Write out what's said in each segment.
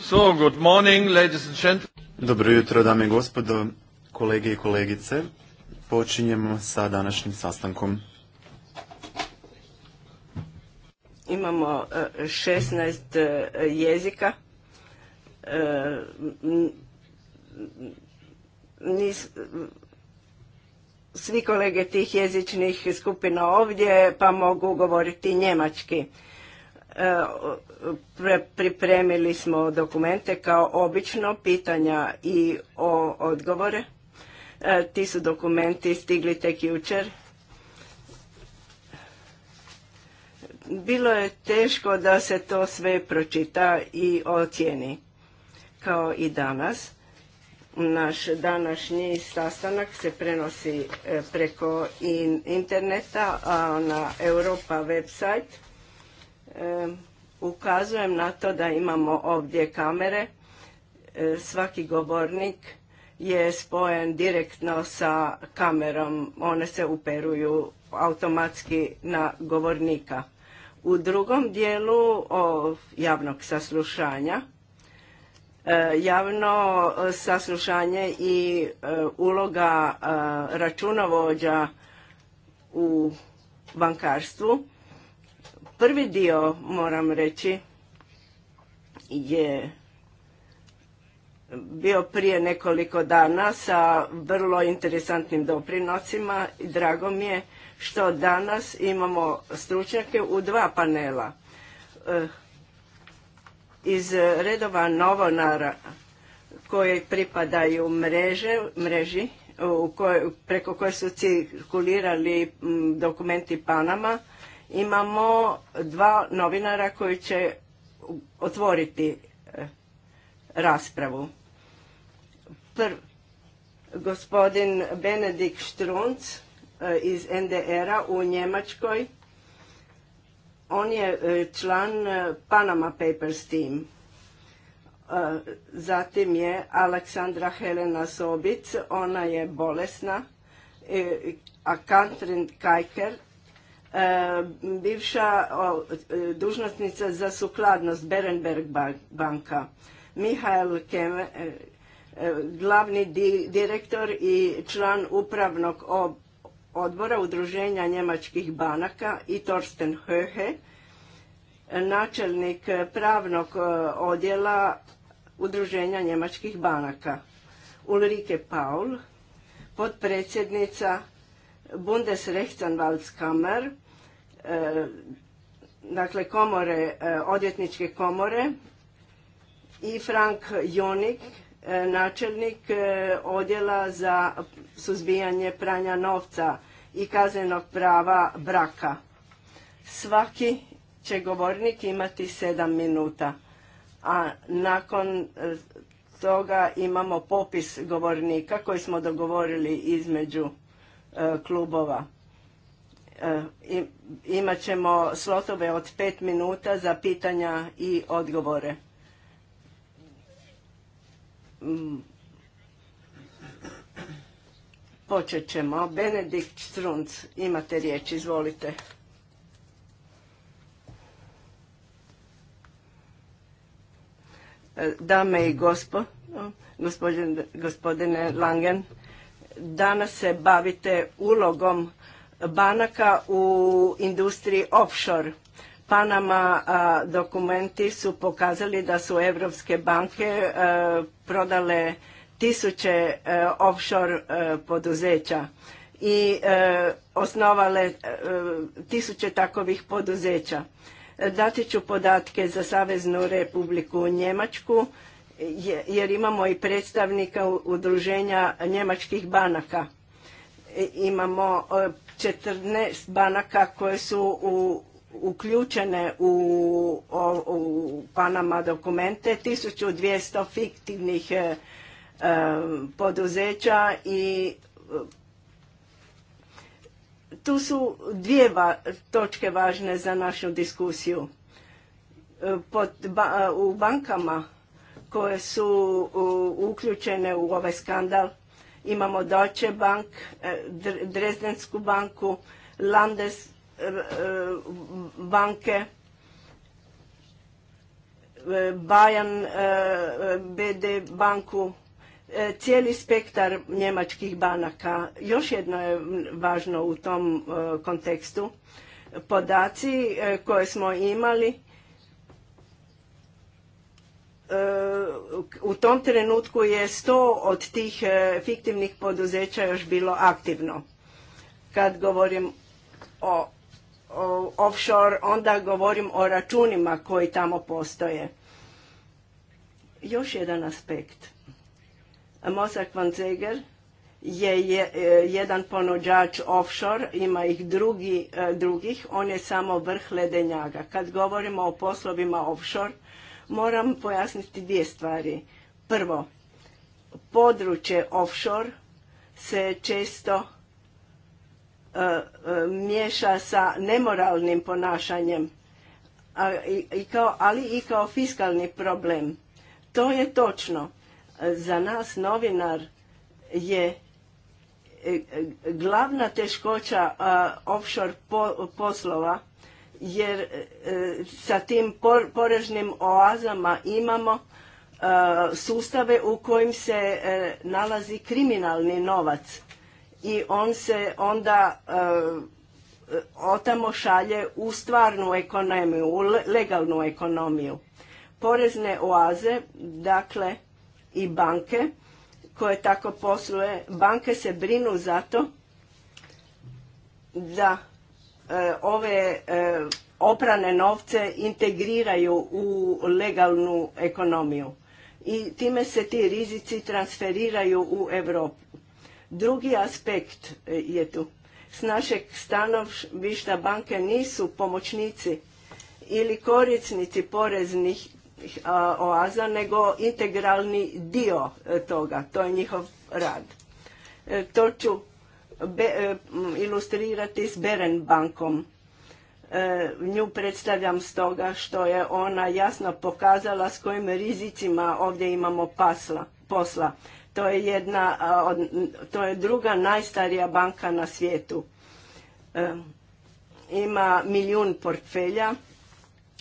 So, good morning, ladies and gentlemen. Dobro jutro, dame i gospodo, kolege i kolegice. Počinjemo sa današnjim sastankom. Imamo 16 e, e, jezika. E, svi kolege tih jezičnih skupina ovdje, pa mogu govoriti njemački pripremili smo dokumente kao obično, pitanja i o odgovore. E, ti su dokumenti stigli tek jučer. Bilo je teško da se to sve pročita i ocijeni. Kao i danas, naš današnji sastanak se prenosi e, preko interneta na Europa website Ukazujem na to da imamo ovdje kamere. Svaki govornik je spojen direktno sa kamerom. One se uperuju automatski na govornika. U drugom dijelu javnog saslušanja, javno saslušanje i e, uloga e, računovođa u bankarstvu Prvi dio, moram reći, je bio prije nekoliko dana sa vrlo interesantnim doprinosima i drago mi je što danas imamo stručnjake u dva panela. E, iz redova novonara koje pripadaju mreže, mreži u preko koje su cirkulirali dokumenti Panama, Imamo dva novinara koji će otvoriti e, raspravu. Prv, gospodin Benedikt Štrunc e, iz NDR-a u Njemačkoj. On je e, član Panama Papers team. Zatim je Aleksandra Helena Sobic, ona je bolesna, a Katrin Kajker bivša e, dužnostnica za sukladnost Berenberg banka, Mihael Keme, e, e, glavni direktor i član upravnog odbora Udruženja njemačkih banaka i Torsten Höhe, načelnik pravnog odjela Udruženja njemačkih banaka. Ulrike Paul, potpredsjednica Bundesrechtsanwaltskammer, e, dakle komore, e, odvjetničke komore i Frank Jonik, e, načelnik odjela za suzbijanje pranja novca i kaznenog prava braka. Svaki će govornik imati sedam minuta, a nakon toga imamo popis govornika koji smo dogovorili između E, klubova. E, imat ćemo slotove od pet minuta za pitanja i odgovore. Mm. Počet ćemo. Benedikt Strunc, imate riječ, izvolite. E, dame i gospodine Langen, danas se bavite ulogom banaka u industriji offshore. Panama dokumenti su pokazali da su evropske banke e, prodale tisuće e, offshore e, poduzeća i osnovale tisuće takovih poduzeća. Dati ću podatke za Saveznu republiku Njemačku jer imamo i predstavnika udruženja njemačkih banaka. E, imamo 14 e, banaka koje su uključene u, Panama dokumente, 1200 fiktivnih e, poduzeća i tu su dvije točke važne za našu diskusiju. u bankama koje su uključene u ovaj skandal. Imamo Deutsche Bank, e, Dresdensku banku, Landes e, banke, e, Bayern BD banku, cijeli spektar njemačkih banaka. Još jedno je važno u tom kontekstu. Podaci koje smo imali E, u tom trenutku je sto od tih e, fiktivnih poduzeća još bilo aktivno. Kad govorim o, offshore, onda govorim o računima koji tamo postoje. Još jedan aspekt. Mosak van Zeger je, e, jedan ponuđač offshore, ima ih drugih, on je samo vrh ledenjaga. Kad govorimo o poslovima offshore, moram pojasniti dvije stvari. Prvo, područje offshore se često e, e, miješa sa nemoralnim ponašanjem, i, ali i kao fiskalni problem. To je točno. Za nas novinar je e, glavna teškoća offshore poslova jer e, sa tim poreznim oazama imamo e, sustave u kojim se e, nalazi kriminalni novac i on se onda otamo šalje u stvarnu ekonomiju, u legalnu ekonomiju. Porezne oaze, dakle i banke koje tako posluje, banke se brinu za to da E, ove e, oprane novce integriraju u legalnu ekonomiju i time se ti rizici transferiraju u Europu. Drugi aspekt e, je tu. S našeg stanovišta banke nisu pomoćnici ili korisnici poreznih oaza, nego integralni dio toga. To je njihov rad. To ću E, ilustrirati s Berenbankom. E, nju predstavljam stoga što je ona jasno pokazala s kojim rizicima ovdje imamo posla. To je, jedna, to je druga najstarija banka na svijetu. E, ima milijun portfelja.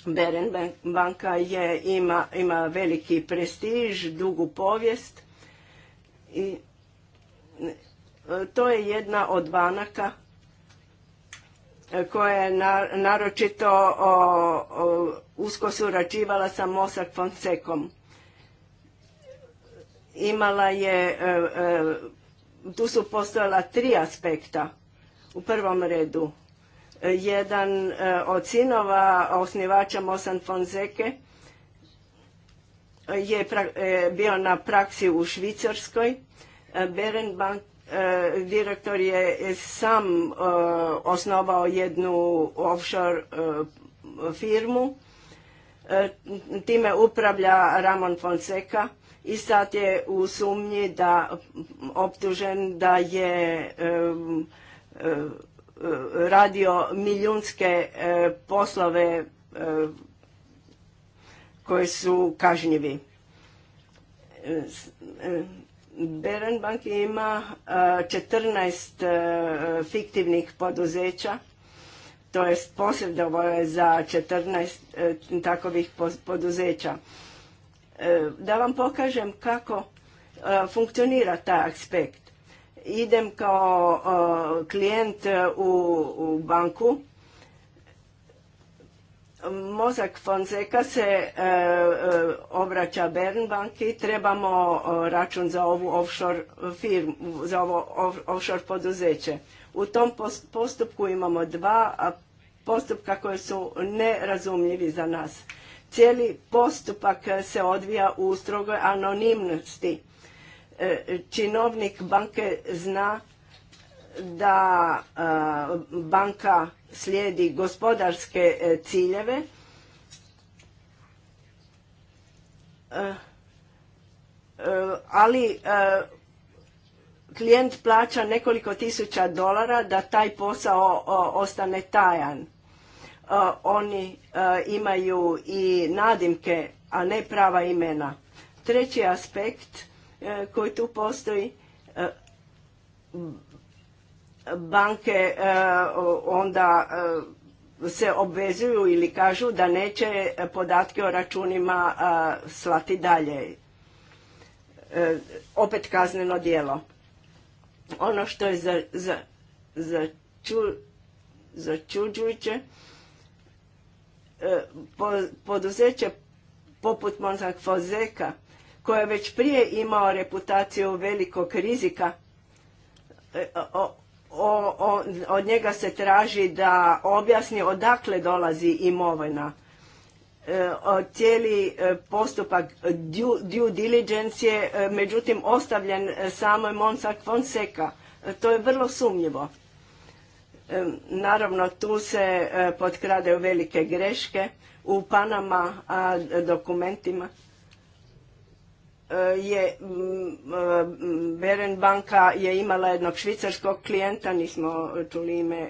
Berenbanka banka je, ima, ima veliki prestiž, dugu povijest i to je jedna od banaka e, koja je naročito usko surađivala sa Mosak Fonsecom. Imala je, e, e, tu su postojala tri aspekta. U prvom redu, jedan od sinova osnivača Mosan Fonseca je bio na praksi u Švicarskoj. Berenbank E, direktor je sam e, osnovao jednu offshore e, firmu. Time upravlja Ramon Fonseca i sad je u sumnji da optužen da je radio milijunske poslove koje su kažnjivi Berenbank ima 14 e, e, fiktivnih poduzeća, to je posredovao je za 14 e, takovih poduzeća. Da vam pokažem kako funkcionira taj aspekt. Idem kao klijent u banku, Mozak Fonseca se e, e, obraća obraća i trebamo e, račun za ovu offshore firmu, za ovo offshore poduzeće. U tom postupku imamo dva postupka koje su nerazumljivi za nas. Cijeli postupak se odvija u strogoj anonimnosti. činovnik banke zna da e, banka slijedi gospodarske e, ciljeve e, ali klijent plaća nekoliko tisuća dolara da taj posao ostane tajan. Oni imaju i nadimke, a ne prava imena. Treći aspekt koji tu postoji, banke e, onda e, se obvezuju ili kažu da neće podatke o računima e, slati dalje. Opet kazneno djelo. Ono što je za, začuđujuće, poduzeće poput Monsak fozeka koje je već prije imao reputaciju velikog rizika, od njega se traži da objasni odakle dolazi imovina. E, cijeli e, postupak due, diligence je e, međutim ostavljen samoj Monsac Fonseca. to je vrlo sumnjivo. naravno tu se potkradaju velike greške u Panama a, dokumentima E, je mm, e, Beren je imala jednog švicarskog klijenta, nismo čuli ime, e,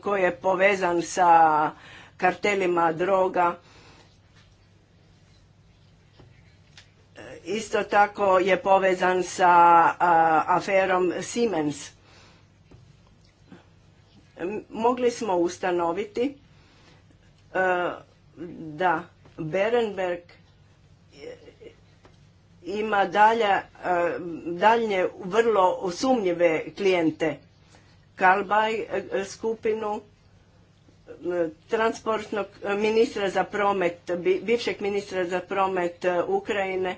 koji je povezan sa kartelima droga. Isto tako je povezan sa aferom Siemens. Mogli smo ustanoviti da Berenberg ima dalja, e, dalje vrlo sumnjive klijente. Kalbaj e, skupinu e, transportnog ministra za promet, bivšeg ministra za promet Ukrajine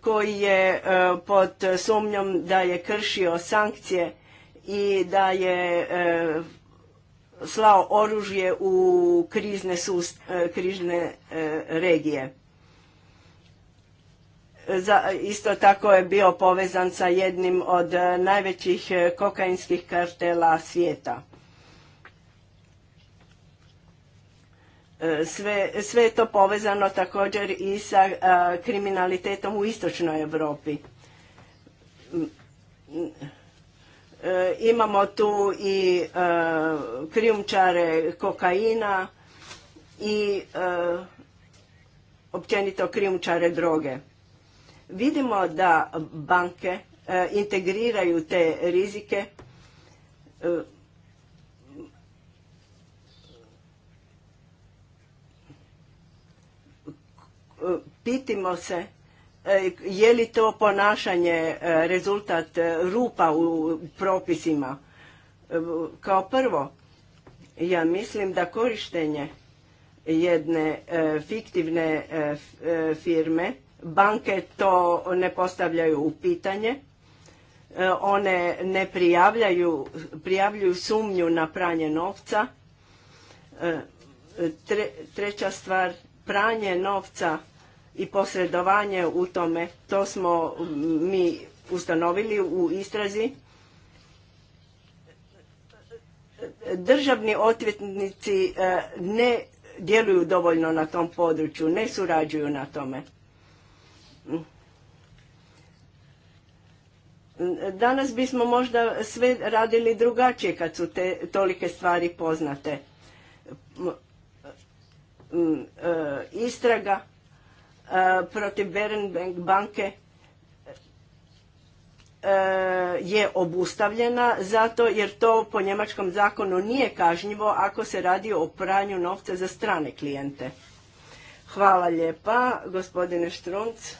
koji je pod sumnjom da je kršio sankcije i da je slao oružje u krizne, krizne regije. Za, isto tako je bio povezan sa jednim od eh, najvećih eh, kokainskih kartela svijeta. Eh, sve, je to povezano također i sa kriminalitetom u istočnoj Europi. Mm, imamo tu i krijumčare kokaina i općenito krijumčare droge Vidimo da banke e, integriraju te rizike e, pitimo se e, je li to ponašanje rezultat rupa u propisima. Kao prvo, ja mislim da korištenje jedne fiktivne firme Banke to ne postavljaju u pitanje, e, one ne prijavljaju, prijavljuju sumnju na pranje novca. E, treća stvar, pranje novca i posredovanje u tome, to smo mi ustanovili u istrazi. Državni odvjetnici e, ne djeluju dovoljno na tom području, ne surađuju na tome. Danas bismo možda sve radili drugačije kad su te tolike stvari poznate. E, istraga e, protiv Berenbank banke e, je obustavljena zato jer to po njemačkom zakonu nije kažnjivo ako se radi o pranju novca za strane klijente. Hvala lijepa, gospodine Štrunc.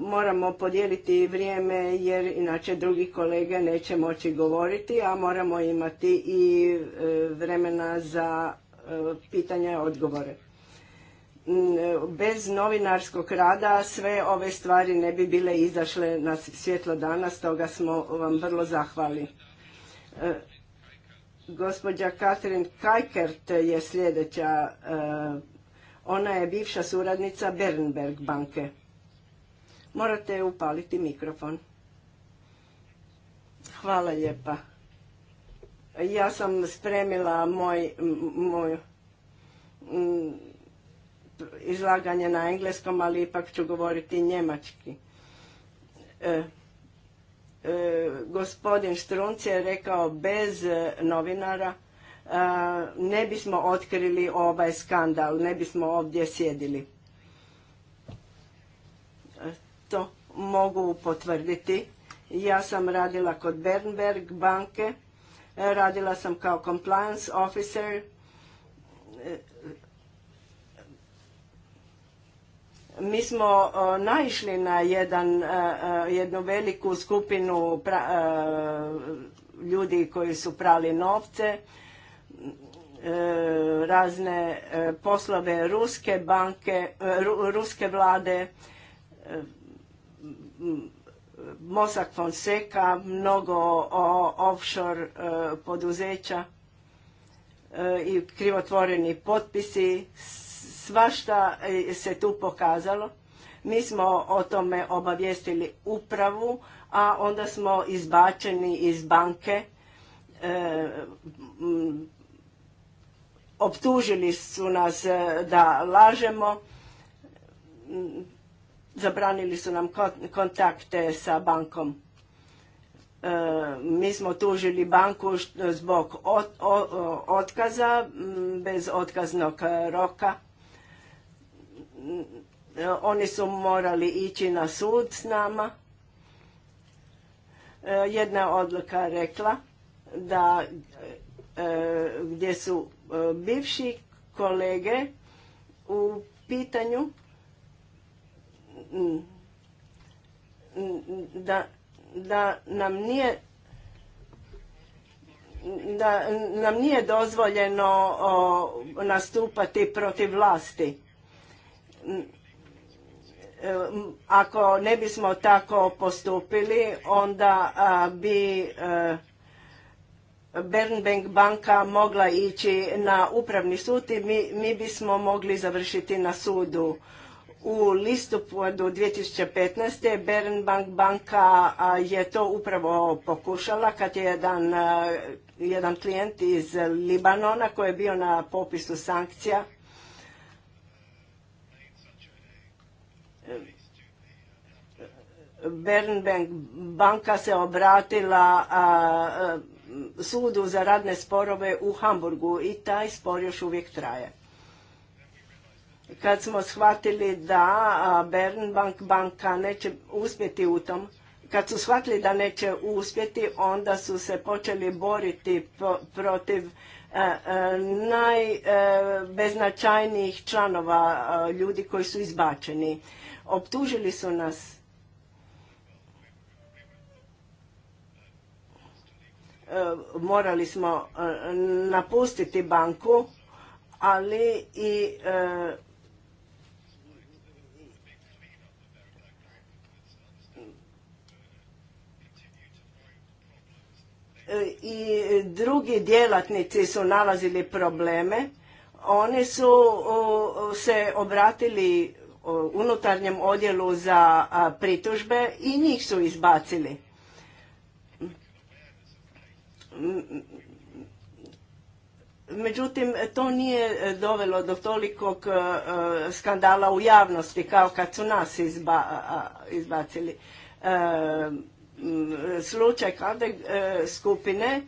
moramo podijeliti vrijeme jer inače drugi kolege neće moći govoriti, a moramo imati i e, vremena za e, pitanja i odgovore. E, bez novinarskog rada sve ove stvari ne bi bile izašle na svjetlo danas, toga smo vam vrlo zahvali. Gospođa Katrin Kajkert je sljedeća, ona je bivša suradnica Bernberg banke. Morate upaliti mikrofon. Hvala lijepa. Ja sam spremila moj, izlaganje na engleskom, ali ipak ću govoriti njemački. E, e, gospodin Strunc je rekao bez novinara ne bismo otkrili ovaj skandal, ne bismo ovdje sjedili isto mogu potvrditi. Ja sam radila kod Bernberg banke, radila sam kao compliance officer. Mi smo e, naišli na jedan, e, e, jednu veliku skupinu ljudi koji su prali novce, razne poslove ruske banke, ruske vlade, Mosak Fonseca, mnogo offshore e, poduzeća e, i krivotvoreni potpisi, svašta se tu pokazalo. Mi smo o tome obavijestili upravu, a onda smo izbačeni iz banke. E, optužili su nas da lažemo zabranili su nam kontakte sa bankom. E, mi smo tužili banku zbog otkaza, bez otkaznog roka. E, oni su morali ići na sud s nama. E, jedna odluka rekla da gdje su bivši kolege u pitanju da, da nam nije da nam nije dozvoljeno nastupati protiv vlasti. Ako ne bismo tako postupili, onda bi a, e, Bernbank banka mogla ići na upravni sud i mi, mi bismo mogli završiti na sudu. U listopadu 2015. Berenbank banka je to upravo pokušala kad je jedan, jedan klijent iz Libanona koji je bio na popisu sankcija Bernbank banka se obratila sudu za radne sporove u Hamburgu i taj spor još uvijek traje. Kad smo shvatili da Bernbank banka neće uspjeti u tom, kad su shvatili da neće uspjeti, onda su se počeli boriti protiv e, e, najbeznačajnijih e, članova ljudi koji su izbačeni. Optužili su nas morali smo napustiti banku, ali i E, i drugi djelatnici su nalazili probleme. Oni su se obratili unutarnjem odjelu za pritužbe i njih su izbacili. Međutim, to nije dovelo do tolikog e, skandala u javnosti kao kad su nas izbacili. E, slučaj kade e, skupine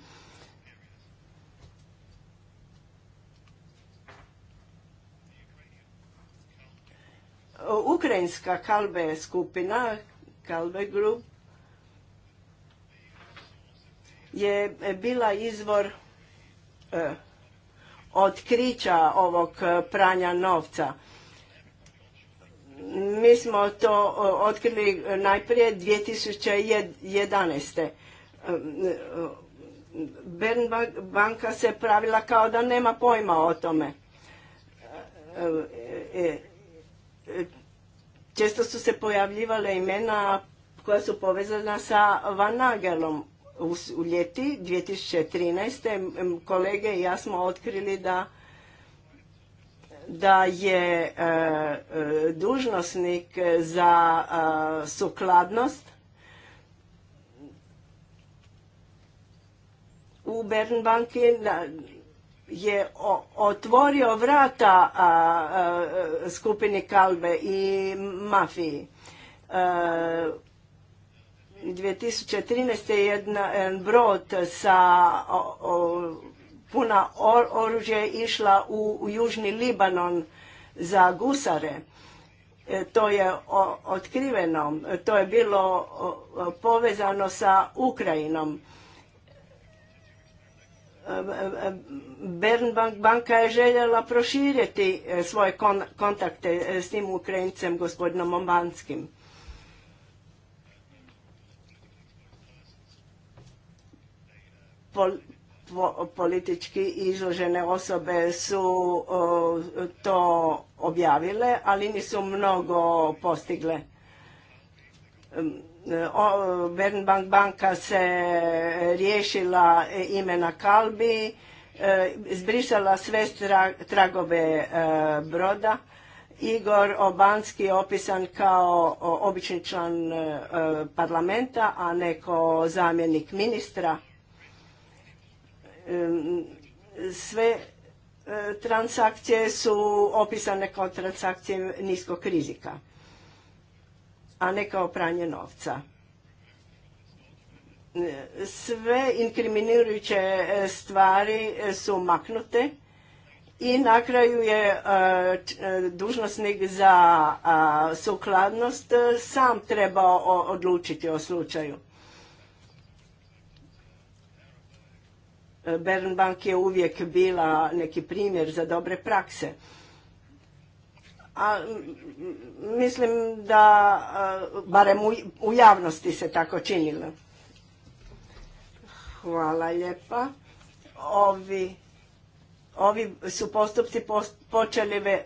Ukrajinska Kalbe skupina, Kalbe grup, je bila izvor e, otkrića ovog pranja novca. Mi smo to otkrili najprije 2011. bern banka se pravila kao da nema pojma o tome. E, e, često su se pojavljivale imena koja su povezana sa Van Nagelom. U ljeti 2013. kolege i ja smo otkrili da da je e, e, dužnosnik za e, sukladnost u Bernbanki je otvorio vrata skupini Kalbe i mafiji. 2013. jedan brod sa puna oružje išla u, južni Libanon za gusare. E, to je otkriveno, to je bilo povezano sa Ukrajinom. E, Bernbank banka je željela proširiti e, svoje kontakte s tim Ukrajincem, gospodinom Ombanskim. Pol, politički izložene osobe su to objavile, ali nisu mnogo postigle. banka se riješila imena Kalbi, e, zbrisala sve tragove e, broda. Igor Obanski je opisan kao obični član e, parlamenta, a neko zamjenik ministra sve e, transakcije su opisane kao transakcije niskog rizika, a ne kao pranje novca. E, sve inkriminirajuće e, stvari su maknute i na kraju je dužnosnik za sukladnost sam trebao odlučiti o slučaju Bernbank je uvijek bila neki primjer za dobre prakse. A, mislim da, barem u, javnosti se tako činilo. Hvala lijepa. Ovi, ovi su postupci post, počeli ve,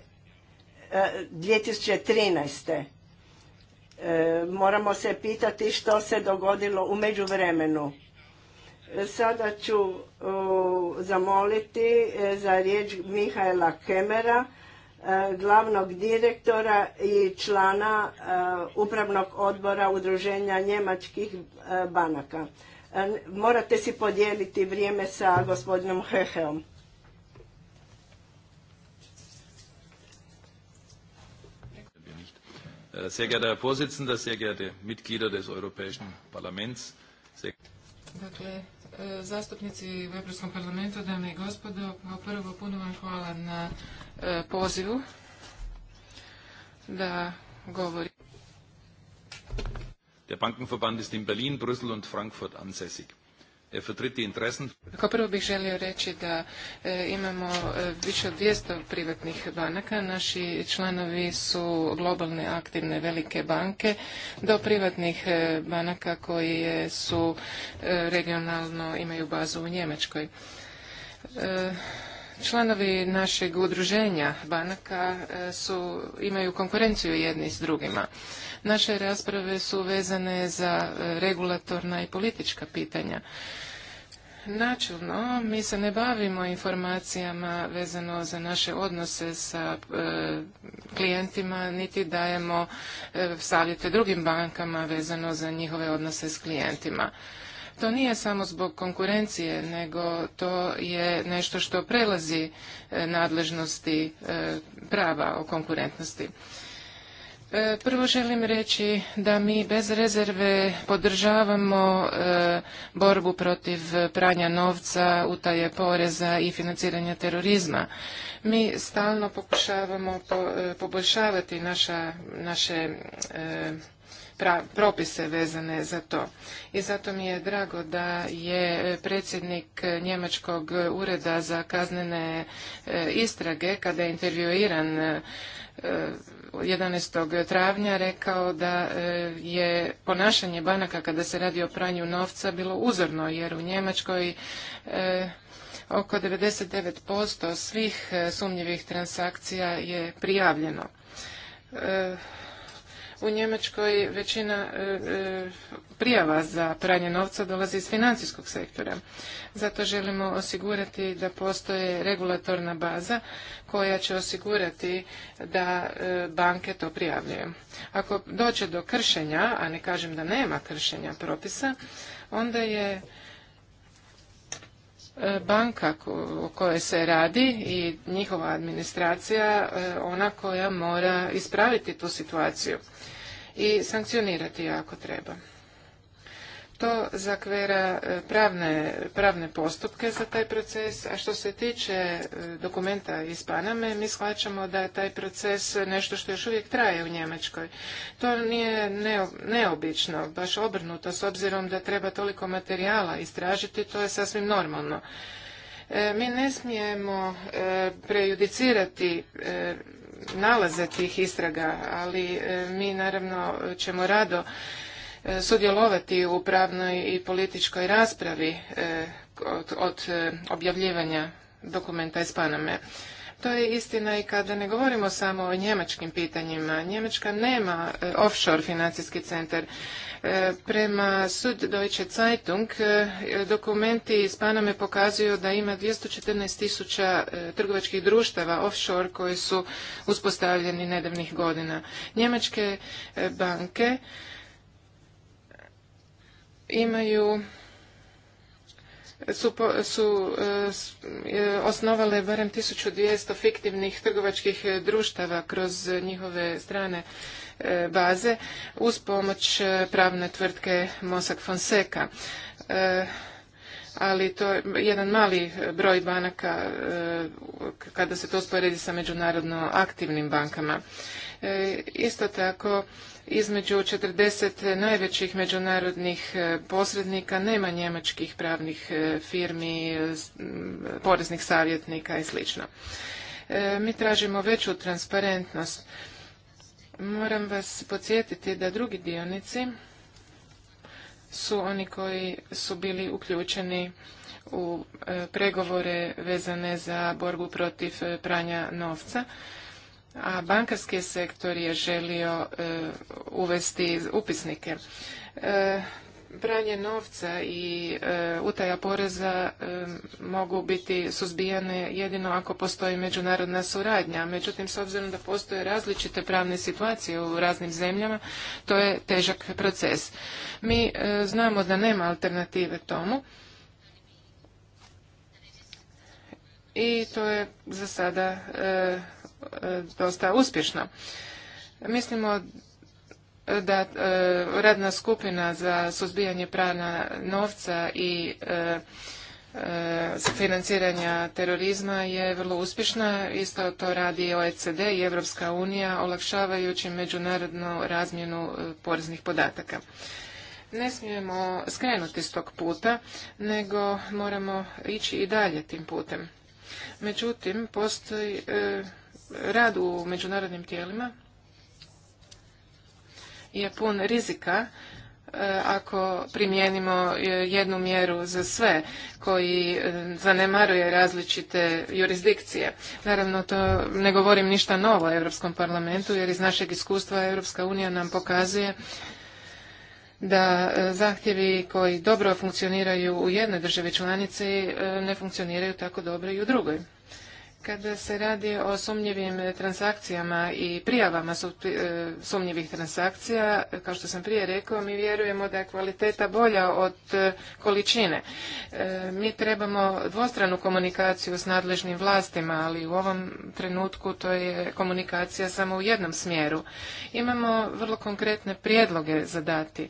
e, 2013. E, moramo se pitati što se dogodilo u međuvremenu. Sada ću zamoliti e, za riječ Mihajla Kemera, e, glavnog direktora i člana e, upravnog odbora Udruženja njemačkih banaka. Morate si podijeliti vrijeme sa gospodinom Heheom. Äh, sehr geehrter Herr sehr geehrte Mitglieder des Europäischen Parlaments, dakle, E, zastupnici u Europskom parlamentu, dame i gospodo. Kao prvo puno vam hvala na e, pozivu da govorim. Der Bankenverband ist in Berlin, Brüssel und Frankfurt ansässig. Kao prvo bih želio reći da e, imamo e, više od 200 privatnih banaka. Naši članovi su globalne aktivne velike banke do privatnih e, banaka koje su regionalno imaju bazu u Njemačkoj. Članovi našeg udruženja banaka e, su, imaju konkurenciju jedni s drugima. Naše rasprave su vezane za e, regulatorna i politička pitanja. Načelno, mi se ne bavimo informacijama vezano za naše odnose sa e, klijentima, niti dajemo savjete drugim bankama vezano za njihove odnose s klijentima. To nije samo zbog konkurencije, nego to je nešto što prelazi e, nadležnosti e, prava o konkurentnosti. E, prvo želim reći da mi bez rezerve podržavamo borbu protiv pranja novca, utaje poreza i financiranja terorizma. Mi stalno pokušavamo poboljšavati naše propise vezane za to. I zato mi je drago da je predsjednik Njemačkog ureda za kaznene e, istrage, kada je intervjuiran 11. E, travnja rekao da e, je ponašanje banaka kada se radi o pranju novca bilo uzorno jer u Njemačkoj oko 99% svih sumnjivih transakcija je prijavljeno. U Njemačkoj većina e, e, prijava za pranje novca dolazi iz financijskog sektora. Zato želimo osigurati da postoje regulatorna baza koja će osigurati da e, banke to prijavljuju. Ako dođe do kršenja, a ne kažem da nema kršenja propisa, onda je E, banka o kojoj se radi i njihova administracija e, ona koja mora ispraviti tu situaciju i sankcionirati je ako treba to zakvera e, pravne, postupke za taj proces, a što se tiče e, dokumenta iz Paname, mi shvaćamo da je taj proces nešto što još uvijek traje u Njemačkoj. To nije neobično, baš obrnuto, s obzirom da treba toliko materijala istražiti, to je sasvim normalno. E, mi ne smijemo prejudicirati nalaze tih istraga, ali mi naravno ćemo rado E, sudjelovati u pravnoj i političkoj raspravi e, od, e, objavljivanja dokumenta iz Paname. To je istina i kada ne govorimo samo o njemačkim pitanjima. Njemačka nema offshore financijski centar. Prema sud Deutsche Zeitung dokumenti iz Paname pokazuju da ima 214 tisuća trgovačkih društava offshore koji su uspostavljeni nedavnih godina. Njemačke banke imaju su, su e, e, osnovale barem 1200 fiktivnih trgovačkih e, društava kroz njihove strane e, baze uz pomoć pravne tvrtke Mossack Fonseca. ali to je jedan mali broj banaka kada se to usporedi sa međunarodno aktivnim bankama. Isto tako između 40 najvećih međunarodnih e, posrednika nema njemačkih pravnih e, firmi, poreznih savjetnika i sl. E, mi tražimo veću transparentnost. Moram vas podsjetiti da drugi dionici su oni koji su bili uključeni u pregovore vezane za borbu protiv pranja novca a bankarski sektor je želio e, uvesti upisnike. E, pranje novca i e, utaja poreza mogu biti suzbijane jedino ako postoji međunarodna suradnja. Međutim, s obzirom da postoje različite pravne situacije u raznim zemljama, to je težak proces. Mi znamo da nema alternative tomu i to je za sada E, dosta uspješno. Mislimo da e, radna skupina za suzbijanje prana novca i e, financiranja terorizma je vrlo uspješna. Isto to radi OECD i Evropska unija olakšavajući međunarodnu razmjenu poreznih podataka. Ne smijemo skrenuti s tog puta, nego moramo ići i dalje tim putem. Međutim, postoji rad u međunarodnim tijelima je pun rizika e, ako primijenimo e, jednu mjeru za sve koji e, zanemaruje različite jurisdikcije. Naravno, to ne govorim ništa novo o Europskom parlamentu, jer iz našeg iskustva Europska unija nam pokazuje da zahtjevi koji dobro funkcioniraju u jednoj državi članici ne funkcioniraju tako dobro i u drugoj. Kada se radi o sumnjivim e, transakcijama i prijavama e, sumnjivih transakcija, kao što sam prije rekao, mi vjerujemo da je kvaliteta bolja od e, količine. Mi trebamo dvostranu komunikaciju s nadležnim vlastima, ali u ovom trenutku to je komunikacija samo u jednom smjeru. Imamo vrlo konkretne prijedloge za dati.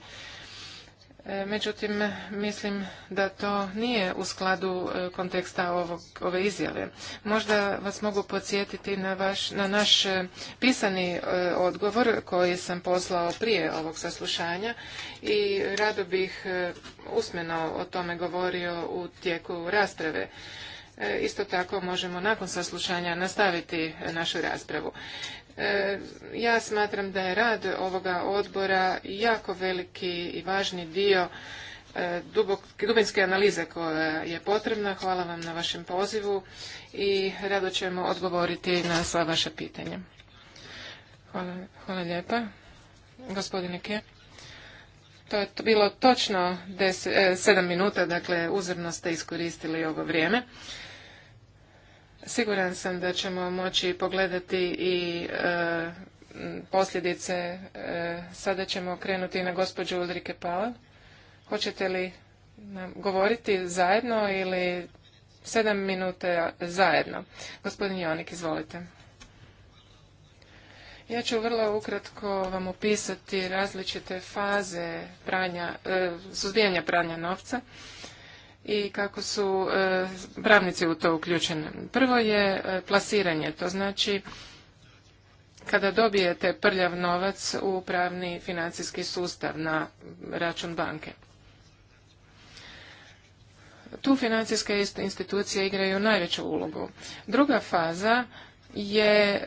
E, međutim, mislim da to nije u skladu e, konteksta ovog, ove izjave. Možda vas mogu podsjetiti na, vaš, na naš e, pisani odgovor koji sam poslao prije ovog saslušanja i rado bih usmeno o tome govorio u tijeku rasprave. isto tako možemo nakon saslušanja nastaviti našu raspravu. E, ja smatram da je rad ovoga odbora jako veliki i važni dio e, dubinske analize koja je potrebna. Hvala vam na vašem pozivu i rado ćemo odgovoriti na sva vaša pitanja. Hvala, hvala lijepa. Gospodine To je bilo točno 7 e, minuta, dakle uzemno ste iskoristili ovo vrijeme. Siguran sam da ćemo moći pogledati i e, posljedice. E, sada ćemo krenuti na gospođu Ulrike Pala. Hoćete li nam govoriti zajedno ili sedam minute zajedno? Gospodin Jonik, izvolite. Ja ću vrlo ukratko vam opisati različite faze pranja, e, suzbijanja pranja novca i kako su e, pravnici u to uključeni. Prvo je e, plasiranje, to znači kada dobijete prljav novac u pravni financijski sustav na račun banke. Tu financijske institucije igraju najveću ulogu. Druga faza je e,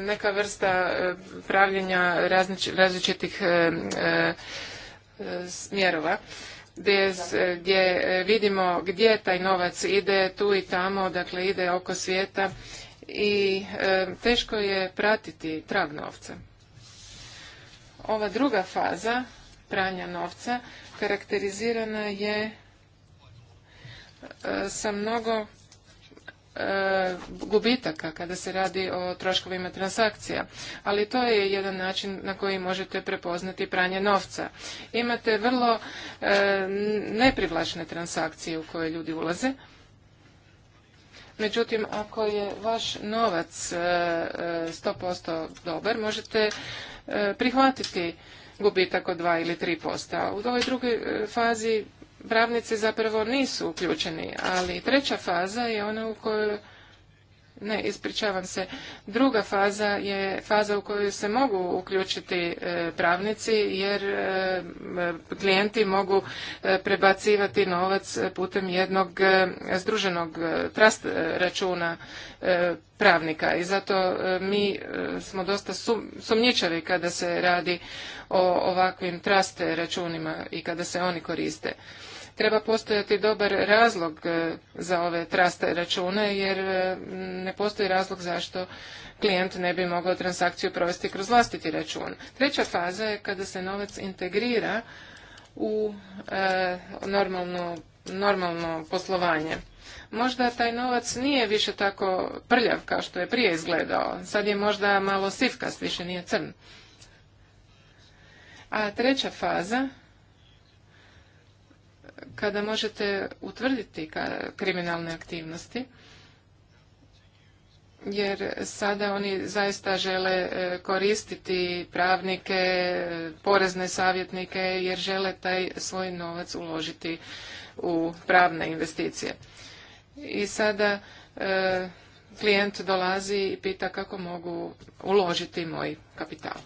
neka vrsta pravljenja različitih smjerova gdje, e, vidimo gdje taj novac ide tu i tamo, dakle ide oko svijeta i e, teško je pratiti trag novca. Ova druga faza pranja novca karakterizirana je e, sa mnogo E, gubitaka kada se radi o troškovima transakcija, ali to je jedan način na koji možete prepoznati pranje novca. Imate vrlo e, neprivlačne transakcije u koje ljudi ulaze. Međutim, ako je vaš novac 100% e, dobar, možete prihvatiti gubitak od 2 ili 3%. U ovoj drugoj fazi pravnici zapravo nisu uključeni, ali treća faza je ona u kojoj ne, ispričavam se. Druga faza je faza u kojoj se mogu uključiti e, pravnici jer e, klijenti mogu e, prebacivati novac putem jednog združenog trust računa pravnika i zato mi smo dosta sumnjičavi kada se radi o ovakvim trust računima i kada se oni koriste treba postojati dobar razlog e, za ove traste račune, jer e, ne postoji razlog zašto klijent ne bi mogao transakciju provesti kroz vlastiti račun. Treća faza je kada se novac integrira u e, normalno, normalno poslovanje. Možda taj novac nije više tako prljav kao što je prije izgledao. Sad je možda malo sivkast, više nije crn. A treća faza kada možete utvrditi kriminalne aktivnosti, jer sada oni zaista žele e, koristiti pravnike, porezne savjetnike, jer žele taj svoj novac uložiti u pravne investicije. I sada e, klijent dolazi i pita kako mogu uložiti moj kapital.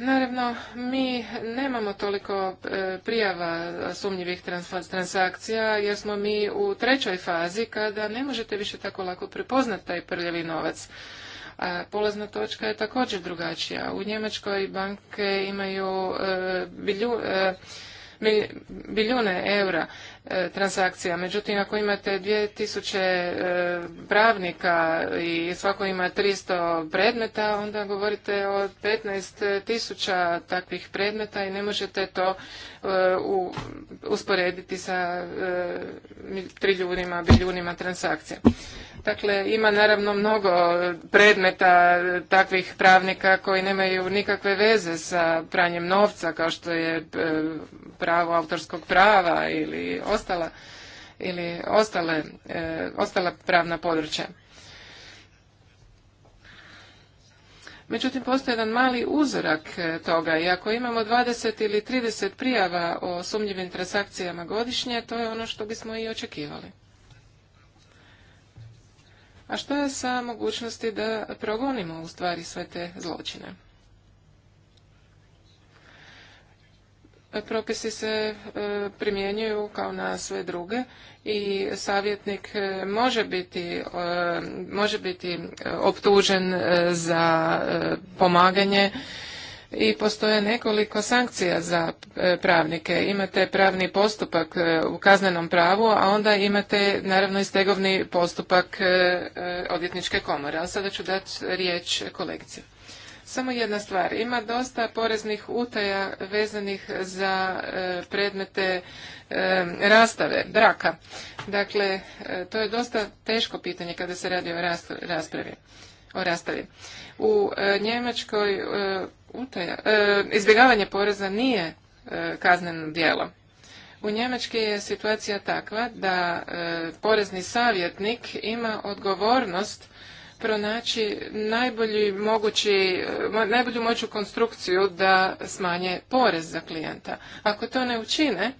Naravno, mi nemamo toliko e, prijava sumnjivih transakcija jer smo mi u trećoj fazi kada ne možete više tako lako prepoznati taj prljavi novac. A polazna točka je također drugačija. U Njemačkoj banke imaju e, bilju, e, biljune eura E, transakcija. Međutim, ako imate 2000 e, pravnika i svako ima 300 predmeta, onda govorite o 15.000 takvih predmeta i ne možete to e, usporediti sa triljunima, biljunima transakcija. Dakle, ima naravno mnogo predmeta takvih pravnika koji nemaju nikakve veze sa pranjem novca, kao što je pravo autorskog prava ili ostala ili ostale, e, ostala pravna područja. Međutim, postoji jedan mali uzorak e, toga i ako imamo 20 ili 30 prijava o sumnjivim transakcijama godišnje, to je ono što bismo i očekivali. A što je sa mogućnosti da progonimo u stvari sve te zločine? propisi se e, primjenjuju kao na sve druge i savjetnik e, može biti, e, može biti optužen za pomaganje i postoje nekoliko sankcija za pravnike. Imate pravni postupak u kaznenom pravu, a onda imate naravno i stegovni postupak odvjetničke komore. A sada ću dati riječ kolegici. Samo jedna stvar, ima dosta poreznih utaja vezanih za e, predmete e, rastave, braka. Dakle, e, to je dosta teško pitanje kada se radi o o rastavi. U Njemačkoj izbjegavanje poreza nije kazneno djelo. U Njemačkoj je situacija takva da porezni savjetnik ima odgovornost pronaći najbolji mogući, najbolju moću konstrukciju da smanje porez za klijenta. Ako to ne učine,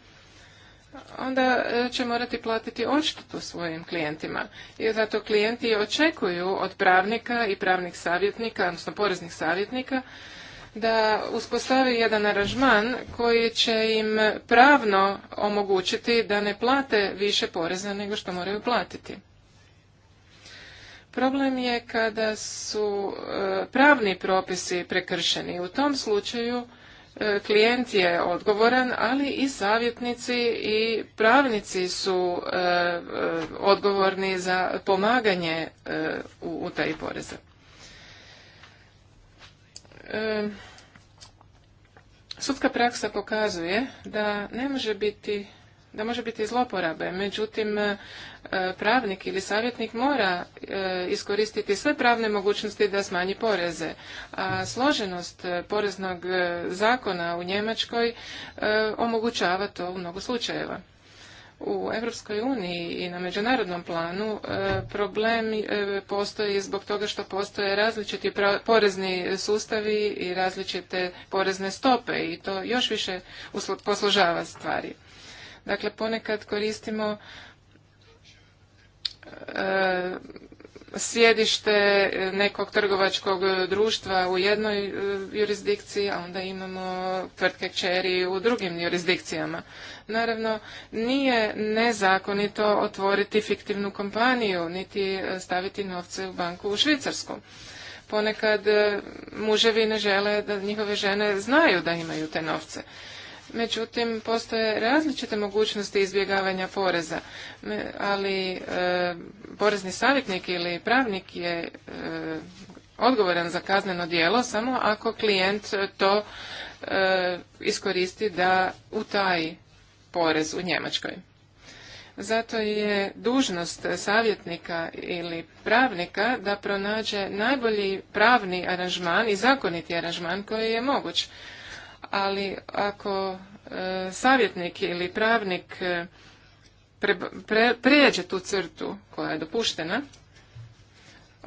onda e, će morati platiti odštetu svojim klijentima. I zato klijenti očekuju od pravnika i pravnih savjetnika, odnosno poreznih savjetnika, da uspostavi jedan aranžman koji će im pravno omogućiti da ne plate više poreza nego što moraju platiti. Problem je kada su e, pravni propisi prekršeni. U tom slučaju e, klijent je odgovoran, ali i savjetnici i pravnici su e, odgovorni za pomaganje u taj poreza. Sudska praksa pokazuje da ne može biti da može biti zloporabe. Međutim, e, pravnik ili savjetnik mora e, iskoristiti sve pravne mogućnosti da smanji poreze. A složenost e, poreznog zakona u Njemačkoj omogućava to u mnogo slučajeva. U Europskoj uniji i na međunarodnom planu problem postoji zbog toga što postoje različiti porezni sustavi i različite porezne stope i to još više posložava stvari. Dakle, ponekad koristimo e, sjedište nekog trgovačkog društva u jednoj e, jurisdikciji, a onda imamo tvrtke čeri u drugim jurisdikcijama. Naravno, nije nezakonito otvoriti fiktivnu kompaniju, niti staviti novce u banku u Švicarsku. Ponekad e, muževi ne žele da njihove žene znaju da imaju te novce. Međutim, postoje različite mogućnosti izbjegavanja poreza, ali e, porezni savjetnik ili pravnik je e, odgovoran za kazneno djelo samo ako klijent to e, iskoristi da utaji porez u Njemačkoj. Zato je dužnost savjetnika ili pravnika da pronađe najbolji pravni aranžman i zakoniti aranžman koji je moguć ali ako e, savjetnik ili pravnik e, prijeđe tu crtu koja je dopuštena,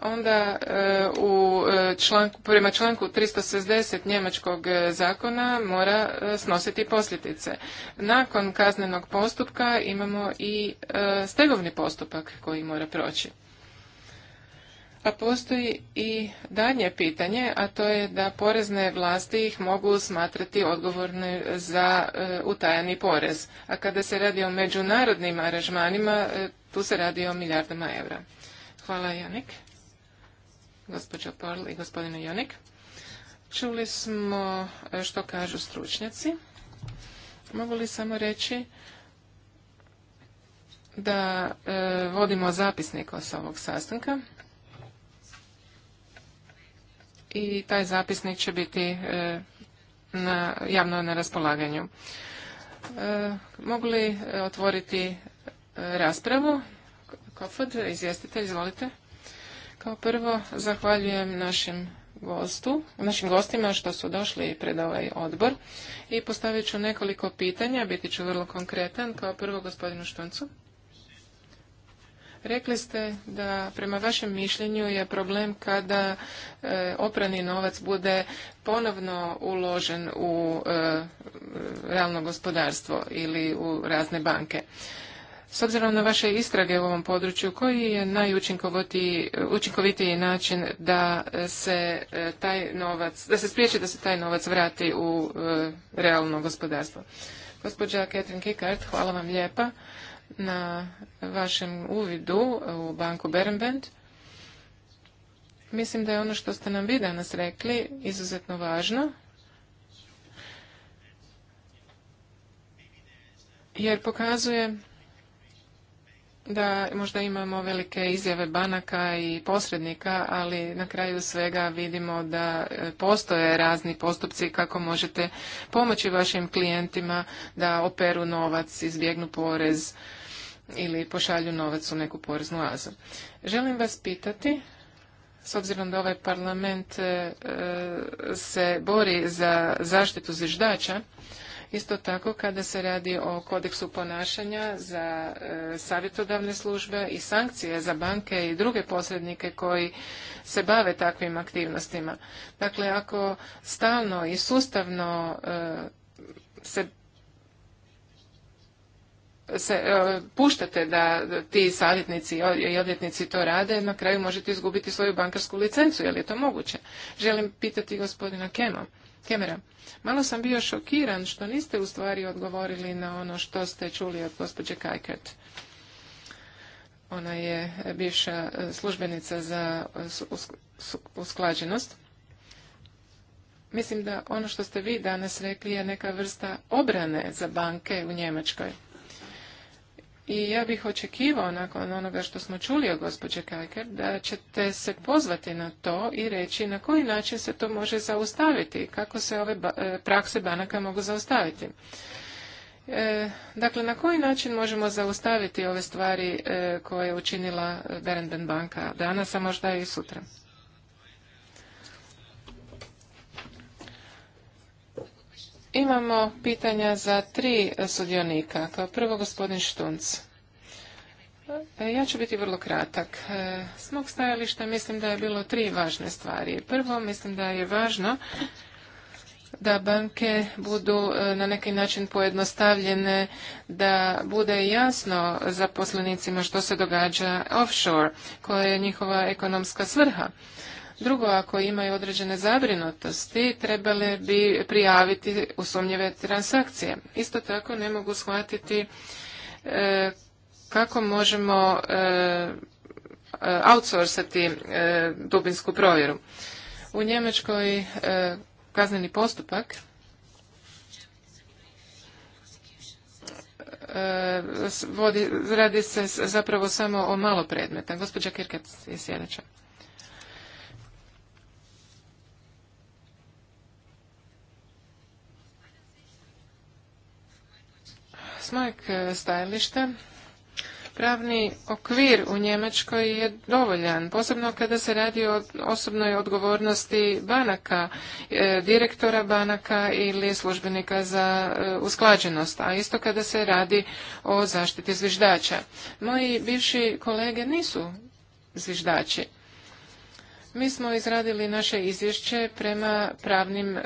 onda e, u članku, prema članku 360 njemačkog zakona mora snositi posljedice. Nakon kaznenog postupka imamo i stegovni postupak koji mora proći. Pa postoji i danje pitanje, a to je da porezne vlasti ih mogu smatrati odgovorne za e, utajani porez. A kada se radi o međunarodnim aranžmanima, e, tu se radi o milijardama eura. Hvala Janik, gospođo Porl i gospodine Janik. Čuli smo e, što kažu stručnjaci. Mogu li samo reći da vodimo zapisnik sa ovog sastanka i taj zapisnik će biti e, na, javno na raspolaganju. E, mogu li e, otvoriti raspravu? Kofod, izvjestitelj, izvolite. Kao prvo, zahvaljujem našim gostu, našim gostima što su došli pred ovaj odbor i postavit ću nekoliko pitanja, biti ću vrlo konkretan, kao prvo gospodinu Štuncu. Rekli ste da prema vašem mišljenju je problem kada e, oprani novac bude ponovno uložen u e, realno gospodarstvo ili u razne banke. S obzirom na vaše istrage u ovom području, koji je najučinkovitiji način da se e, taj novac, da se spriječi da se taj novac vrati u realno gospodarstvo? Gospođa Catherine Kickard, hvala vam lijepa na vašem uvidu u banku Berenbend. Mislim da je ono što ste nam vi danas rekli izuzetno važno. Jer pokazuje da možda imamo velike izjave banaka i posrednika, ali na kraju svega vidimo da e, postoje razni postupci kako možete pomoći vašim klijentima da operu novac, izbjegnu porez ili pošalju novac u neku poreznu azu. Želim vas pitati, s obzirom da ovaj parlament e, e, se bori za zaštitu zviždača, Isto tako kada se radi o kodeksu ponašanja za e, savjetodavne službe i sankcije za banke i druge posrednike koji se bave takvim aktivnostima. Dakle, ako stalno i sustavno e, se se e, puštate da ti savjetnici i odvjetnici to rade, na kraju možete izgubiti svoju bankarsku licencu. Je li je to moguće? Želim pitati gospodina Kema. Kemera. Malo sam bio šokiran što niste u stvari odgovorili na ono što ste čuli od gospođe Kajkert. Ona je bivša e, službenica za e, usklađenost. Mislim da ono što ste vi danas rekli je neka vrsta obrane za banke u Njemačkoj i ja bih očekivao nakon onoga što smo čuli od gospođe Kajker da ćete se pozvati na to i reći na koji način se to može zaustaviti, kako se ove e, prakse banaka mogu zaustaviti. E, dakle, na koji način možemo zaustaviti ove stvari e, koje je učinila Berenben banka danas, a možda i sutra? Imamo pitanja za tri sudionika. Kao prvo gospodin Štunc. E, ja ću biti vrlo kratak. E, s mog stajališta mislim da je bilo tri važne stvari. Prvo, mislim da je važno da banke budu e, na neki način pojednostavljene, da bude jasno zaposlenicima što se događa offshore, koja je njihova ekonomska svrha. Drugo, ako imaju određene zabrinutosti, trebale bi prijaviti usumnjive transakcije. Isto tako ne mogu shvatiti e, kako možemo e, outsourcati e, dubinsku provjeru. U Njemačkoj kazneni postupak vodi, radi se zapravo samo o malo predmeta. Gospođa Kirkec je sljedeća. mojeg stajališta pravni okvir u Njemačkoj je dovoljan, posebno kada se radi o osobnoj odgovornosti banaka, e, direktora banaka ili službenika za e, usklađenost, a isto kada se radi o zaštiti zviždača. Moji bivši kolege nisu zviždači. Mi smo izradili naše izvješće prema pravnim e,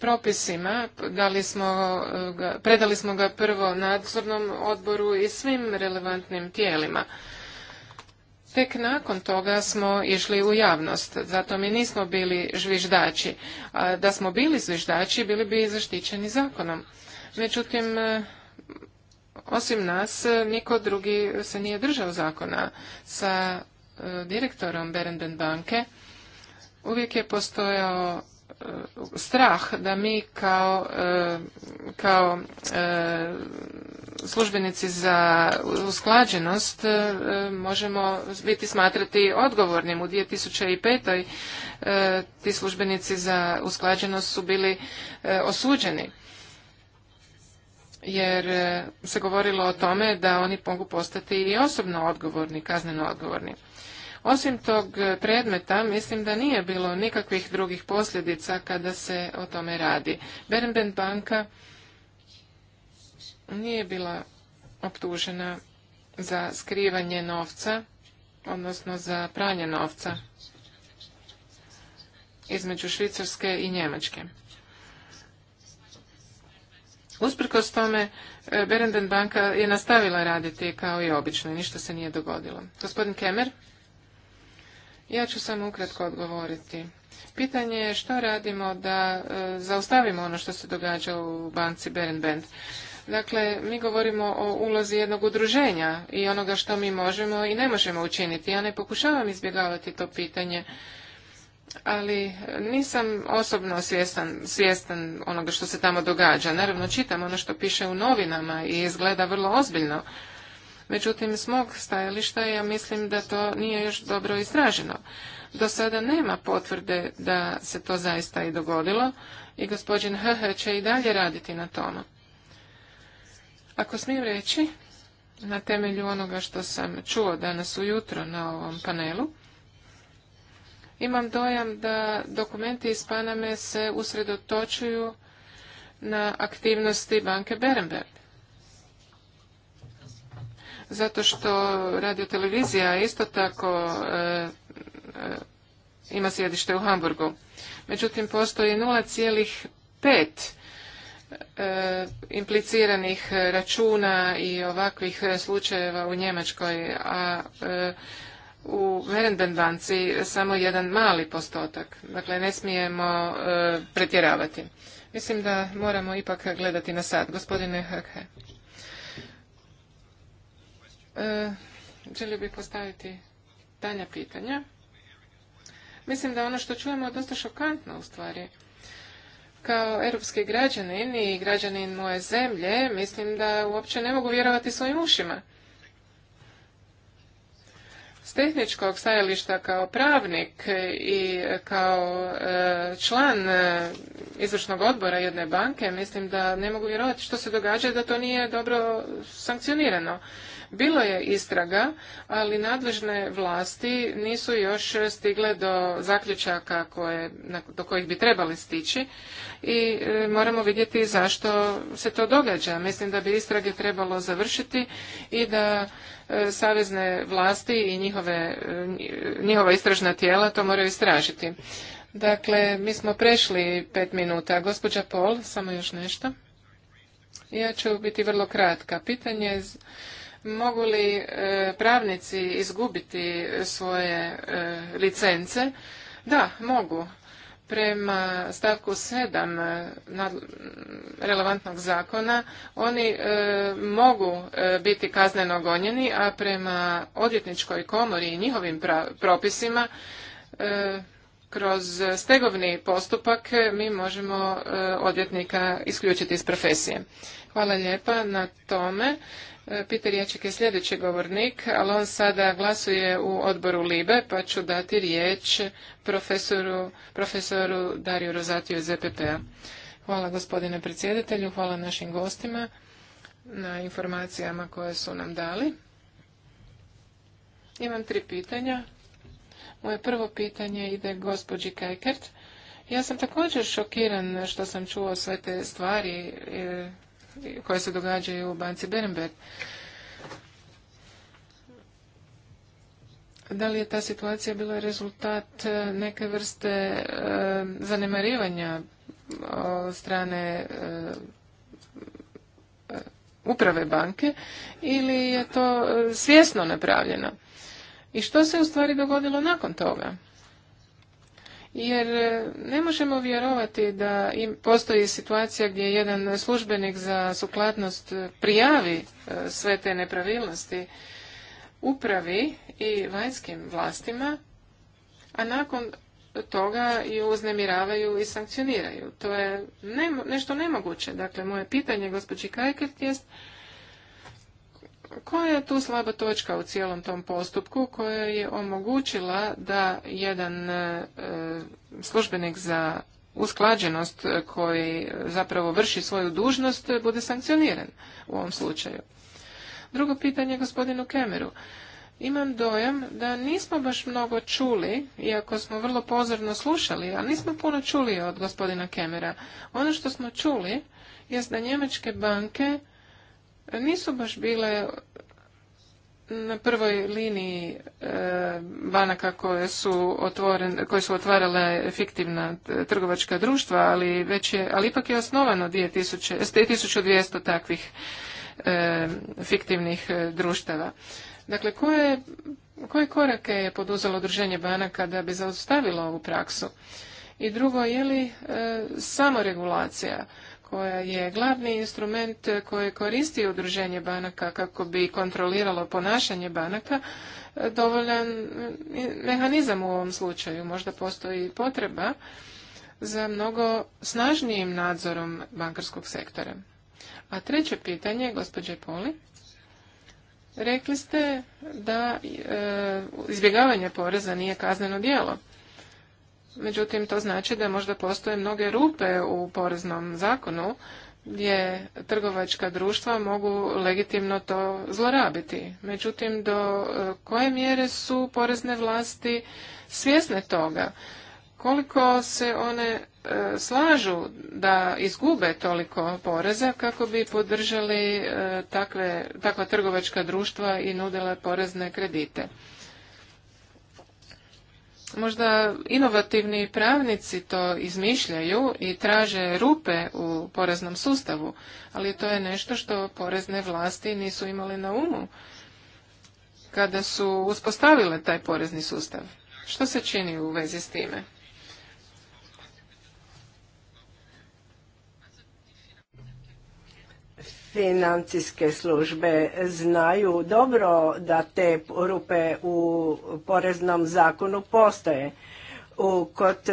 propisima, e, predali smo ga prvo nadzornom odboru i svim relevantnim tijelima. Tek nakon toga smo išli u javnost, zato mi nismo bili žviždači. da smo bili zviždači, bili bi zaštićeni zakonom. Međutim, e, osim nas, niko drugi se nije držao zakona. Sa direktorom Berenden banke uvijek je postojao e, strah da mi kao, e, kao e, službenici za usklađenost možemo biti smatrati odgovornim. U 2005. ti službenici za usklađenost su bili osuđeni jer se govorilo o tome da oni mogu postati i osobno odgovorni, kazneno odgovorni. Osim tog e, predmeta, mislim da nije bilo nikakvih drugih posljedica kada se o tome radi. Berenben banka nije bila optužena za skrivanje novca, odnosno za pranje novca između Švicarske i Njemačke. Usprkos tome, e, Berenden banka je nastavila raditi kao i obično i ništa se nije dogodilo. Gospodin Kemer? Ja ću samo ukratko odgovoriti. Pitanje je što radimo da e, zaustavimo ono što se događa u banci Berenbend. Dakle, mi govorimo o ulozi jednog udruženja i onoga što mi možemo i ne možemo učiniti. Ja ne pokušavam izbjegavati to pitanje, ali nisam osobno svjestan, svjestan onoga što se tamo događa. Naravno, čitam ono što piše u novinama i izgleda vrlo ozbiljno. Međutim, s mog stajališta ja mislim da to nije još dobro istraženo. Do sada nema potvrde da se to zaista i dogodilo i gospodin HH će i dalje raditi na tome. Ako smijem reći, na temelju onoga što sam čuo danas ujutro na ovom panelu, imam dojam da dokumenti iz Paname se usredotočuju na aktivnosti banke Berenberg zato što radiotelevizija isto tako e, e, ima sjedište u Hamburgu. Međutim, postoji 0,5 e, impliciranih računa i ovakvih slučajeva u Njemačkoj, a u merendenbanci samo jedan mali postotak. Dakle, ne smijemo pretjeravati. Mislim da moramo ipak gledati na sad. Gospodine Hrke. E, želio bih postaviti dalja pitanja. Mislim da ono što čujemo je dosta šokantno u stvari. Kao europski građanin i građanin moje zemlje, mislim da uopće ne mogu vjerovati svojim ušima. S tehničkog stajališta kao pravnik i kao e, član e, izvršnog odbora jedne banke, mislim da ne mogu vjerovati što se događa da to nije dobro sankcionirano. Bilo je istraga, ali nadležne vlasti nisu još stigle do zaključaka do kojih bi trebali stići i e, moramo vidjeti zašto se to događa. Mislim da bi istrage trebalo završiti i da e, savezne vlasti i njihove, e, njihova istražna tijela to moraju istražiti. Dakle, mi smo prešli pet minuta. Gospođa Pol, samo još nešto. Ja ću biti vrlo kratka. Pitanje mogu li e, pravnici izgubiti svoje e, licence? Da, mogu. Prema stavku 7 e, relevantnog zakona oni mogu biti kazneno gonjeni, a prema odvjetničkoj komori i njihovim propisima kroz stegovni postupak mi možemo odvjetnika isključiti iz profesije. Hvala lijepa na tome. Peter Ječek je sljedeći govornik, ali on sada glasuje u odboru LIBE, pa ću dati riječ profesoru, profesoru Dariju Rozatiju iz EPP-a. Hvala gospodine predsjedatelju, hvala našim gostima na informacijama koje su nam dali. Imam tri pitanja. Moje prvo pitanje ide gospođi Kajkert. Ja sam također šokiran što sam čuo sve te stvari e, koje se događaju u banci Berenberg. Da li je ta situacija bila rezultat e, neke vrste e, zanemarivanja od e, strane uprave banke ili je to svjesno napravljeno? I što se u stvari dogodilo nakon toga? jer e, ne možemo vjerovati da postoji situacija gdje jedan službenik za sukladnost e, prijavi e, sve te nepravilnosti upravi i vanjskim vlastima, a nakon toga ju uznemiravaju i sankcioniraju. To je nešto nemoguće. Dakle, moje pitanje gospođi Kajkert jest koja je tu slaba točka u cijelom tom postupku koja je omogućila da jedan e, službenik za usklađenost koji zapravo vrši svoju dužnost bude sankcioniran u ovom slučaju. Drugo pitanje gospodinu Kemeru. Imam dojam da nismo baš mnogo čuli, iako smo vrlo pozorno slušali, ali nismo puno čuli od gospodina Kemera. Ono što smo čuli jest da njemačke banke nisu baš bile na prvoj liniji e, banaka koje su, otvoren, koje su otvarale fiktivna e, trgovačka društva, ali, već je, ali ipak je osnovano 2000, 1200 takvih e, fiktivnih društava. Dakle, koje, korake je poduzelo druženje banaka da bi zaustavilo ovu praksu? I drugo, je li samoregulacija? koja je glavni instrument koji koristi udruženje banaka kako bi kontroliralo ponašanje banaka, dovoljan mehanizam u ovom slučaju. Možda postoji potreba za mnogo snažnijim nadzorom bankarskog sektora. A treće pitanje, gospođe Poli, rekli ste da e, izbjegavanje poreza nije kazneno djelo međutim to znači da možda postoje mnoge rupe u poreznom zakonu gdje trgovačka društva mogu legitimno to zlorabiti. Međutim, do e, koje mjere su porezne vlasti svjesne toga? Koliko se one e, slažu da izgube toliko poreza kako bi podržali e, takva trgovačka društva i nudile porezne kredite? možda inovativni pravnici to izmišljaju i traže rupe u poreznom sustavu, ali to je nešto što porezne vlasti nisu imali na umu kada su uspostavile taj porezni sustav. Što se čini u vezi s time? financijske službe znaju dobro da te rupe u poreznom zakonu postoje. kod e,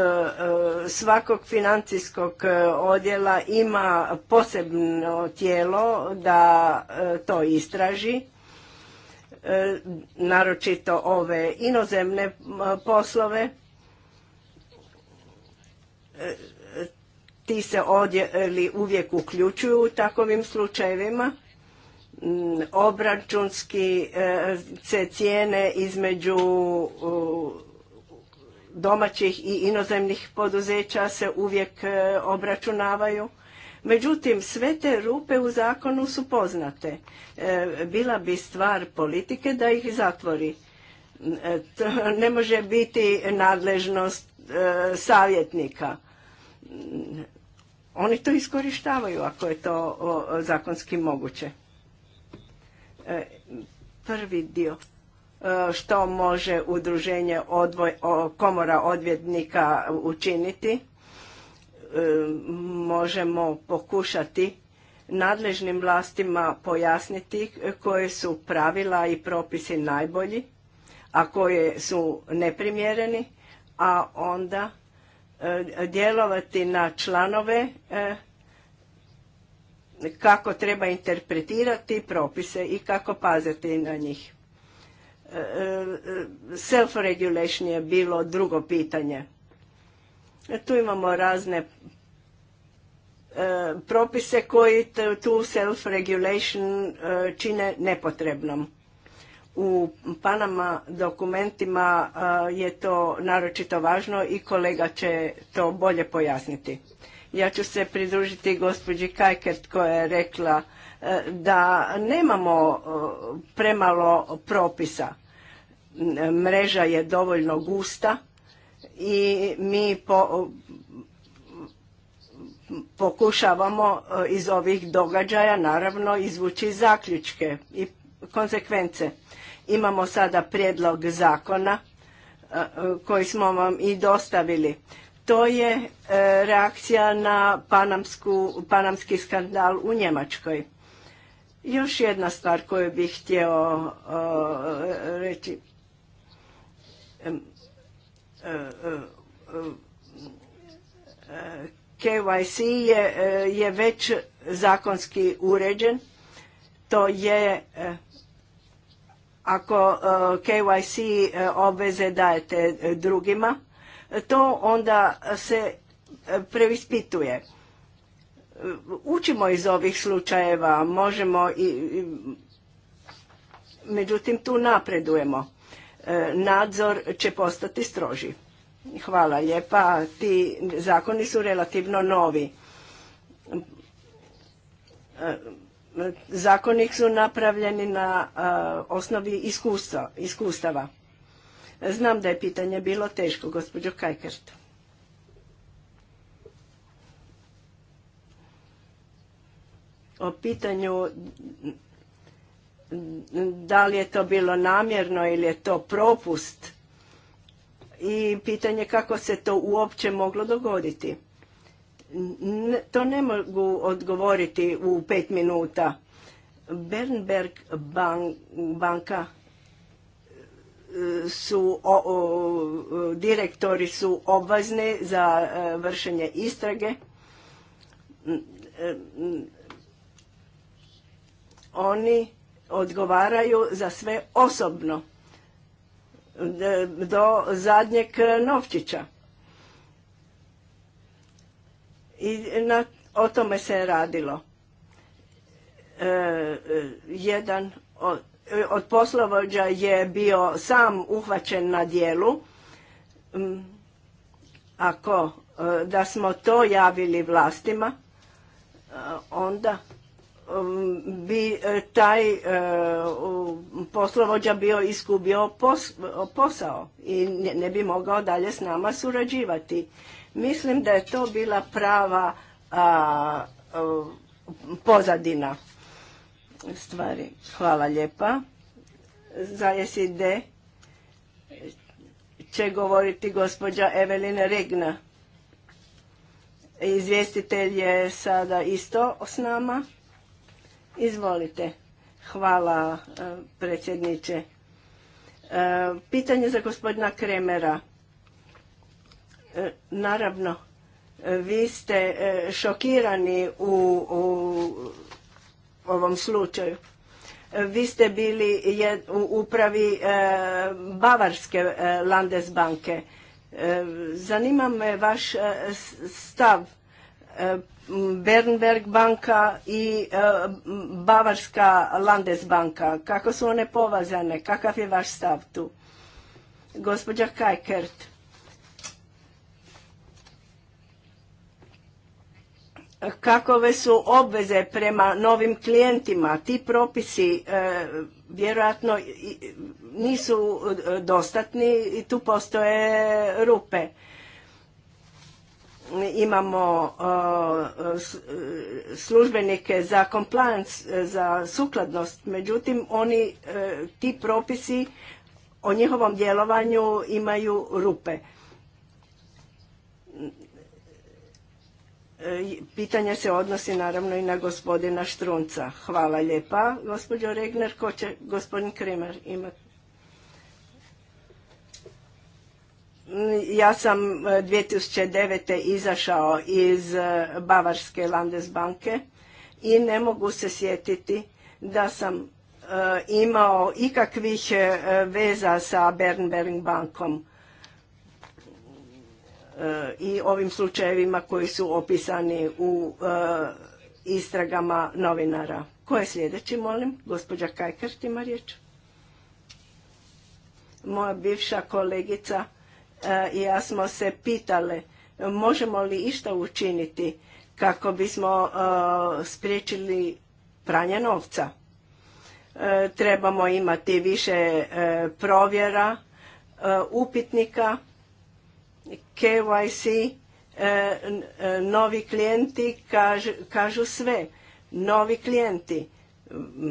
svakog financijskog e, odjela ima posebno tijelo da e, to istraži, naročito ove inozemne poslove ti se odjeli uvijek uključuju u takovim slučajevima. Mm, obračunski e, se cijene između domaćih i inozemnih poduzeća se uvijek e, obračunavaju. Međutim, sve te rupe u zakonu su poznate. E, bila bi stvar politike da ih zatvori. To ne može biti nadležnost savjetnika oni to iskorištavaju ako je to zakonski moguće. E, prvi dio e, što može udruženje odvoj, komora odvjetnika učiniti, e, možemo pokušati nadležnim vlastima pojasniti koje su pravila i propisi najbolji, a koje su neprimjereni, a onda E, djelovati na članove e, kako treba interpretirati propise i kako paziti na njih. E, self-regulation je bilo drugo pitanje. Tu imamo razne propise koji tu self-regulation čine nepotrebnom. U Panama dokumentima je to naročito važno i kolega će to bolje pojasniti. Ja ću se pridružiti gospođi Kajkert koja je rekla e, da nemamo e, premalo propisa. Mreža je dovoljno gusta i mi pokušavamo e, iz ovih događaja naravno izvući zaključke i konsekvence. Imamo sada prijedlog zakona e, koji smo vam i dostavili. To je e, reakcija na panamski skandal u Njemačkoj. Još jedna stvar koju bih htio e, reći. KYC je već zakonski uređen. To je ako e, KYC e, obveze dajete e, drugima, to onda se preispituje. Učimo iz ovih slučajeva, možemo i, međutim tu napredujemo. Nadzor će postati stroži. Hvala lijepa, ti zakoni su relativno novi zakonik su napravljeni na osnovi iskustava. Znam da je pitanje bilo teško, gospođo Kajkert. O pitanju da li je to bilo namjerno ili je to propust i pitanje kako se to uopće moglo dogoditi to ne mogu odgovoriti u pet minuta. Bernberg banka e, su direktori su obvezni za e, vršenje istrage. E, oni odgovaraju za sve osobno do zadnjeg novčića. I na, o tome se radilo. E, e, jedan od, e, od poslovođa je bio sam uhvaćen na dijelu. Mm, ako da smo to javili vlastima, onda mm, bi taj poslovođa bio iskubio posao i ne bi mogao dalje s nama surađivati. Mislim da je to bila prava a, pozadina stvari. Hvala lijepa. Za SID će govoriti gospođa Evelina Regna. Izvjestitelj je sada isto s nama. Izvolite. Hvala e, predsjedniče. E, pitanje za gospodina Kremera. Naravno, vi ste e, šokirani u, ovom slučaju. Vi ste bili u upravi e, Bavarske e, Landesbanke. Zanima me vaš stav Bernberg banka i Bavarska Landesbanka. Kako su one povazane? Kakav je vaš stav tu? Gospođa Kajkert. kakove su obveze prema novim klijentima. Ti propisi e, vjerojatno nisu e, dostatni i tu postoje rupe. Imamo e, službenike za compliance, za sukladnost, međutim oni ti propisi o njihovom djelovanju imaju rupe Pitanje se odnosi naravno i na gospodina Štrunca. Hvala lijepa, gospođo Regner. Ko će gospodin Kremer imati? Ja sam 2009. E, izašao iz e, Bavarske Landesbanke i ne mogu se sjetiti da sam e, imao ikakvih veza sa Bernberg bankom i ovim slučajevima koji su opisani u e, istragama novinara. Ko je sljedeći, molim? Gospođa Kajkart ima riječ. Moja bivša kolegica e, i ja smo se pitale možemo li išta učiniti kako bismo e, spriječili pranje novca. Trebamo imati više provjera, upitnika KYC, eh, eh, novi klijenti kažu, sve. Novi klijenti,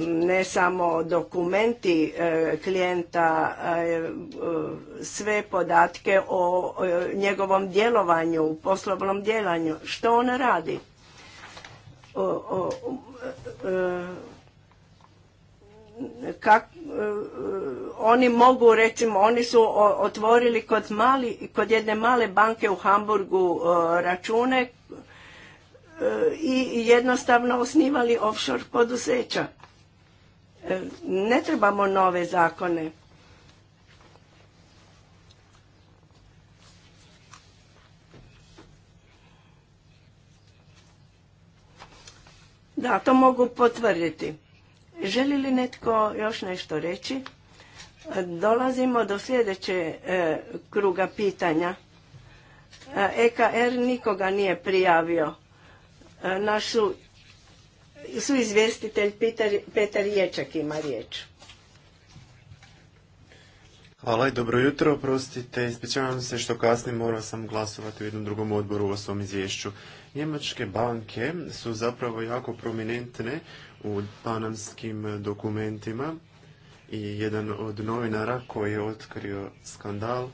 ne samo dokumenti eh, klijenta, sve podatke o njegovom djelovanju, poslovnom djelanju, što on radi. o, kak, e, e, oni mogu recimo oni su otvorili kod, mali, kod jedne male banke u Hamburgu e, račune i jednostavno osnivali offshore poduzeća. Ne trebamo nove zakone. Da, to mogu potvrditi. Želi li netko još nešto reći? Dolazimo do sljedećeg e, kruga pitanja. EKR e nikoga nije prijavio. Naš e, našu su izvjestitelj Peter, Petar Ječak ima riječ. Hvala i dobro jutro, oprostite, ispričavam se što kasnije morao sam glasovati u jednom drugom odboru o svom izvješću. Njemačke banke su zapravo jako prominentne u panamskim dokumentima i jedan od novinara koji je otkrio skandal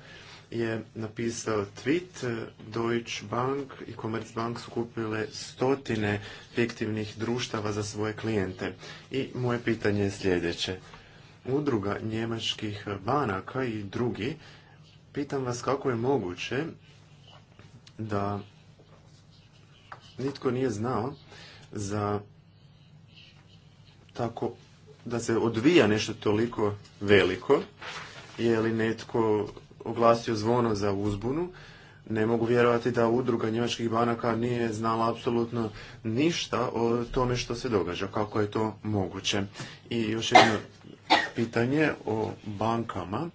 je napisao tweet Deutsche Bank i Commerzbank skupile stotine fiktivnih društava za svoje klijente. I moje pitanje je sljedeće. Udruga njemačkih banaka i drugi, pitam vas kako je moguće da nitko nije znao za tako da se odvija nešto toliko veliko, je li netko oglasio zvono za uzbunu, ne mogu vjerovati da udruga njemačkih banaka nije znala apsolutno ništa o tome što se događa, kako je to moguće. I još jedno pitanje o bankama.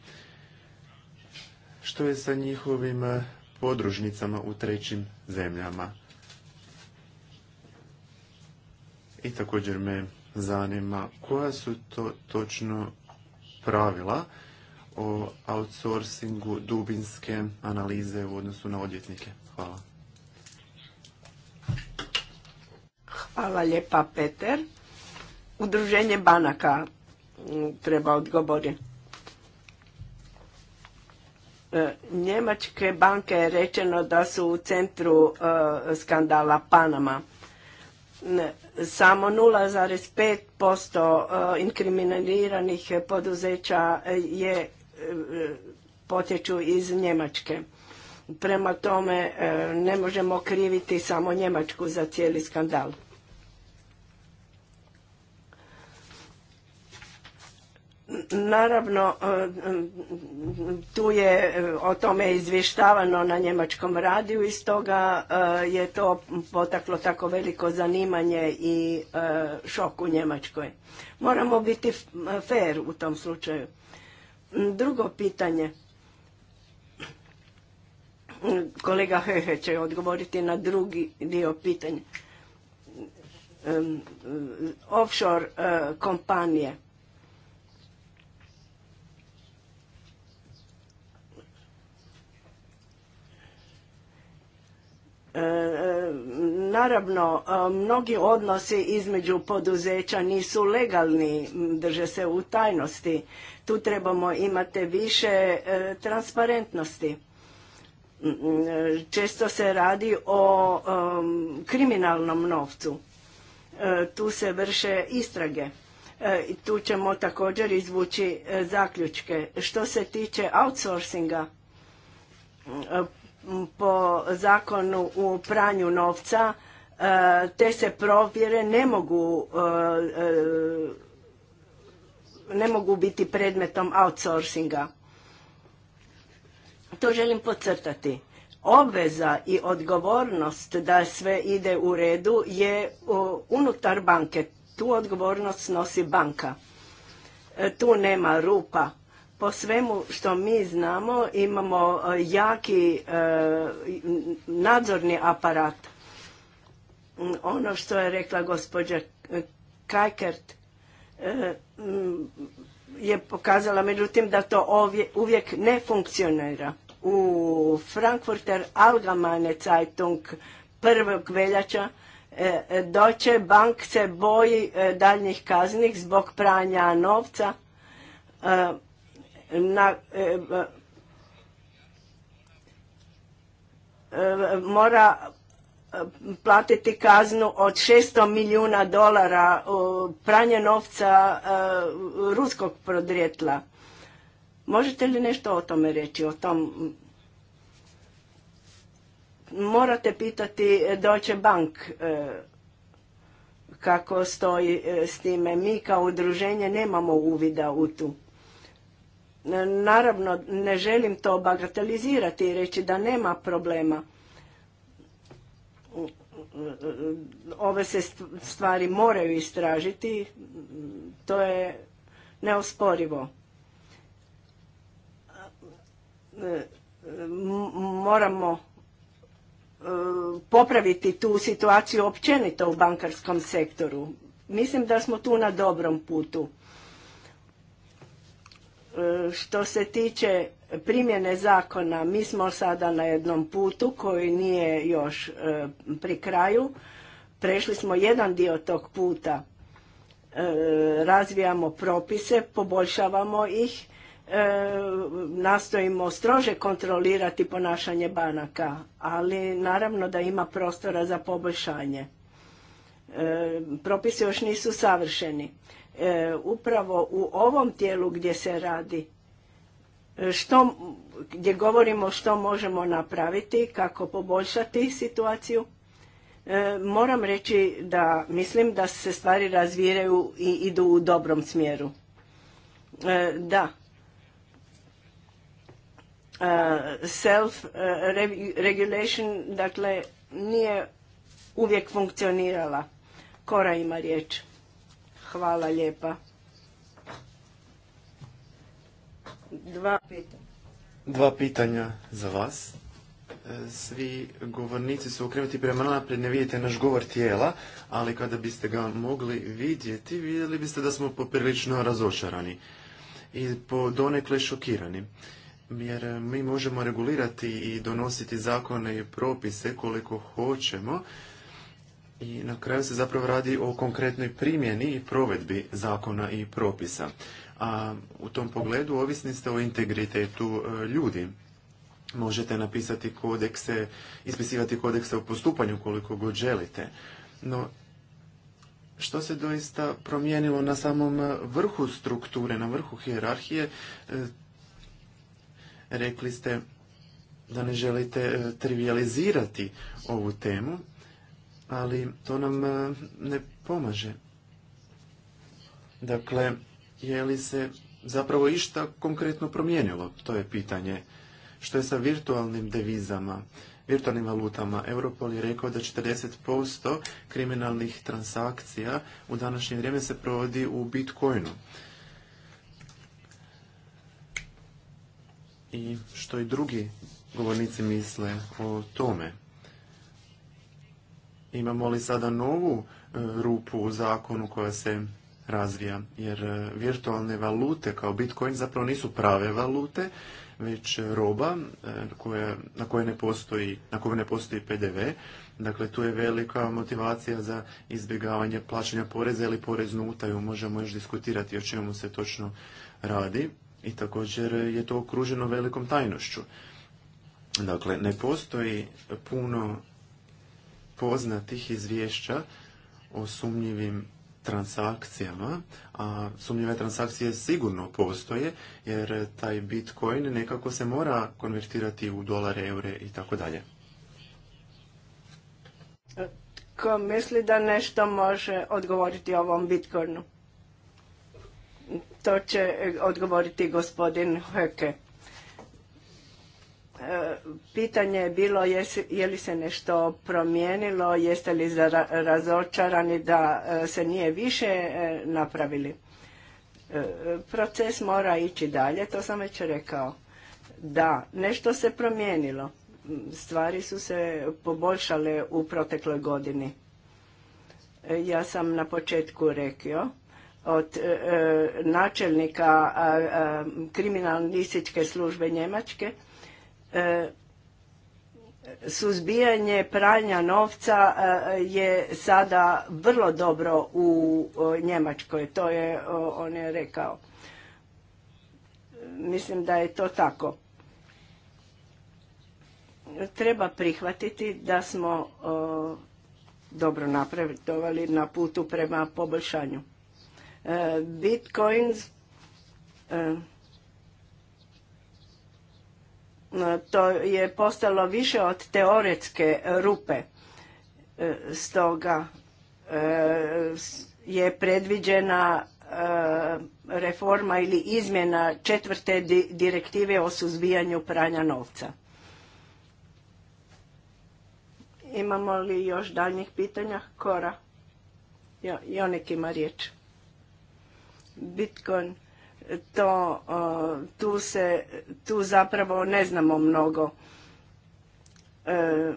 Što je sa njihovim eh, podružnicama u trećim zemljama? I također me zanima koja su to točno pravila o outsourcingu dubinske analize u odnosu na odvjetnike. Hvala. Hvala lijepa, Peter. Udruženje banaka mm, treba odgovoriti. E, Njemačke banke je rečeno da su u centru e, skandala Panama. Samo 0,5% eh, inkriminiranih eh, poduzeća eh, je potječu iz Njemačke. Prema tome ne možemo kriviti samo Njemačku za cijeli skandal. Naravno, e, tu je e, o tome izvještavano na njemačkom radiju i stoga e, je to potaklo tako veliko zanimanje i šok u Njemačkoj. Moramo biti fair u tom slučaju. Drugo pitanje. Kolega Hehe će odgovoriti na drugi dio pitanja. Offshore kompanije E, e, naravno, e, mnogi odnosi između poduzeća nisu legalni, drže se u tajnosti. Tu trebamo imati više transparentnosti. Često se radi o kriminalnom novcu. Tu se vrše istrage. Tu ćemo također izvući zaključke. Što se tiče outsourcinga, po zakonu u pranju novca e, te se provjere ne mogu e, e, ne mogu biti predmetom outsourcinga. To želim podcrtati. Obveza i odgovornost da sve ide u redu je unutar banke. Tu odgovornost nosi banka. Tu nema rupa po svemu što mi znamo imamo e, jaki e, nadzorni aparat. Mm, ono što je rekla gospođa e, Kajkert mm, je pokazala međutim da to uvijek ne funkcionira. U Frankfurter Allgemeine Zeitung 1. veljača doče, Bank se boji daljnjih kaznih zbog pranja novca na, e, e, mora e, platiti kaznu od 600 milijuna dolara pranje novca ruskog prodrijetla. Možete li nešto o tome reći, o tom morate pitati Deutsche Bank kako stoji s time. Mi kao udruženje nemamo uvida u tu. Naravno, ne želim to bagatelizirati i reći da nema problema. Ove se stvari moraju istražiti, to je neosporivo. Moramo e, popraviti tu situaciju općenito u bankarskom sektoru. Mislim da smo tu na dobrom putu. Što se tiče primjene zakona, mi smo sada na jednom putu koji nije još e, pri kraju. Prešli smo jedan dio tog puta, e, razvijamo propise, poboljšavamo ih, e, nastojimo strože kontrolirati ponašanje banaka, ali naravno da ima prostora za poboljšanje. Propisi još nisu savršeni E, upravo u ovom tijelu gdje se radi, e, gdje govorimo što možemo napraviti, kako poboljšati situaciju, e, moram reći da mislim da se stvari razvijaju i idu u dobrom smjeru. da, self-regulation, dakle, nije uvijek funkcionirala. Kora ima riječ. Hvala lijepa. Dva pitanja. Dva pitanja za vas. E, svi govornici su okrenuti prema naprijed, ne vidite naš govor tijela, ali kada biste ga mogli vidjeti, vidjeli biste da smo poprilično razočarani i donekle šokirani. Jer mi možemo regulirati i donositi zakone i propise koliko hoćemo, i na kraju se zapravo radi o konkretnoj primjeni i provedbi zakona i propisa. A u tom pogledu ovisni ste o integritetu e, ljudi. Možete napisati kodekse, ispisivati kodekse o postupanju koliko god želite. No, što se doista promijenilo na samom vrhu strukture, na vrhu hijerarhije, e, rekli ste da ne želite e, trivializirati ovu temu, ali to nam e, ne pomaže. Dakle, je li se zapravo išta konkretno promijenilo? To je pitanje. Što je sa virtualnim devizama, virtualnim valutama? Europol je rekao da 40% kriminalnih transakcija u današnje vrijeme se provodi u Bitcoinu. I što i drugi govornici misle o tome. Imamo li sada novu e, rupu u zakonu koja se razvija, jer e, virtualne valute kao Bitcoin zapravo nisu prave valute, već roba e, na koje ne postoji, na koju ne postoji PDV. Dakle, tu je velika motivacija za izbjegavanje plaćanja poreza ili poreznu utaju. Možemo još diskutirati o čemu se točno radi i također je to okruženo velikom tajnošću. Dakle, ne postoji puno poznatih izvješća o sumnjivim transakcijama, a sumnjive transakcije sigurno postoje, jer taj bitcoin nekako se mora konvertirati u dolare, eure i tako dalje. Ko misli da nešto može odgovoriti ovom bitcoinu? To će odgovoriti gospodin Höke. E, pitanje je bilo je li se nešto promijenilo, jeste li razočarani da e, se nije više e, napravili. Proces mora ići dalje, to sam već rekao. Da, nešto se promijenilo. Stvari su se poboljšale u protekloj godini. Ja sam na početku rekao od načelnika kriminalističke službe Njemačke E, suzbijanje pranja novca e, je sada vrlo dobro u Njemačkoj, to je on je rekao. Mislim da je to tako. Treba prihvatiti da smo dobro napravitovali na putu prema poboljšanju. E, bitcoins to je postalo više od teoretske rupe. E, stoga e, je predviđena e, reforma ili izmjena četvrte direktive o suzbijanju pranja novca. Imamo li još daljnjih pitanja? Kora. Jonek ima riječ. Bitcoin to, e, tu, se, tu zapravo ne znamo mnogo e,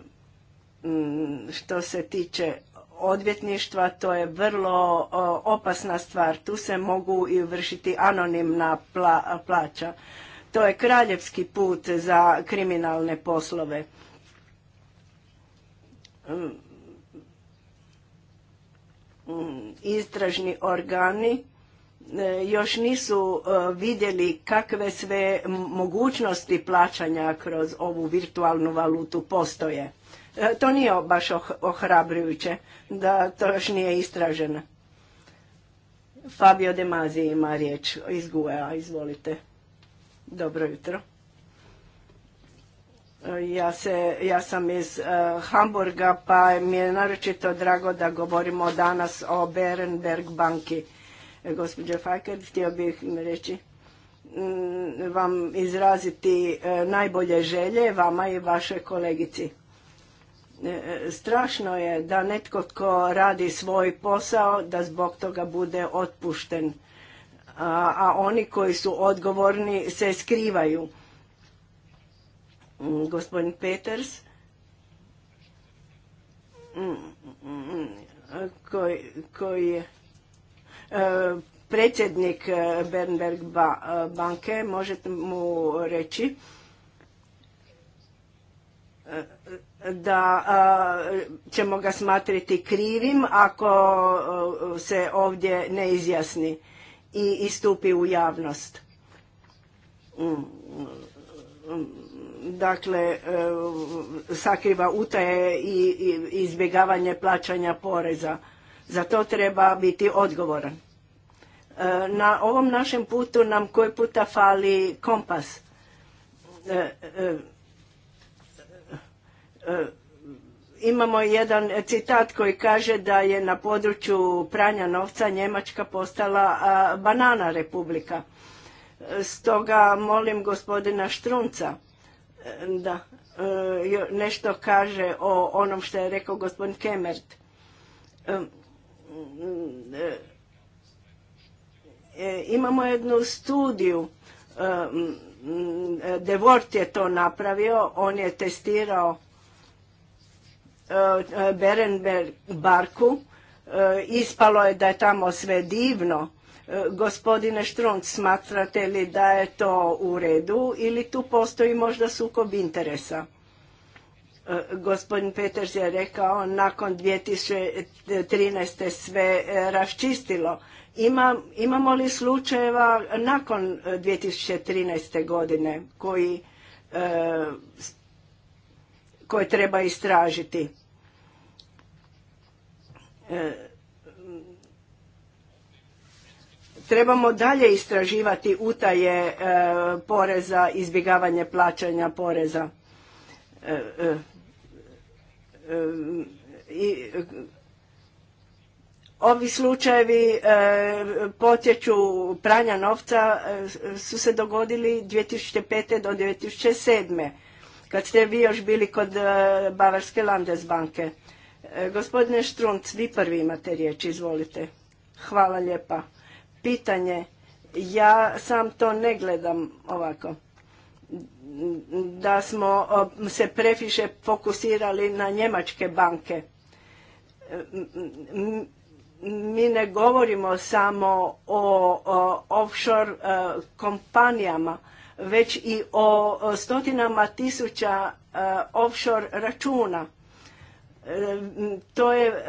mm, što se tiče odvjetništva, to je vrlo e, opasna stvar. Tu se mogu i vršiti anonimna plaća. To je kraljevski put za kriminalne poslove. Mm, mm, istražni organi E, još nisu e, vidjeli kakve sve mogućnosti plaćanja kroz ovu virtualnu valutu postoje. E, to nije baš ohrabrujuće, da to još nije istraženo. Fabio De ima riječ iz GUEA, izvolite. Dobro jutro. Ja, se, ja sam iz Hamburga, pa mi je naročito drago da govorimo danas o Berenberg banki Gospođo Fajker, htio bih reći mm, vam izraziti e, najbolje želje vama i vašoj kolegici. E, strašno je da netko tko radi svoj posao da zbog toga bude otpušten, a, oni koji su odgovorni se skrivaju. Mm, gospodin Peters mm, koji, koji je E, predsjednik e, Bernberg e, banke, možete mu reći da ćemo ga smatriti krivim ako se ovdje ne izjasni i istupi u javnost. Dakle, sakriva utaje i izbjegavanje plaćanja poreza za to treba biti odgovoran. E, na ovom našem putu nam koji puta fali kompas. E, e, imamo jedan citat koji kaže da je na području pranja novca Njemačka postala banana republika. Stoga molim gospodina Štrunca da nešto kaže o onom što je rekao gospodin Kemert. E, imamo jednu studiju e, Devort je to napravio, on je testirao e, Berenberg barku, ispalo je da je tamo sve divno. Gospodine Štrunc, smatrate li da je to u redu ili tu postoji možda sukob interesa? Gospodin Peters je rekao nakon 2013. sve e, raščistilo. imamo li slučajeva nakon 2013. E, godine koji, e, koje treba istražiti? trebamo dalje istraživati utaje poreza, izbjegavanje plaćanja poreza i ovi slučajevi e, potječu pranja novca e, su se dogodili 2005. do 2007. kad ste vi još bili kod e, Bavarske Landesbanke. Gospodine Štrunc, vi prvi imate riječ, izvolite. Hvala lijepa. Pitanje, ja sam to ne gledam ovako da smo eh, se previše fokusirali na njemačke banke. Eh, mi ne govorimo samo o, offshore eh, kompanijama, već i o stotinama tisuća offshore računa. To, je,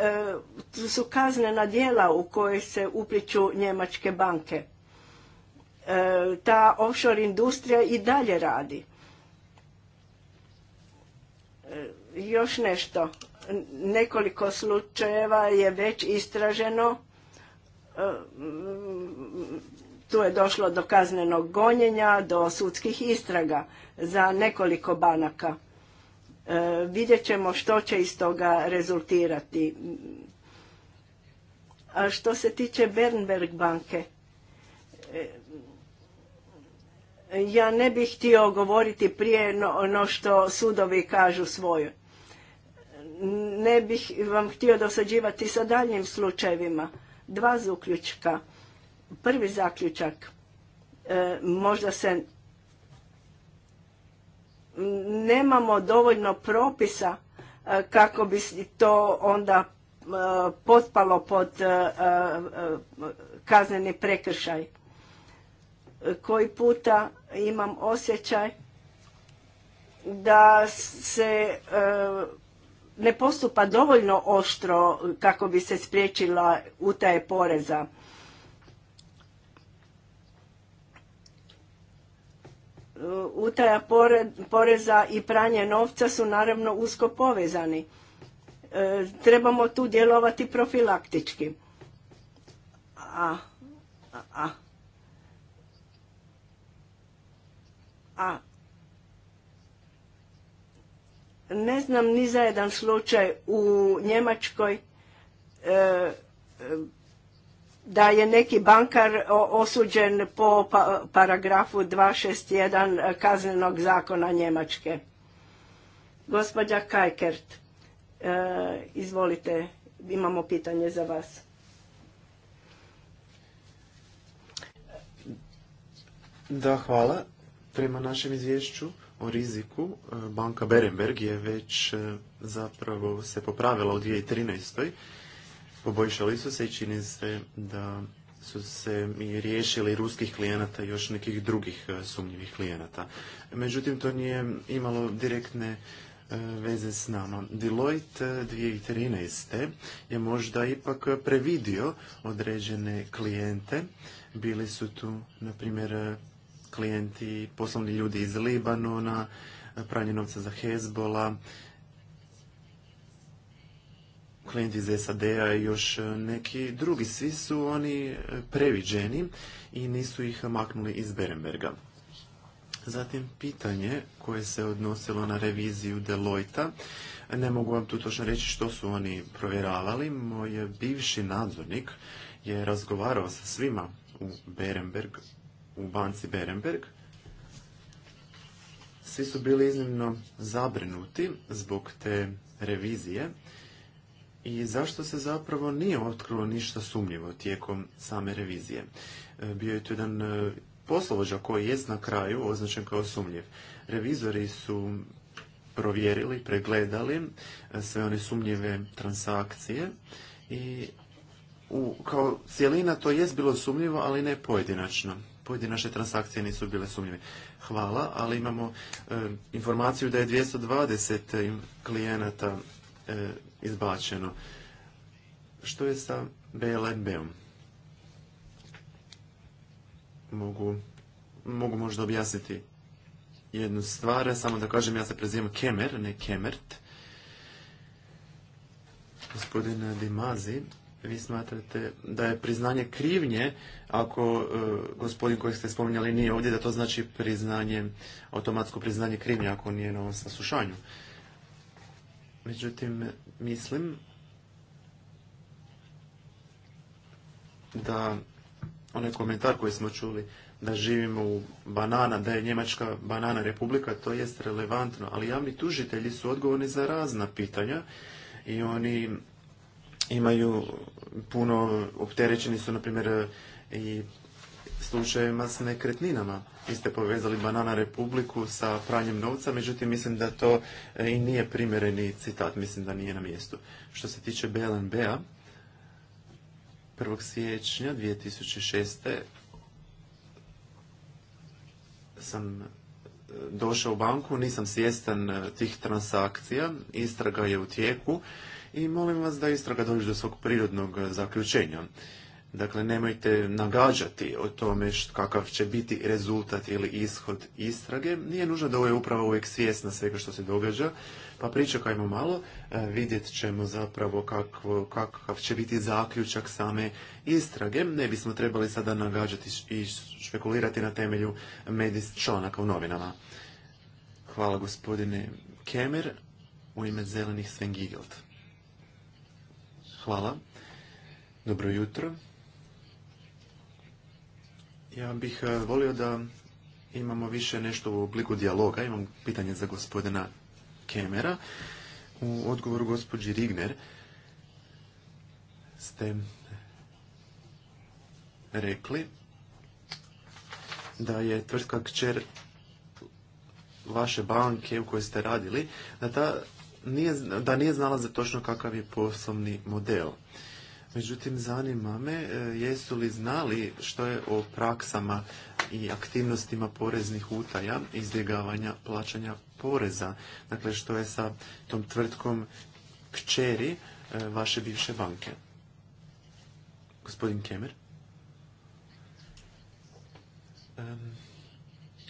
su kaznena djela u koje se upliču njemačke banke. Ta offshore industrija i dalje radi. Još nešto, nekoliko slučajeva je već istraženo, e, tu je došlo do kaznenog gonjenja, do sudskih istraga za nekoliko banaka. E, vidjet ćemo što će iz toga rezultirati. A što se tiče Bernberg banke, e, ja ne bih htio govoriti prije ono što sudovi kažu svoju. Ne bih vam htio dosađivati sa daljnjim slučajevima. Dva zaključka. Prvi zaključak. E, možda se nemamo dovoljno propisa e, kako bi to onda e, potpalo pod kazneni prekršaj koji puta imam osjećaj da se e, ne postupa dovoljno oštro kako bi se spriječila utaje poreza. Utaja poreza i pranje novca su naravno usko povezani. E, trebamo tu djelovati profilaktički. A, a, A ne znam ni za jedan slučaj u Njemačkoj e, e, da je neki bankar osuđen po pa, paragrafu 261 kaznenog zakona Njemačke. Gospođa Kajkert, e, izvolite, imamo pitanje za vas. Da, hvala. Prema našem izvješću o riziku, e, banka Berenberg je već e, zapravo se popravila u 2013. Poboljšali su se i čini se da su se i riješili ruskih klijenata i još nekih drugih e, sumnjivih klijenata. Međutim, to nije imalo direktne veze s nama. Deloitte 2013. je možda ipak previdio određene klijente. Bili su tu, na primjer, klijenti, poslovni ljudi iz Libanona, pranje novca za Hezbola, klijenti iz SAD-a i još neki drugi. Svi su oni previđeni i nisu ih maknuli iz Berenberga. Zatim pitanje koje se odnosilo na reviziju Deloita. Ne mogu vam tu točno reći što su oni provjeravali. Moj bivši nadzornik je razgovarao sa svima u Berenberg u banci Berenberg, svi su bili iznimno zabrinuti zbog te revizije i zašto se zapravo nije otkrilo ništa sumnjivo tijekom same revizije. E, bio je tu jedan e, poslovođa koji je na kraju označen kao sumnjiv. Revizori su provjerili, pregledali e, sve one sumnjive transakcije i kao cijelina to je bilo sumnjivo, ali ne pojedinačno naše transakcije nisu bile sumnjive. Hvala, ali imamo e, informaciju da je 220 e, klijenata e, izbačeno. Što je sa blb om Mogu, mogu možda objasniti jednu stvar, samo da kažem, ja se prezivam Kemer, ne Kemert. Gospodin Dimazi vi smatrate da je priznanje krivnje, ako e, gospodin kojeg ste spominjali nije ovdje, da to znači priznanje, automatsko priznanje krivnje ako nije na ovom saslušanju. Međutim, mislim da onaj komentar koji smo čuli da živimo u banana, da je Njemačka banana republika, to jest relevantno, ali javni tužitelji su odgovorni za razna pitanja i oni imaju puno, opterećeni su, na primjer, i slučajevima s nekretninama. Vi ste povezali Banana Republiku sa pranjem novca, međutim mislim da to e, i nije primjereni citat, mislim da nije na mjestu. Što se tiče BLNB-a, 1. siječnja 2006. sam e, došao u banku, nisam svjestan e, tih transakcija, istraga je u tijeku i molim vas da istraga dođe do svog prirodnog e, zaključenja. Dakle, nemojte nagađati o tome kakav će biti rezultat ili ishod istrage. Nije nužno da ovo je upravo uvijek svjesna svega što se događa, pa pričekajmo malo, e, vidjet ćemo zapravo kakvo, kakav će biti zaključak same istrage. Ne bismo trebali sada nagađati i špekulirati na temelju medis članaka u novinama. Hvala gospodine Kemer, u ime zelenih Sven Hvala. Dobro jutro. Ja bih e, volio da imamo više nešto u obliku dijaloga. Imam pitanje za gospodina Kemera. U odgovoru gospođi Rigner ste rekli da je tvrtka kćer vaše banke u kojoj ste radili, da ta nije, da nije znala za točno kakav je poslovni model. Međutim, zanima me, e, jesu li znali što je o praksama i aktivnostima poreznih utaja, izbjegavanja plaćanja poreza? Dakle, što je sa tom tvrtkom kćeri e, vaše bivše banke? Gospodin Kemer?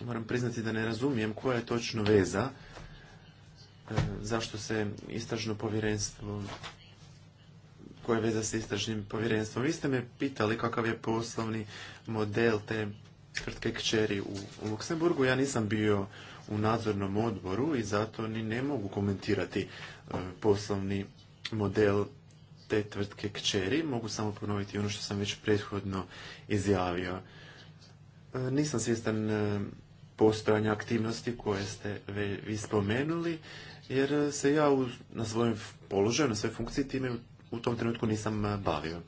moram priznati da ne razumijem koja je točno veza E, zašto se istražno povjerenstvo koje veze sa istražnim povjerenstvom. Vi ste me pitali kakav je poslovni model te tvrtke kćeri u Luksemburgu. Ja nisam bio u nadzornom odboru i zato ni ne mogu komentirati e, poslovni model te tvrtke kćeri. Mogu samo ponoviti ono što sam već prethodno izjavio. E, nisam svjestan postojanja aktivnosti koje ste vi spomenuli jer se ja na svojem položaju, na svojoj funkciji time u tom trenutku nisam e, bavio.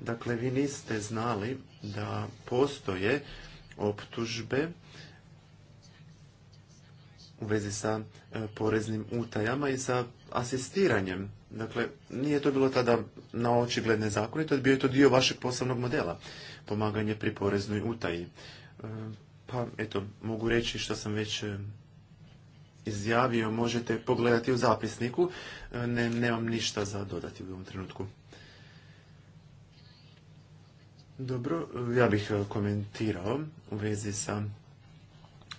Dakle, vi niste znali da postoje optužbe u vezi sa e, poreznim utajama i sa asistiranjem. Dakle, nije to bilo tada na očigled zakone, bio je to dio vašeg poslovnog modela, pomaganje pri poreznoj utaji. E, pa, eto, mogu reći što sam već izjavio možete pogledati u zapisniku. E, nemam ništa za dodati u ovom trenutku. Dobro, ja bih e, komentirao u vezi sa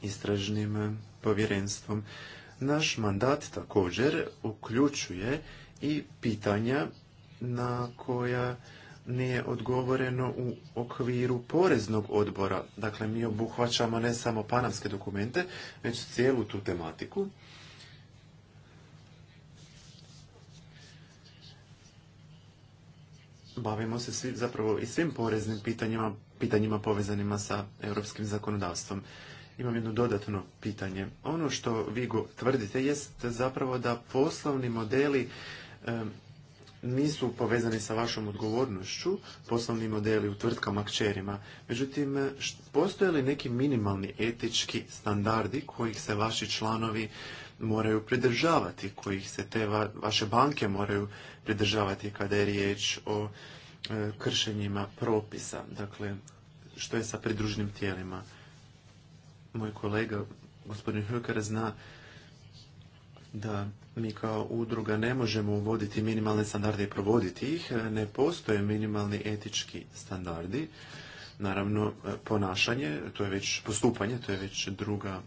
istražnim e, povjerenstvom. Naš mandat također uključuje i pitanja na koja nije odgovoreno u okviru poreznog odbora. Dakle, mi obuhvaćamo ne samo panavske dokumente, već cijelu tu tematiku. Bavimo se zapravo i svim poreznim pitanjima, pitanjima povezanima sa europskim zakonodavstvom. Imam jedno dodatno pitanje. Ono što vi go tvrdite jest zapravo da poslovni modeli nisu povezani sa vašom odgovornošću, poslovni modeli u tvrtkama kćerima. Međutim, postoje li neki minimalni etički standardi kojih se vaši članovi moraju pridržavati, kojih se te vaše banke moraju pridržavati kada je riječ o e, kršenjima propisa, dakle što je sa pridružnim tijelima. Moj kolega, gospodin Höker, zna da mi kao udruga ne možemo uvoditi minimalne standarde i provoditi ih. Ne postoje minimalni etički standardi. Naravno, e, ponašanje, to je već postupanje, to je već druga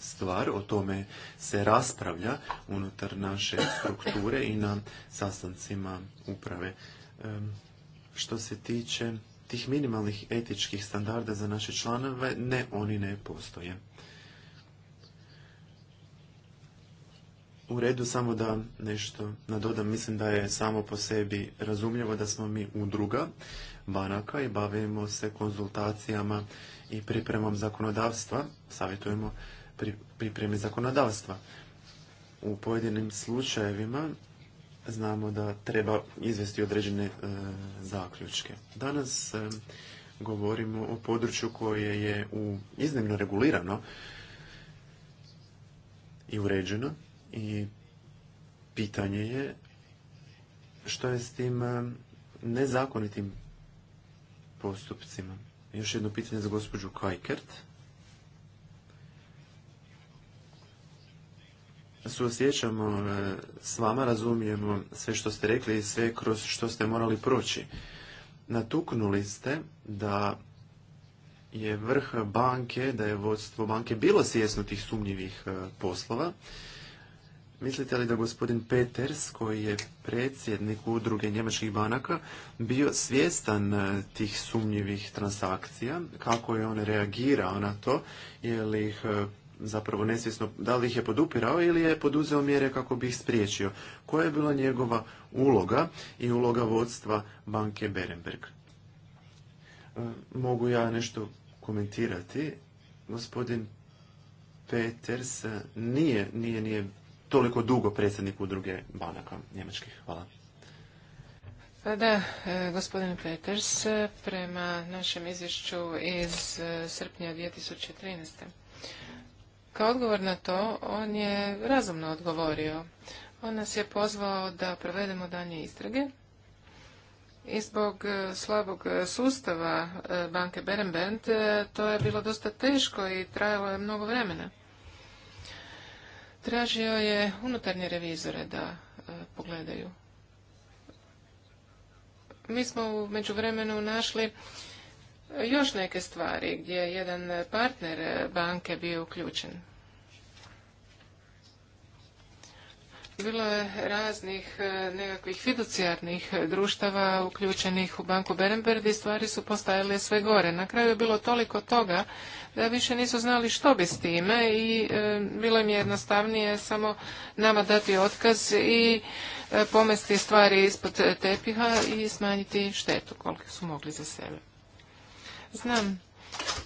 stvar. O tome se raspravlja unutar naše strukture i na sastancima uprave. E, što se tiče tih minimalnih etičkih standarda za naše članove, ne, oni ne postoje. u redu samo da nešto nadodam. Mislim da je samo po sebi razumljivo da smo mi udruga banaka i bavimo se konzultacijama i pripremom zakonodavstva. Savjetujemo pripremi zakonodavstva. U pojedinim slučajevima znamo da treba izvesti određene e, zaključke. Danas e, govorimo o području koje je u iznimno regulirano i uređeno i pitanje je što je s tim eh, nezakonitim postupcima. Još jedno pitanje za gospođu Kajkert. Suosjećamo eh, s vama, razumijemo sve što ste rekli i sve kroz što ste morali proći. Natuknuli ste da je vrh banke, da je vodstvo banke bilo svjesno tih sumnjivih eh, poslova Mislite li da gospodin Peters, koji je predsjednik udruge njemačkih banaka, bio svjestan e, tih sumnjivih transakcija? Kako je on reagirao na to? Je li ih e, zapravo nesvjesno, da li ih je podupirao ili je poduzeo mjere kako bi ih spriječio? Koja je bila njegova uloga i uloga vodstva banke Berenberg? E, mogu ja nešto komentirati? Gospodin Peters nije, nije, nije toliko dugo predsjednik udruge banaka njemačkih. Hvala. Pa da, e, gospodine Peters, prema našem izvješću iz e, srpnja 2013. Kao odgovor na to, on je razumno odgovorio. On nas je pozvao da provedemo danje istrage i zbog e, slabog sustava banke Berenbent to je bilo dosta teško i trajalo je mnogo vremena tražio je unutarnje revizore da e, pogledaju. Mi smo u međuvremenu našli još neke stvari gdje je jedan partner banke bio uključen. Bilo je raznih e, nekakvih fiducijarnih društava uključenih u banku Berenberg i stvari su postajale sve gore. Na kraju je bilo toliko toga da više nisu znali što bi s time i e, bilo im je jednostavnije samo nama dati otkaz i e, pomesti stvari ispod tepiha i smanjiti štetu koliko su mogli za sebe. Znam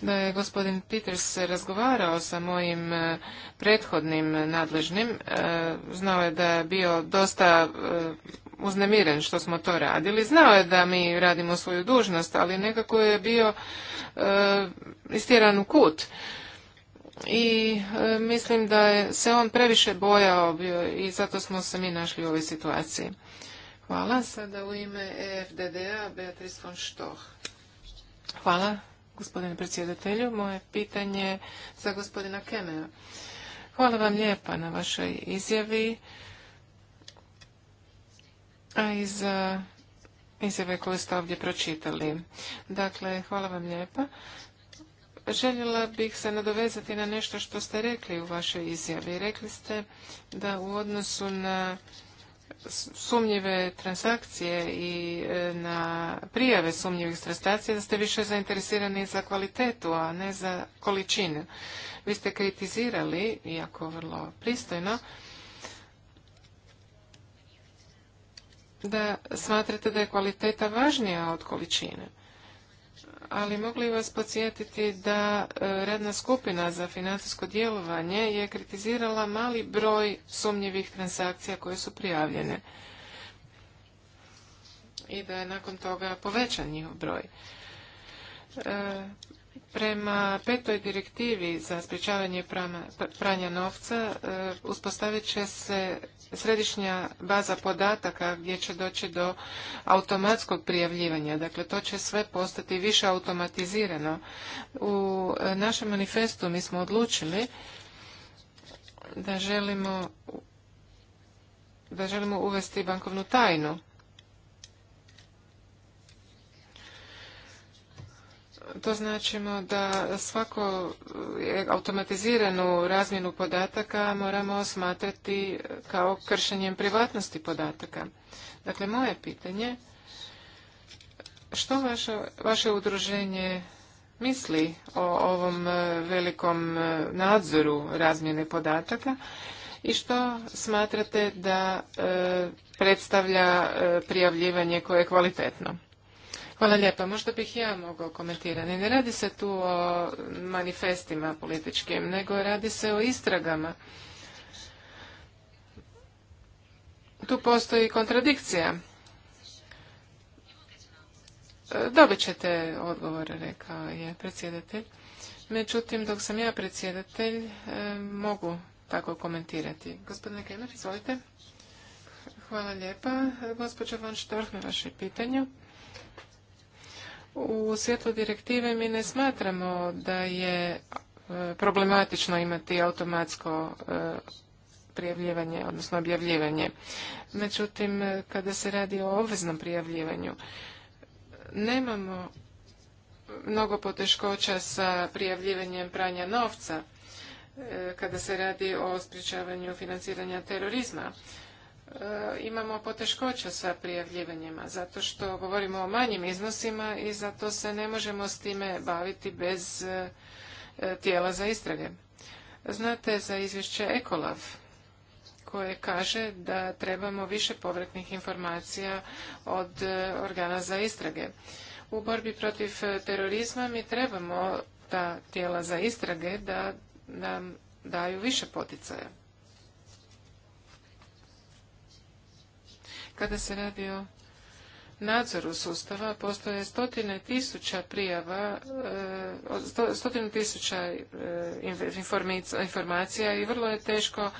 da je gospodin Peters razgovarao sa mojim e, prethodnim nadležnim. E, znao je da je bio dosta e, uznemiren što smo to radili. Znao je da mi radimo svoju dužnost, ali nekako je bio istjeran u kut. I mislim da je se on previše bojao bio i zato smo se mi našli u ovoj situaciji. Hvala. Sada u ime EFDD-a Beatrice von Stoch. Hvala gospodine predsjedatelju. Moje pitanje za gospodina Kenea. Hvala vam lijepa na vašoj izjavi, a i za izjave koje ste ovdje pročitali. Dakle, hvala vam lijepa. Željela bih se nadovezati na nešto što ste rekli u vašoj izjavi. Rekli ste da u odnosu na sumnjive transakcije i e, na prijave sumnjivih transakcija da ste više zainteresirani za kvalitetu, a ne za količinu. Vi ste kritizirali, iako vrlo pristojno, da smatrate da je kvaliteta važnija od količine ali mogli vas podsjetiti da e, radna skupina za financijsko djelovanje je kritizirala mali broj sumnjivih transakcija koje su prijavljene i da je nakon toga povećan njihov broj. E, Prema petoj direktivi za sprječavanje pranja novca e, uspostavit će se središnja baza podataka gdje će doći do automatskog prijavljivanja. Dakle, to će sve postati više automatizirano. U e, našem manifestu mi smo odlučili da da želimo uvesti bankovnu tajnu To značimo da svako e, automatiziranu razmjenu podataka moramo smatrati e, kao kršenjem privatnosti podataka. Dakle, moje pitanje, što vaše, vaše udruženje misli o ovom e, velikom nadzoru razmjene podataka i što smatrate da predstavlja prijavljivanje koje je kvalitetno? Hvala lijepa. Možda bih ja mogao komentirati. Ne radi se tu o manifestima političkim, nego radi se o istragama. Tu postoji kontradikcija. Dobit ćete odgovor, rekao je predsjedatelj. Međutim, dok sam ja predsjedatelj, e, mogu tako komentirati. Gospodine Kemer, izvolite. Hvala lijepa. Gospođo Van Štorh na vaše pitanje. U svjetlu direktive mi ne smatramo da je e, problematično imati automatsko e, prijavljivanje, odnosno objavljivanje. Međutim, e, kada se radi o obveznom prijavljivanju, nemamo mnogo poteškoća sa prijavljivanjem pranja novca kada se radi o sprječavanju financiranja terorizma. E, imamo poteškoća sa prijavljivanjima, zato što govorimo o manjim iznosima i zato se ne možemo s time baviti bez e, tijela za istrage. Znate za izvješće Ekolaf koje kaže da trebamo više povratnih informacija od e, organa za istrage. U borbi protiv terorizma mi trebamo ta tijela za istrage da nam daju više poticaja. Kada se radi o nadzoru sustava postoje stotine tisuća prijava, e, stotine tisuća e, informacija i vrlo je teško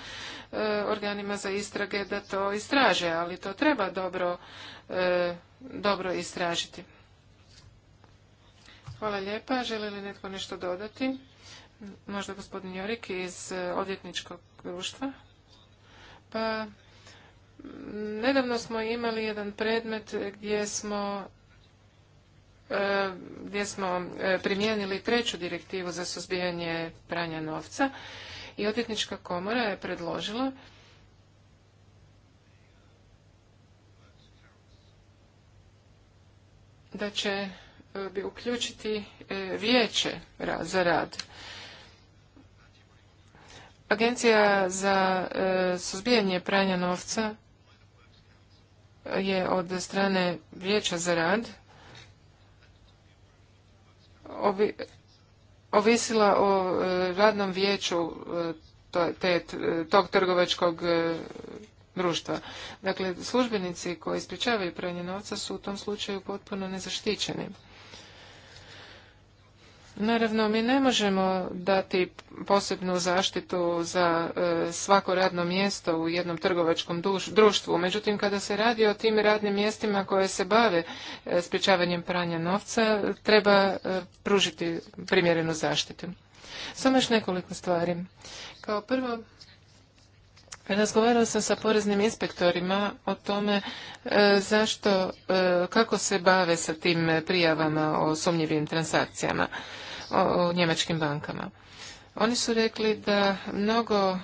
e, organima za istrage da to istraže, ali to treba dobro, dobro istražiti. Hvala lijepa. Želi li netko nešto dodati? Možda gospodin Jorik iz odvjetničkog društva. Pa Nedavno smo imali jedan predmet gdje smo e, gdje smo e, primijenili treću direktivu za suzbijanje pranja novca i odvjetnička komora je predložila da će e, bi uključiti vijeće za rad. Agencija za suzbijanje pranja novca je od strane vijeća za rad ovisila o e, radnom vijeću e, e, tog trgovačkog društva. Dakle, službenici koji ispričavaju pranje novca su u tom slučaju potpuno nezaštićeni. Naravno, mi ne možemo dati posebnu zaštitu za e, svako radno mjesto u jednom trgovačkom društvu. Međutim, kada se radi o tim radnim mjestima koje se bave e, sprječavanjem pranja novca, treba e, pružiti primjerenu zaštitu. Samo još nekoliko stvari. Kao prvo, Razgovarao sam sa poreznim inspektorima o tome zašto, kako se bave sa tim prijavama o sumnjivim transakcijama o, njemačkim bankama. Oni su rekli da mnogo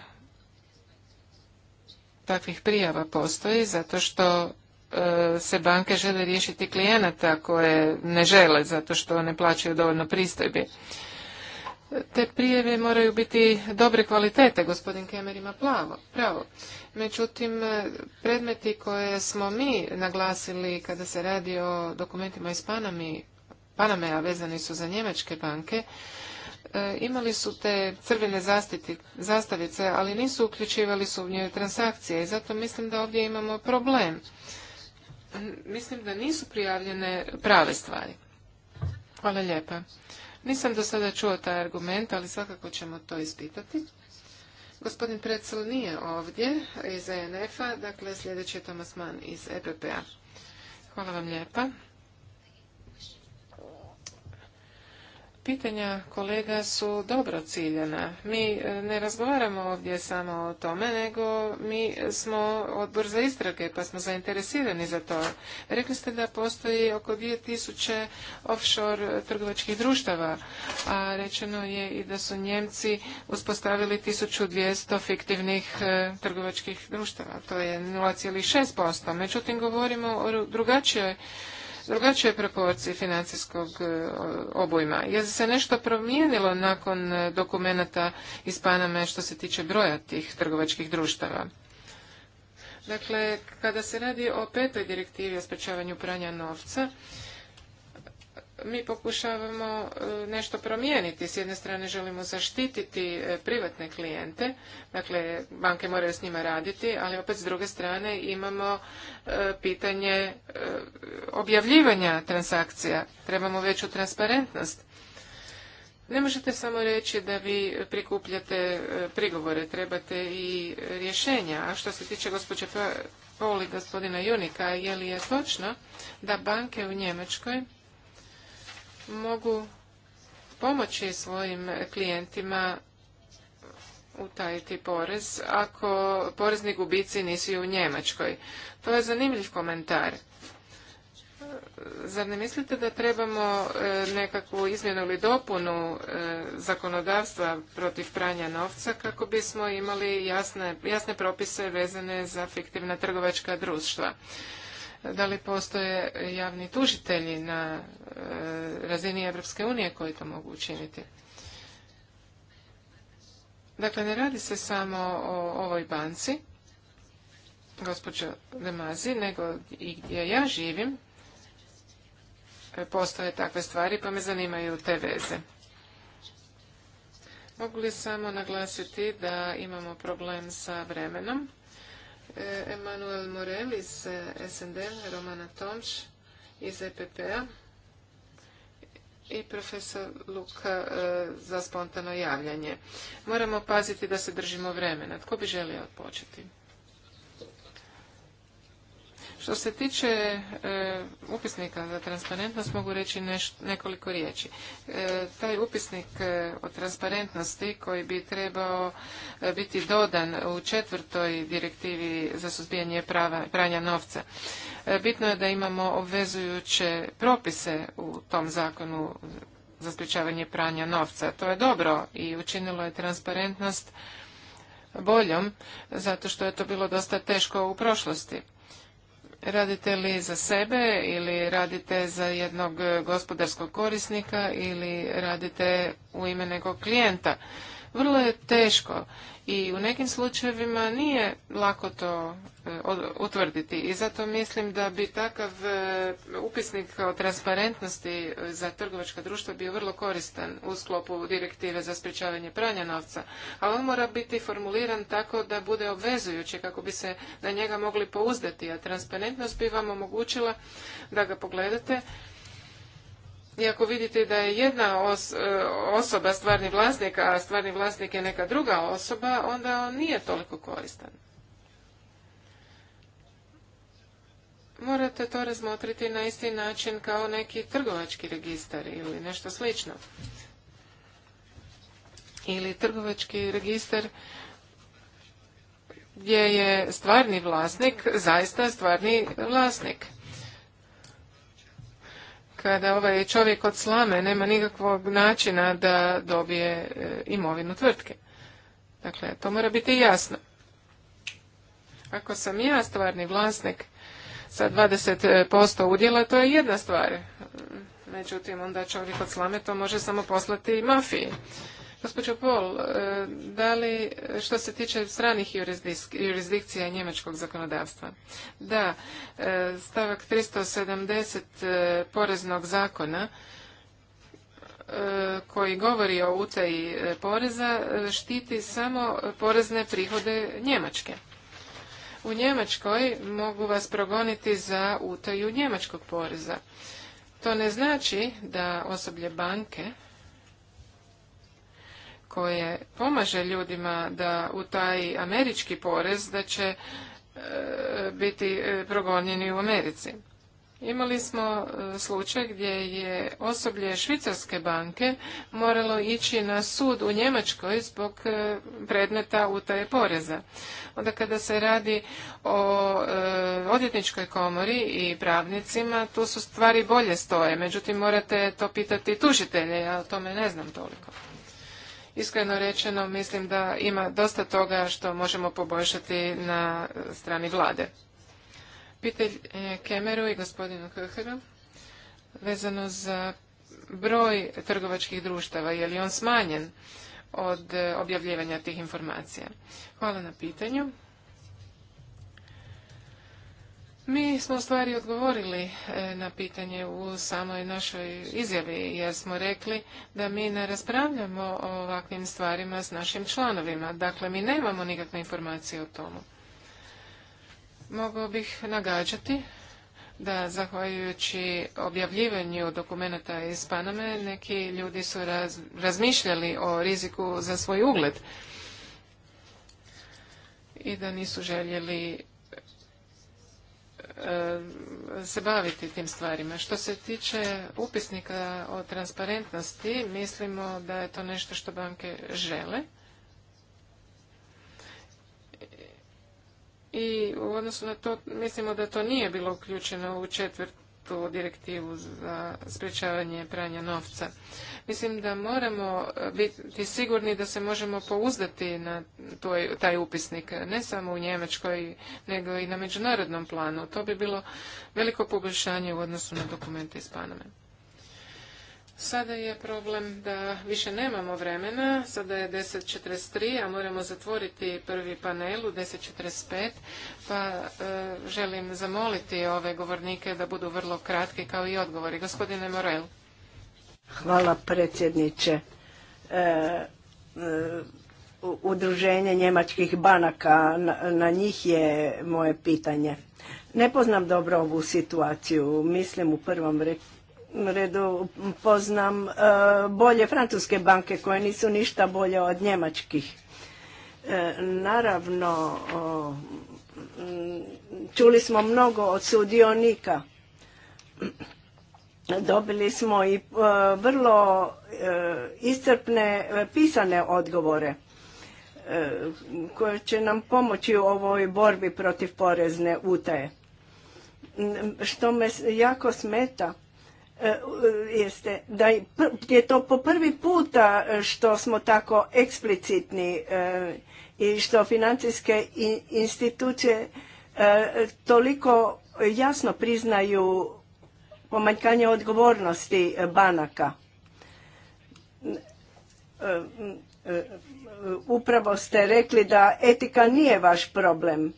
takvih prijava postoji zato što e, se banke žele riješiti klijenata koje ne žele zato što ne plaćaju dovoljno pristojbi. Te prijeve moraju biti dobre kvalitete, gospodin Kemer ima plavo, pravo. Međutim, e, predmeti koje smo mi naglasili kada se radi o dokumentima iz Panami Paname, a vezani su za njemačke banke, e, imali su te crvene zastiti, zastavice, ali nisu uključivali su u njoj transakcije i zato mislim da ovdje imamo problem. Mislim da nisu prijavljene prave stvari. Hvala lijepa. Nisam do sada čuo taj argument, ali svakako ćemo to ispitati. Gospodin Precel nije ovdje iz ENF-a, dakle sljedeći je Tomas iz EPP-a. Hvala vam lijepa. Pitanja kolega su dobro ciljena. Mi e, ne razgovaramo ovdje samo o tome, nego mi smo odbor za istrage, pa smo zainteresirani za to. Rekli ste da postoji oko 2000 offshore trgovačkih društava, a rečeno je i da su Njemci uspostavili 1200 fiktivnih e, trgovačkih društava. To je 0,6%. Međutim, govorimo o drugačijoj drugačije proporcije financijskog e, obujma. Je li se nešto promijenilo nakon e, dokumenata iz Paname što se tiče broja tih trgovačkih društava? Dakle, kada se radi o petoj direktivi o sprečavanju pranja novca, mi pokušavamo e, nešto promijeniti. S jedne strane želimo zaštititi e, privatne klijente, dakle banke moraju s njima raditi, ali opet s druge strane imamo e, pitanje objavljivanja transakcija. Trebamo veću transparentnost. Ne možete samo reći da vi prikupljate prigovore, trebate i rješenja. A što se tiče gospođe Pauli, gospodina Junika, je li je točno da banke u Njemačkoj mogu pomoći svojim klijentima utajiti porez ako porezni gubici nisu i u Njemačkoj. To je zanimljiv komentar. Zar ne mislite da trebamo e, nekakvu izmjenu ili dopunu e, zakonodavstva protiv pranja novca kako bismo imali jasne, jasne propise vezane za fiktivna trgovačka društva? da li postoje javni tužitelji na e, razini Europske unije koji to mogu učiniti. Dakle, ne radi se samo o ovoj banci, gospođo Demazi, nego i gdje ja živim, e, postoje takve stvari, pa me zanimaju te veze. Mogu li samo naglasiti da imamo problem sa vremenom? Emanuel Morel iz e, SND, Romana Tomč iz EPP-a i profesor Luka e, za spontano javljanje. Moramo paziti da se držimo vremena. Tko bi želio početi? Što se tiče e, upisnika za transparentnost, mogu reći nekoliko riječi. E, taj upisnik e, o transparentnosti koji bi trebao biti dodan u četvrtoj direktivi za suzbijanje pranja novca. Bitno je da imamo obvezujuće propise u tom zakonu za sprječavanje pranja novca. To je dobro i učinilo je transparentnost boljom, zato što je to bilo dosta teško u prošlosti. Radite li za sebe ili radite za jednog gospodarskog korisnika ili radite u ime nekog klijenta? Vrlo je teško i u nekim slučajevima nije lako to e, utvrditi i zato mislim da bi takav e, upisnik o transparentnosti e, za trgovačka društva bio vrlo koristan u sklopu direktive za sprječavanje pranja novca, ali on mora biti formuliran tako da bude obvezujući kako bi se na njega mogli pouzdati, a transparentnost bi vam omogućila da ga pogledate i ako vidite da je jedna e, osoba stvarni vlasnik, a stvarni vlasnik je neka druga osoba, onda on nije toliko koristan. Morate to razmotriti na isti način kao neki trgovački registar ili nešto slično. Ili trgovački registar gdje je stvarni vlasnik zaista stvarni vlasnik kada ovaj čovjek od slame nema nikakvog načina da dobije e, imovinu tvrtke. Dakle, to mora biti jasno. Ako sam ja stvarni vlasnik sa 20% udjela, to je jedna stvar. Međutim, onda čovjek od slame to može samo poslati i mafiji. Gospođo Pol, e, da li što se tiče stranih jurisdikcija njemačkog zakonodavstva? Da, e, stavak 370 e, poreznog zakona koji govori o utaji poreza štiti samo porezne prihode Njemačke. U Njemačkoj mogu vas progoniti za utaju njemačkog poreza. To ne znači da osoblje banke koje pomaže ljudima da u taj američki porez da će e, biti e, progonjeni u Americi. Imali smo e, slučaj gdje je osoblje švicarske banke moralo ići na sud u Njemačkoj zbog predmeta utaje poreza. Onda kada se radi o odjetničkoj odvjetničkoj komori i pravnicima, tu su stvari bolje stoje. Međutim, morate to pitati tužitelje, ja o tome ne znam toliko. Iskreno rečeno, mislim da ima dosta toga što možemo poboljšati na strani vlade. Pitanje Kemeru i gospodinu Köheru vezano za broj trgovačkih društava, je li on smanjen od objavljivanja tih informacija? Hvala na pitanju. Mi smo u stvari odgovorili e, na pitanje u samoj našoj izjavi jer smo rekli da mi ne raspravljamo o ovakvim stvarima s našim članovima. Dakle, mi nemamo nikakve informacije o tomu. Mogao bih nagađati da zahvaljujući objavljivanju dokumenta iz Paname neki ljudi su razmišljali o riziku za svoj ugled i da nisu željeli E, se baviti tim stvarima. Što se tiče upisnika o transparentnosti, mislimo da je to nešto što banke žele. I u odnosu na to mislimo da to nije bilo uključeno u četvrt, tu direktivu za sprječavanje pranja novca. Mislim da moramo e, biti sigurni da se možemo pouzdati na taj upisnik, ne samo u Njemačkoj, nego i na međunarodnom planu. To bi bilo veliko poboljšanje u odnosu na dokumente iz Paname. Sada je problem da više nemamo vremena, sada je 10.43, a moramo zatvoriti prvi panel u 10.45, pa e, želim zamoliti ove govornike da budu vrlo kratki kao i odgovori. Gospodine Morel. Hvala predsjedniče. E, e, udruženje njemačkih banaka, na, na njih je moje pitanje. Ne poznam dobro ovu situaciju, mislim u prvom redu redu poznam e, bolje francuske banke koje nisu ništa bolje od njemačkih. E, naravno, čuli smo mnogo od sudionika. Dobili smo i e, vrlo iscrpne pisane odgovore koje će nam pomoći u ovoj borbi protiv porezne utaje. Što me jako smeta E, jeste da je to po prvi puta e, što smo tako eksplicitni e, i što financijske institucije toliko jasno priznaju pomanjkanje odgovornosti banaka. Upravo ste rekli da etika nije vaš problem.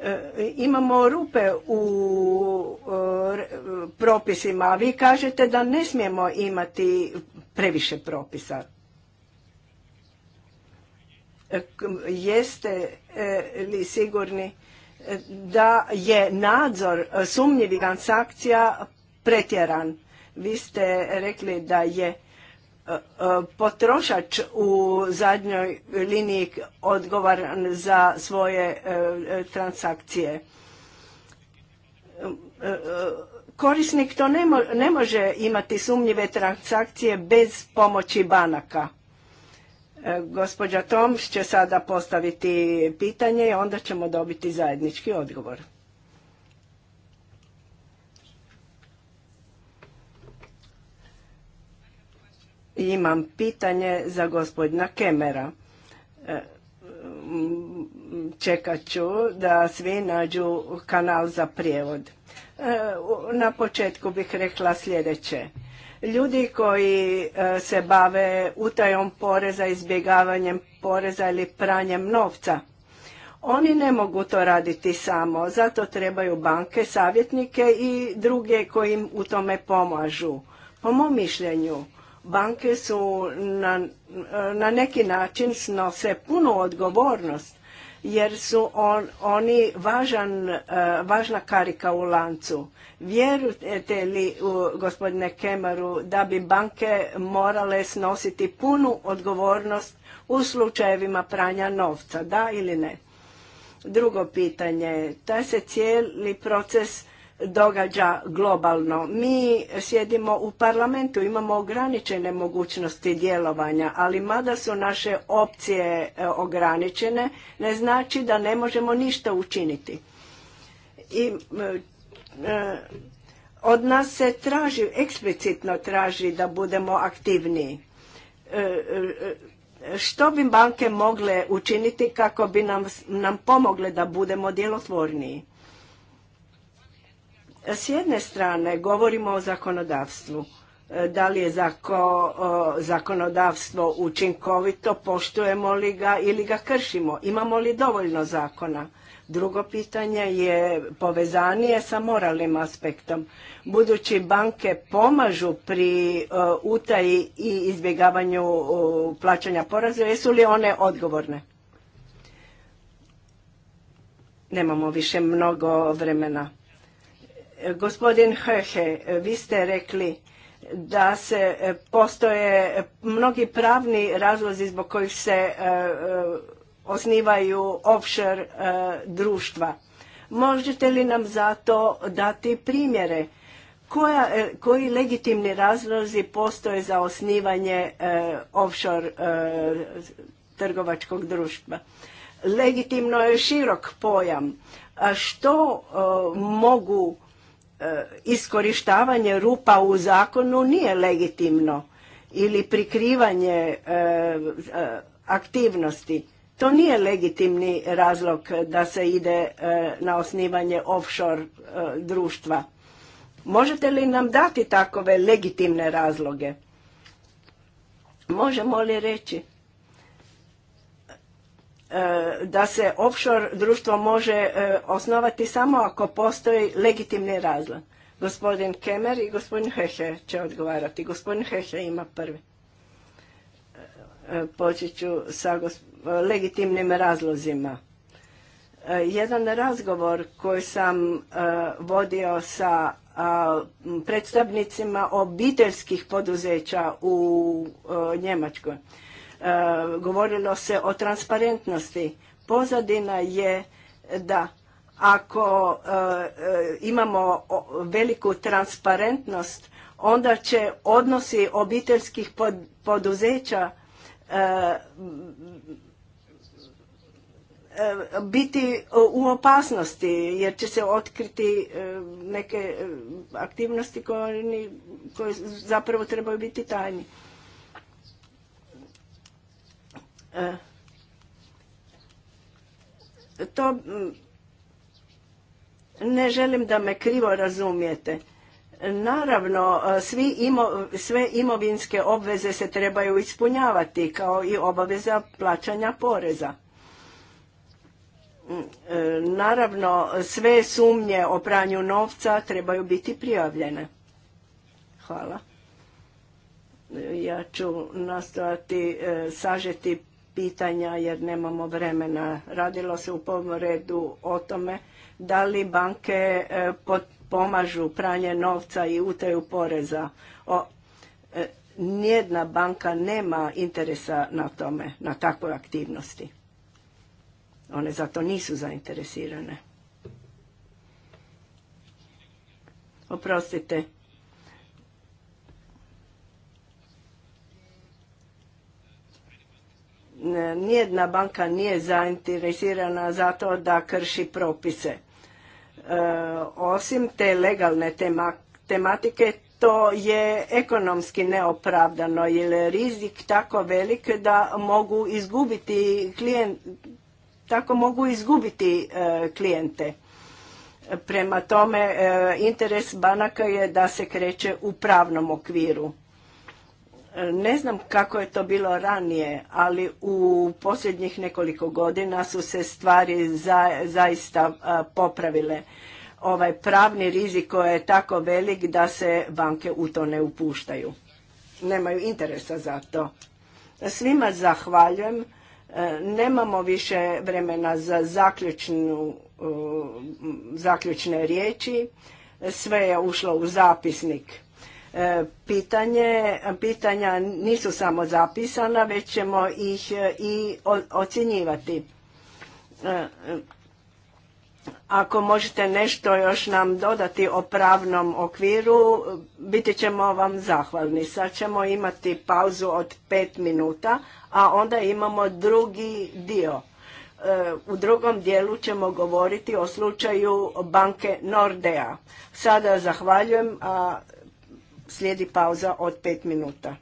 E, imamo rupe u e, propisima, a vi kažete da ne smijemo imati previše propisa. E, jeste li sigurni da je nadzor sumnjivih transakcija pretjeran? Vi ste rekli da je potrošač u zadnjoj liniji odgovoran za svoje e, transakcije. E, e, korisnik to ne, može imati sumnjive transakcije bez pomoći banaka. Gospođa Toms će sada postaviti pitanje i onda ćemo dobiti zajednički odgovor. Imam pitanje za gospodina Kemera. E, čekat ću da svi nađu kanal za prijevod. E, na početku bih rekla sljedeće. Ljudi koji e, se bave utajom poreza, izbjegavanjem poreza ili pranjem novca, oni ne mogu to raditi samo, zato trebaju banke, savjetnike i druge koji im u tome pomažu. Po mom mišljenju, Banke su na, na neki način snose punu odgovornost jer su on, oni važan, e, važna karika u lancu. Vjerujete li, gospodine Kemaru, da bi banke morale snositi punu odgovornost u slučajevima pranja novca, da ili ne? Drugo pitanje, taj se cijeli proces događa globalno. Mi sjedimo u parlamentu, imamo ograničene mogućnosti djelovanja, ali mada su naše opcije e, ograničene, ne znači da ne možemo ništa učiniti. I e, od nas se traži, eksplicitno traži da budemo aktivniji. E, što bi banke mogle učiniti kako bi nam, nam pomogle da budemo djelotvorniji? S jedne strane govorimo o zakonodavstvu. E, da li je zakonodavstvo učinkovito, poštujemo li ga ili ga kršimo, imamo li dovoljno zakona. Drugo pitanje je povezanije sa moralnim aspektom. Budući banke pomažu pri e, utaji i izbjegavanju plaćanja poreza, jesu li one odgovorne? Nemamo više mnogo vremena. Gospodin Hehe, vi ste rekli da se e, postoje mnogi pravni razlozi zbog kojih se e, e, osnivaju offshore društva. Možete li nam zato dati primjere? koji legitimni razlozi postoje za osnivanje offshore trgovačkog društva? Legitimno je širok pojam. A što mogu E, iskorištavanje rupa u zakonu nije legitimno ili prikrivanje e, e, aktivnosti. To nije legitimni razlog da se ide na osnivanje offshore društva. Možete li nam dati takove legitimne razloge? Možemo li reći E, da se offshore društvo može e, osnovati samo ako postoji legitimni razlog. Gospodin Kemer i gospodin Hehe će odgovarati. Gospodin Hehe ima prvi. E, počet ću sa legitimnim razlozima. Jedan razgovor koji sam vodio sa predstavnicima obiteljskih poduzeća u Njemačkoj E, govorilo se o transparentnosti. Pozadina je da ako e, e, imamo veliku transparentnost, onda će odnosi obiteljskih poduzeća biti u opasnosti jer će se otkriti neke aktivnosti koje zapravo trebaju biti tajni. E, to mm, ne želim da me krivo razumijete. Naravno, e, sve imovinske obveze se trebaju ispunjavati, kao i obaveza plaćanja poreza. Mm, e, naravno, sve sumnje o pranju novca trebaju biti prijavljene. Hvala. Ja ću nastojati sažeti pitanja jer nemamo vremena. Radilo se u pomoredu o tome da li banke e, pomažu pranje novca i utaju poreza. E, nijedna banka nema interesa na tome, na takvoj aktivnosti. One za to nisu zainteresirane. Oprostite, nijedna banka nije zainteresirana za to da krši propise. E, osim te legalne tematike, to je ekonomski neopravdano jer je rizik tako velik da mogu izgubiti klijent, tako mogu izgubiti e, klijente. Prema tome, e, interes banaka je da se kreće u pravnom okviru. Ne znam kako je to bilo ranije, ali u posljednjih nekoliko godina su se stvari zaista popravile. Ovaj pravni rizik koji je tako velik da se banke u to ne upuštaju. Nemaju interesa za to. Svima zahvaljujem. E, nemamo više vremena za zaključnu, zaključne riječi. Sve je ušlo u zapisnik. E, pitanje, pitanja nisu samo zapisana, već ćemo ih e, i ocjenjivati. E, ako možete nešto još nam dodati o pravnom okviru, biti ćemo vam zahvalni. Sad ćemo imati pauzu od pet minuta, a onda imamo drugi dio. U drugom dijelu ćemo govoriti o slučaju banke Nordea. Sada zahvaljujem, a Slijedi pauza od pet minuta.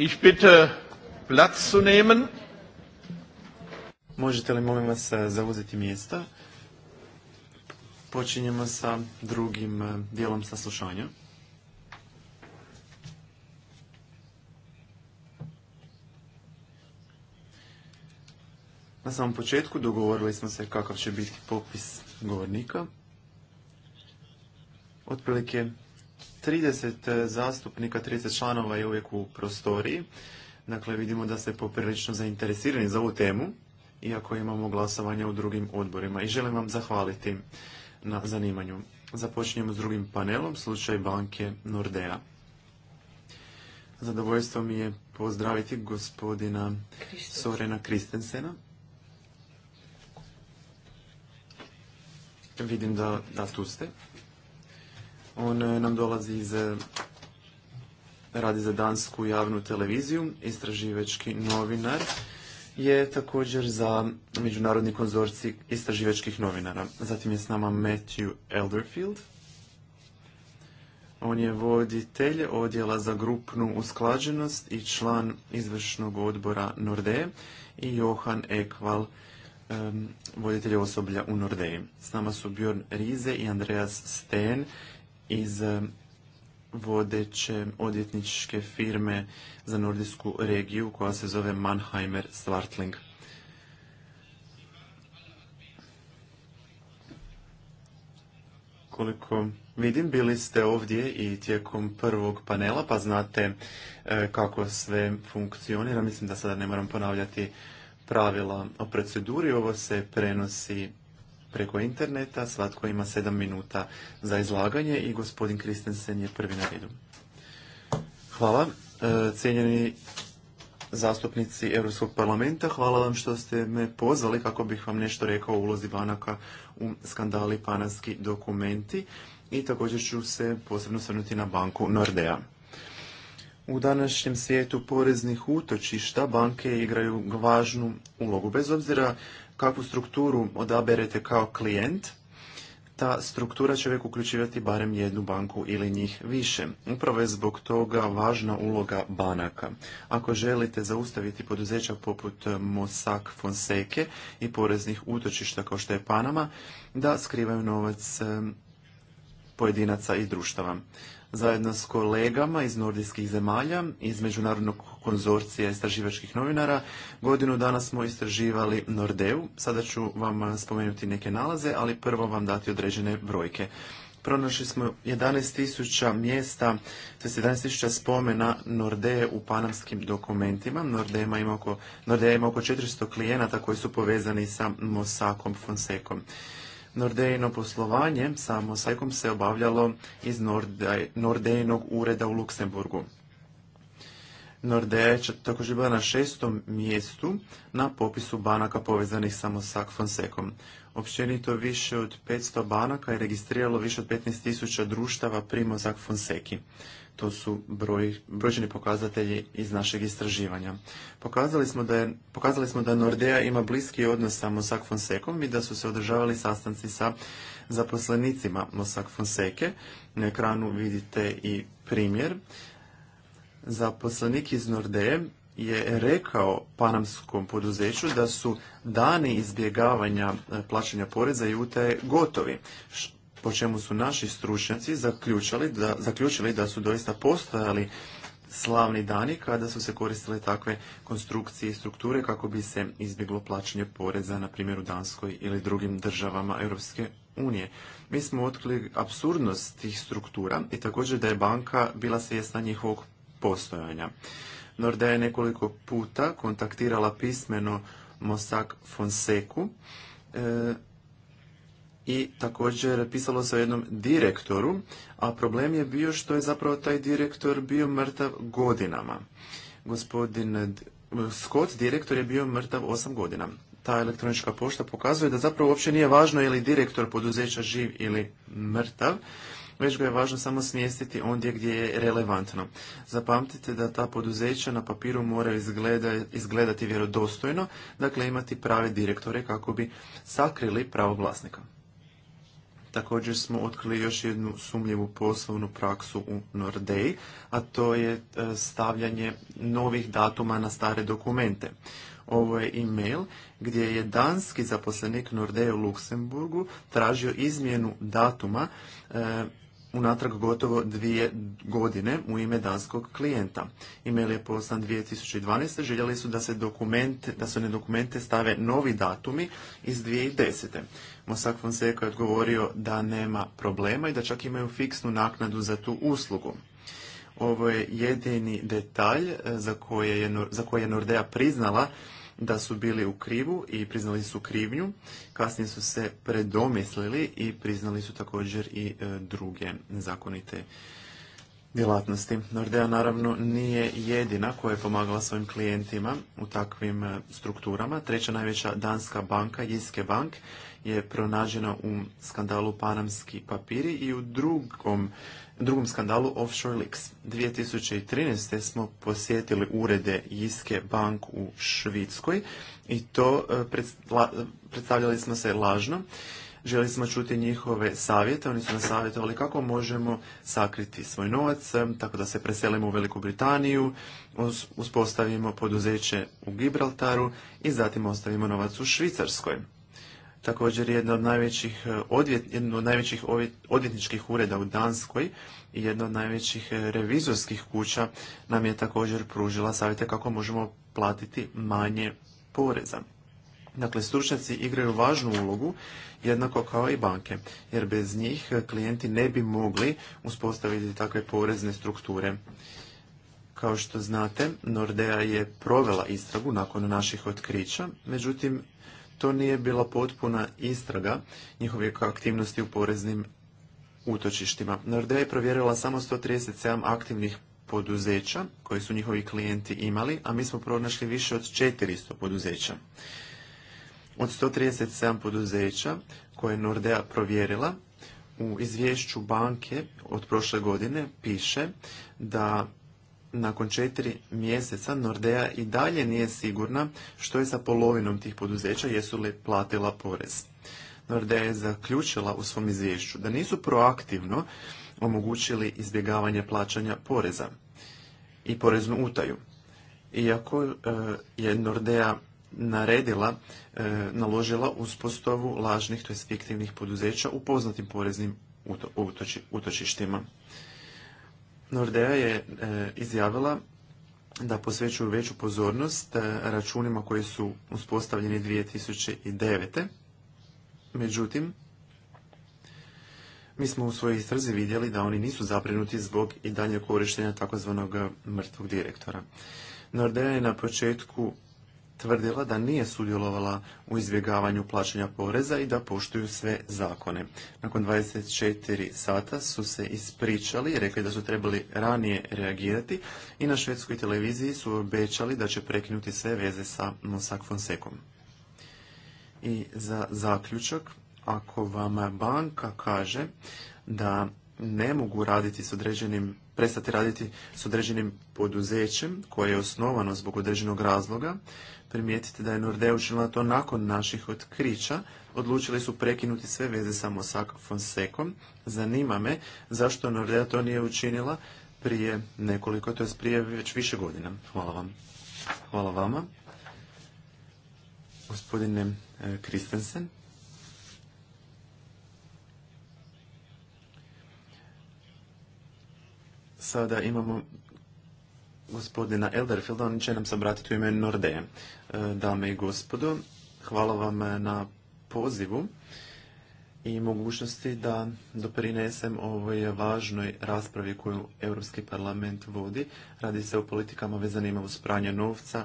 Ich bitte Platz zu nehmen. Možete li molim vas e, zauzeti mjesta? Počinjemo sa drugim e, dijelom saslušanja. Na samom početku dogovorili smo se kakav će biti popis govornika. Otprilike 30 eh, zastupnika, 30 članova je uvijek u prostoriji. Dakle, vidimo da ste poprilično zainteresirani za ovu temu, iako imamo glasovanje u drugim odborima. I želim vam zahvaliti na zanimanju. Započinjemo s drugim panelom, slučaj banke Nordea. Zadovoljstvo mi je pozdraviti gospodina Sorena Kristensena. Vidim da, da tu ste. On eh, nam dolazi iz eh, radi za dansku javnu televiziju, istraživački novinar je također za Međunarodni konzorcij istraživačkih novinara. Zatim je s nama Matthew Elderfield. On je voditelj odjela za grupnu usklađenost i član izvršnog odbora norde i Johan Ekval, voditelj osoblja u Nordeji. S nama su Bjorn Rize i Andreas Sten iz vodeće odvjetničke firme za nordijsku regiju koja se zove Mannheimer Svartling. Koliko vidim, bili ste ovdje i tijekom prvog panela, pa znate e, kako sve funkcionira. Mislim da sada ne moram ponavljati pravila o proceduri. Ovo se prenosi preko interneta. Svatko ima sedam minuta za izlaganje i gospodin Kristensen je prvi na redu. Hvala. E, cijenjeni zastupnici Europskog parlamenta, hvala vam što ste me pozvali kako bih vam nešto rekao o ulozi banaka u skandali panarski dokumenti i također ću se posebno srnuti na banku Nordea. U današnjem svijetu poreznih utočišta banke igraju važnu ulogu, bez obzira kakvu strukturu odaberete kao klijent, ta struktura će uvijek uključivati barem jednu banku ili njih više. Upravo je zbog toga važna uloga banaka. Ako želite zaustaviti poduzeća poput Mossack Fonseke i poreznih utočišta kao što je Panama, da skrivaju novac pojedinaca i društava. Zajedno s kolegama iz nordijskih zemalja, iz Međunarodnog konzorcija istraživačkih novinara. Godinu dana smo istraživali Nordeu. Sada ću vam spomenuti neke nalaze, ali prvo vam dati određene brojke. Pronašli smo 11.000 mjesta, to 11.000 spomena Nordeje u panamskim dokumentima. Nordeja ima oko, Nordeja 400 klijenata koji su povezani sa Mosakom Fonsekom. Nordejno poslovanje sa Mosaikom se obavljalo iz Nordejnog ureda u Luksemburgu. Nordea je također bila na šestom mjestu na popisu banaka povezanih samo sa Fonsekom. Općenito više od 500 banaka je registriralo više od 15.000 društava za Fonseki. To su broj, pokazatelji iz našeg istraživanja. Pokazali smo da, Nordea ima bliski odnos sa Mosak Fonsekom i da su se održavali sastanci sa zaposlenicima Mosak Fonseke. Na ekranu vidite i primjer zaposlenik iz Nordeje je rekao panamskom poduzeću da su dani izbjegavanja e, plaćanja poreza i utaje gotovi, po čemu su naši stručnjaci zaključili da, su doista postojali slavni dani kada su se koristile takve konstrukcije i strukture kako bi se izbjeglo plaćanje poreza, na primjer u Danskoj ili drugim državama Europske unije. Mi smo otkrili apsurdnost tih struktura i također da je banka bila svjesna njihovog postojanja. Norda je nekoliko puta kontaktirala pismeno Mosak Fonseku e, i također pisalo se o jednom direktoru, a problem je bio što je zapravo taj direktor bio mrtav godinama. Gospodin Scott, direktor, je bio mrtav osam godina. Ta elektronička pošta pokazuje da zapravo uopće nije važno je li direktor poduzeća živ ili mrtav, već ga je važno samo smjestiti ondje gdje je relevantno. Zapamtite da ta poduzeća na papiru moraju izgledati vjerodostojno, dakle imati prave direktore kako bi sakrili pravo vlasnika. Također smo otkrili još jednu sumljivu poslovnu praksu u Nordeji, a to je e, stavljanje novih datuma na stare dokumente. Ovo je e-mail gdje je danski zaposlenik Nordeja u Luksemburgu tražio izmjenu datuma e, unatrag gotovo dvije godine u ime danskog klijenta. Imel je poslan 2012. Željeli su da se dokument, da se ne dokumente stave novi datumi iz 2010. Mosak Fonseca je odgovorio da nema problema i da čak imaju fiksnu naknadu za tu uslugu. Ovo je jedini detalj eh, za koje je, za koje je Nordea priznala da su bili u krivu i priznali su krivnju. Kasnije su se predomislili i priznali su također i e, druge zakonite djelatnosti. Nordea naravno nije jedina koja je pomagala svojim klijentima u takvim e, strukturama. Treća najveća danska banka, Jiske bank, je pronađena u skandalu Panamski papiri i u drugom drugom skandalu Offshore Leaks. 2013. smo posjetili urede jiske bank u švicskoj i to e, predstavljali smo se lažno. Želi smo čuti njihove savjete, oni su nas savjetovali kako možemo sakriti svoj novac, e, tako da se preselimo u Veliku Britaniju, uspostavimo poduzeće u Gibraltaru i zatim ostavimo novac u Švicarskoj također jedna od najvećih, e, jedno od najvećih odvjetničkih ureda u Danskoj i jedna od najvećih e, revizorskih kuća nam je također pružila savjete kako možemo platiti manje poreza. Dakle, stručnjaci igraju važnu ulogu, jednako kao i banke, jer bez njih e, klijenti ne bi mogli uspostaviti takve porezne strukture. Kao što znate, Nordea je provela istragu nakon naših otkrića, međutim, to nije bila potpuna istraga njihovih aktivnosti u poreznim utočištima. Nordea je provjerila samo 137 aktivnih poduzeća koje su njihovi klijenti imali, a mi smo pronašli više od 400 poduzeća. Od 137 poduzeća koje je Nordea provjerila, u izvješću banke od prošle godine piše da nakon četiri mjeseca Nordea i dalje nije sigurna što je sa polovinom tih poduzeća, jesu li platila porez. Nordea je zaključila u svom izvješću da nisu proaktivno omogućili izbjegavanje plaćanja poreza i poreznu utaju. Iako e, je Nordea naredila, e, naložila uspostavu lažnih, to fiktivnih poduzeća u poznatim poreznim utočištima. Nordea je e, izjavila da posvećuju veću pozornost e, računima koji su uspostavljeni 2009. Međutim, mi smo u svojoj istrazi vidjeli da oni nisu zabrinuti zbog i daljnjeg korištenja takozvanog mrtvog direktora. Nordea je na početku tvrdila da nije sudjelovala u izbjegavanju plaćanja poreza i da poštuju sve zakone. Nakon 24 sata su se ispričali i rekli da su trebali ranije reagirati i na švedskoj televiziji su obećali da će prekinuti sve veze sa Mosak Fonsekom. I za zaključak, ako vama banka kaže da ne mogu raditi s određenim prestati raditi s određenim poduzećem koje je osnovano zbog određenog razloga, Primijetite da je Nordea učinila to nakon naših otkrića. Odlučili su prekinuti sve veze sa Mossack Fonsekom. Zanima me zašto Nordea to nije učinila prije nekoliko, to je prije već više godina. Hvala vam. Hvala vama. Gospodine Kristensen. Eh, Sada imamo gospodina Elderfielda, on će nam se obratiti u ime Nordeje. E, dame i gospodo, hvala vam e, na pozivu i mogućnosti da doprinesem ovoj važnoj raspravi koju Europski parlament vodi. Radi se o politikama vezanima uz pranje novca,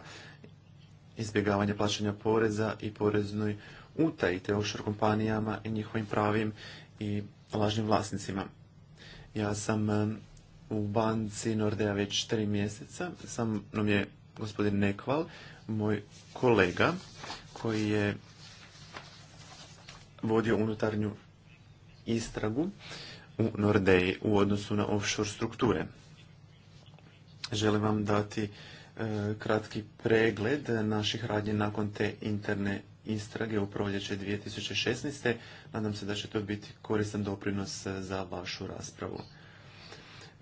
izbjegavanje plaćanja poreza i poreznoj utaji te kompanijama i njihovim pravim i lažnim vlasnicima. Ja sam e, u banci Nordea već tri mjeseca. Sam nam je gospodin Nekval, moj kolega, koji je vodio unutarnju istragu u Nordeji u odnosu na offshore strukture. Želim vam dati e, kratki pregled naših radnji nakon te interne istrage u proljeće 2016. Nadam se da će to biti koristan doprinos za vašu raspravu.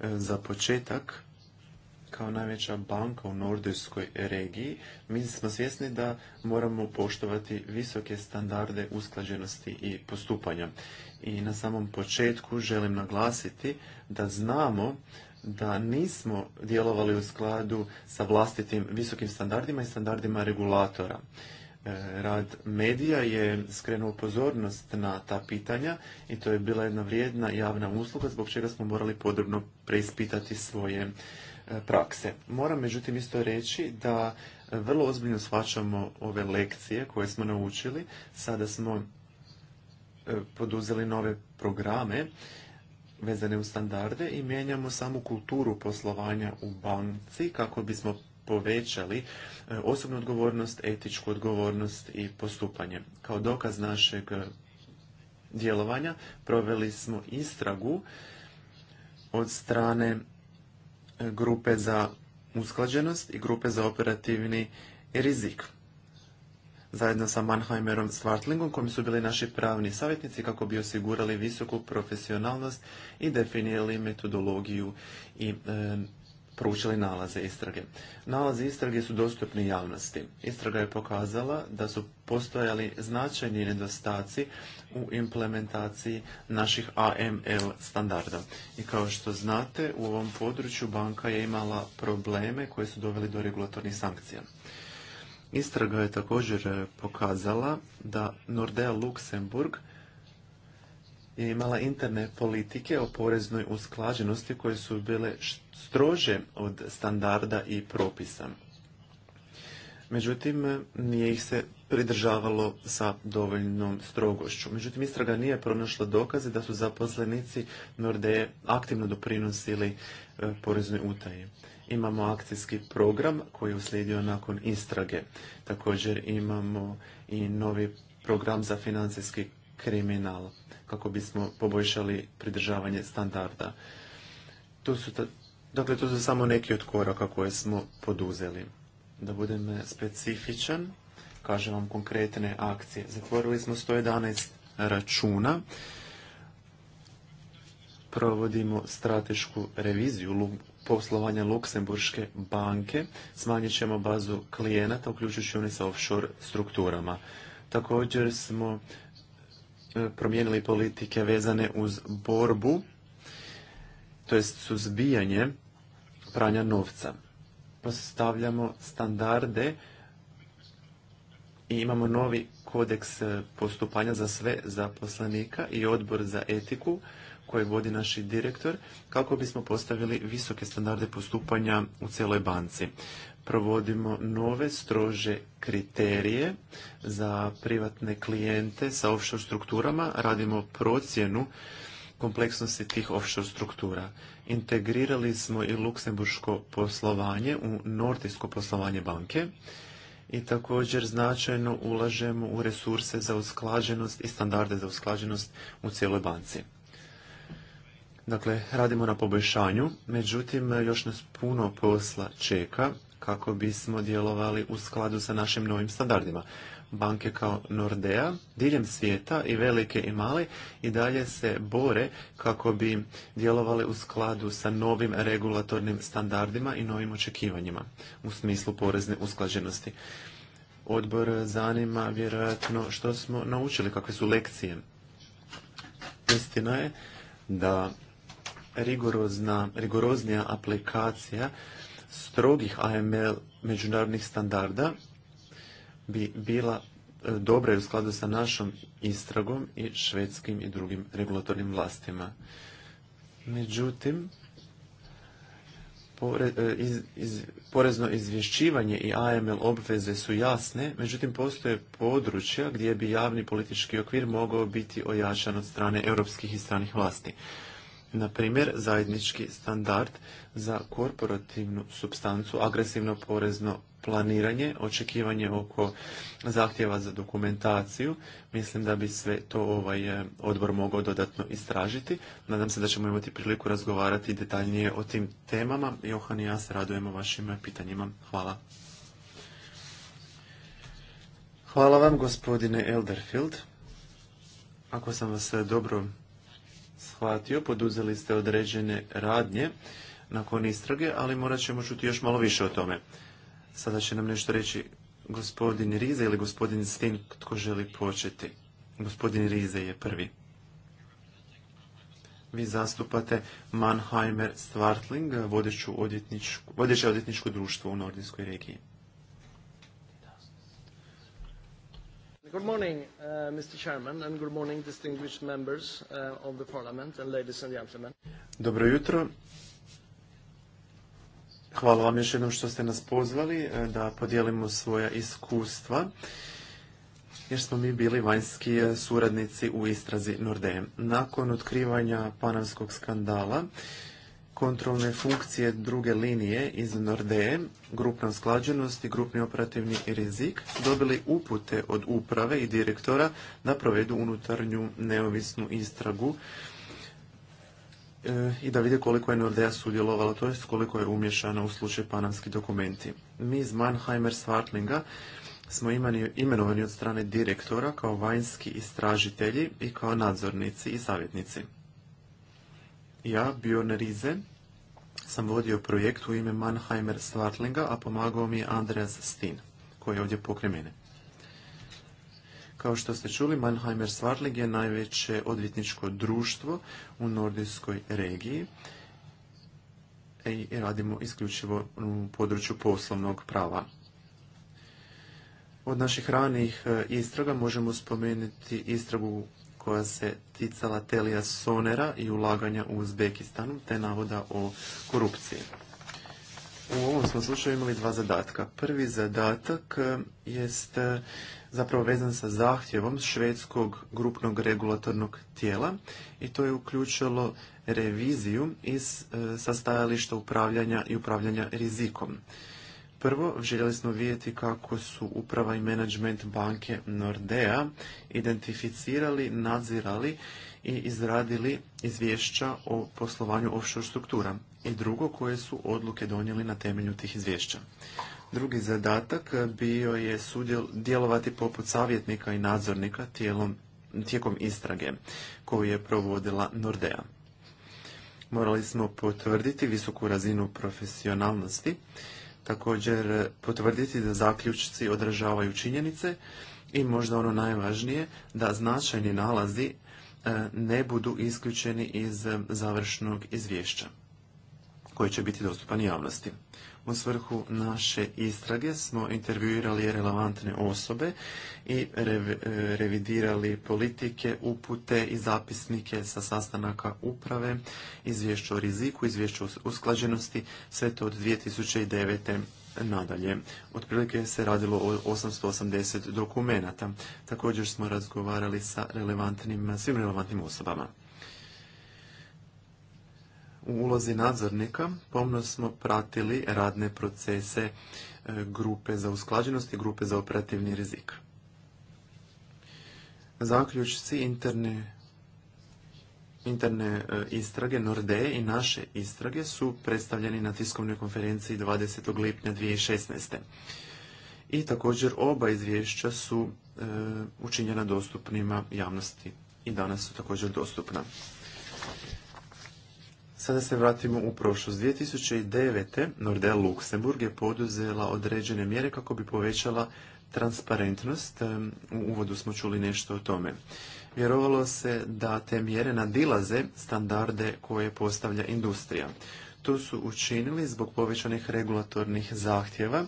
E, za početak, kao najveća banka u nordijskoj regiji, mi smo svjesni da moramo poštovati visoke standarde usklađenosti i postupanja. I na samom početku želim naglasiti da znamo da nismo djelovali u skladu sa vlastitim visokim standardima i standardima regulatora. E, rad medija je skrenuo pozornost na ta pitanja i to je bila jedna vrijedna javna usluga zbog čega smo morali podrobno preispitati svoje e, prakse. Moram međutim isto reći da vrlo ozbiljno shvaćamo ove lekcije koje smo naučili. Sada smo e, poduzeli nove programe vezane u standarde i mijenjamo samu kulturu poslovanja u banci kako bismo povećali e, osobnu odgovornost, etičku odgovornost i postupanje. Kao dokaz našeg e, djelovanja proveli smo istragu od strane e, grupe za usklađenost i grupe za operativni rizik. Zajedno sa Mannheimerom Svartlingom, kojim su bili naši pravni savjetnici kako bi osigurali visoku profesionalnost i definirali metodologiju i proučili nalaze istrage. Nalaze istrage su dostupni javnosti. Istraga je pokazala da su postojali značajni nedostaci u implementaciji naših AML standarda. I kao što znate, u ovom području banka je imala probleme koje su doveli do regulatornih sankcija. Istraga je također e, pokazala da Nordea Luxemburg je imala interne politike o poreznoj usklađenosti koje su bile strože od standarda i propisa. Međutim, nije ih se pridržavalo sa dovoljnom strogošću. Međutim, istraga nije pronašla dokaze da su zaposlenici Nordeje aktivno doprinosili e, poreznoj utaji. Imamo akcijski program koji je uslijedio nakon istrage. Također imamo i novi program za financijski kriminal kako bismo poboljšali pridržavanje standarda. Tu su Dakle, to su samo neki od koraka koje smo poduzeli. Da budem specifičan, kažem vam konkretne akcije. Zatvorili smo 111 računa, provodimo stratešku reviziju poslovanja Luksemburške banke, smanjit ćemo bazu klijenata, uključujući oni sa offshore strukturama. Također smo e, promijenili politike vezane uz borbu to jest suzbijanje pranja novca. Postavljamo standarde i imamo novi kodeks e, postupanja za sve zaposlenika i odbor za etiku koji vodi naš direktor kako bismo postavili visoke standarde postupanja u cijeloj banci. Provodimo nove strože kriterije za privatne klijente sa offshore strukturama, radimo procjenu kompleksnosti tih offshore struktura. Integrirali smo i luksemburško poslovanje u nordijsko poslovanje banke i također značajno ulažemo u resurse za usklađenost i standarde za usklađenost u cijeloj banci. Dakle, radimo na poboljšanju, međutim, još nas puno posla čeka kako bismo djelovali u skladu sa našim novim standardima banke kao Nordea diljem svijeta i velike i male i dalje se bore kako bi djelovali u skladu sa novim regulatornim standardima i novim očekivanjima u smislu porezne usklađenosti. Odbor zanima vjerojatno što smo naučili, kakve su lekcije. Istina je da rigorozna, rigoroznija aplikacija strogih AML međunarodnih standarda bi bila e, dobra i u skladu sa našom istragom i švedskim i drugim regulatornim vlastima. Međutim, e, porezno izvješćivanje i AML obveze su jasne, međutim postoje područja gdje bi javni politički okvir mogao biti ojačan od strane europskih i stranih vlasti. Na primjer, zajednički standard za korporativnu substancu, agresivno porezno planiranje, očekivanje oko zahtjeva za dokumentaciju. Mislim da bi sve to ovaj eh, odbor mogao dodatno istražiti. Nadam se da ćemo imati priliku razgovarati detaljnije o tim temama. Johan i ja se radujemo vašim pitanjima. Hvala. Hvala vam, gospodine Elderfield. Ako sam vas eh, dobro shvatio, poduzeli ste određene radnje nakon istrage, ali morat ćemo čuti još malo više o tome. Sada će nam nešto reći gospodin Rize ili gospodin Stin, tko želi početi. Gospodin Rize je prvi. Vi zastupate Mannheimer Stvartling, vodeće odjetničko društvo u Nordijskoj regiji. Good morning, uh, Mr. Chairman, and good morning, distinguished members uh, of the Parliament and ladies and gentlemen. Dobro jutro, Hvala vam još jednom što ste nas pozvali e, da podijelimo svoja iskustva jer smo mi bili vanjski e, suradnici u istrazi Nordem. Nakon otkrivanja panamskog skandala, kontrolne funkcije druge linije iz Nordeje grupna sklađenost i grupni operativni rizik, dobili upute od uprave i direktora da provedu unutarnju neovisnu istragu E, i da vide koliko je Nordea sudjelovala, to jest koliko je umješana u slučaj panamski dokumenti. Mi iz Mannheimer Svartlinga smo imenovani od strane direktora kao vanjski istražitelji i kao nadzornici i savjetnici. Ja, Bjorn Rize, sam vodio projekt u ime Mannheimer Svartlinga, a pomagao mi je Andreas Stin, koji je ovdje pokre mene. Kao što ste čuli, Mannheimer Svartlig je najveće odvjetničko društvo u nordijskoj regiji e, i radimo isključivo u području poslovnog prava. Od naših ranih e, istraga možemo spomenuti istragu koja se ticala Telija Sonera i ulaganja u Uzbekistanu, te navoda o korupciji. U ovom smo slučaju imali dva zadatka. Prvi zadatak e, jest zapravo vezan sa zahtjevom švedskog grupnog regulatornog tijela i to je uključilo reviziju iz e, sastajališta upravljanja i upravljanja rizikom. Prvo, željeli smo vidjeti kako su uprava i menadžment banke Nordea identificirali, nadzirali i izradili izvješća o poslovanju offshore struktura i drugo, koje su odluke donijeli na temelju tih izvješća. Drugi zadatak bio je sudjel, djelovati poput savjetnika i nadzornika tijekom istrage koju je provodila Nordea. Morali smo potvrditi visoku razinu profesionalnosti, također potvrditi da zaključci odražavaju činjenice i možda ono najvažnije da značajni nalazi e, ne budu isključeni iz e, završnog izvješća koji će biti dostupan javnosti. U svrhu naše istrage smo intervjuirali relevantne osobe i e, revidirali politike, upute i zapisnike sa sastanaka uprave, izvješću o riziku, izvješću o usklađenosti, sve to od 2009 nadalje. Otprilike se radilo o 880 dokumenata. Također smo razgovarali sa relevantnim, svim relevantnim osobama. U ulozi nadzornika pomno smo pratili radne procese e, grupe za usklađenost i grupe za operativni rizik. Zaključci interne, interne e, istrage Norde i naše istrage su predstavljeni na tiskovnoj konferenciji 20. lipnja 2016. I također oba izvješća su e, učinjena dostupnima javnosti i danas su također dostupna. Sada se vratimo u prošlost. 2009. Nordea Luksemburg je poduzela određene mjere kako bi povećala transparentnost. U uvodu smo čuli nešto o tome. Vjerovalo se da te mjere nadilaze standarde koje postavlja industrija. To su učinili zbog povećanih regulatornih zahtjeva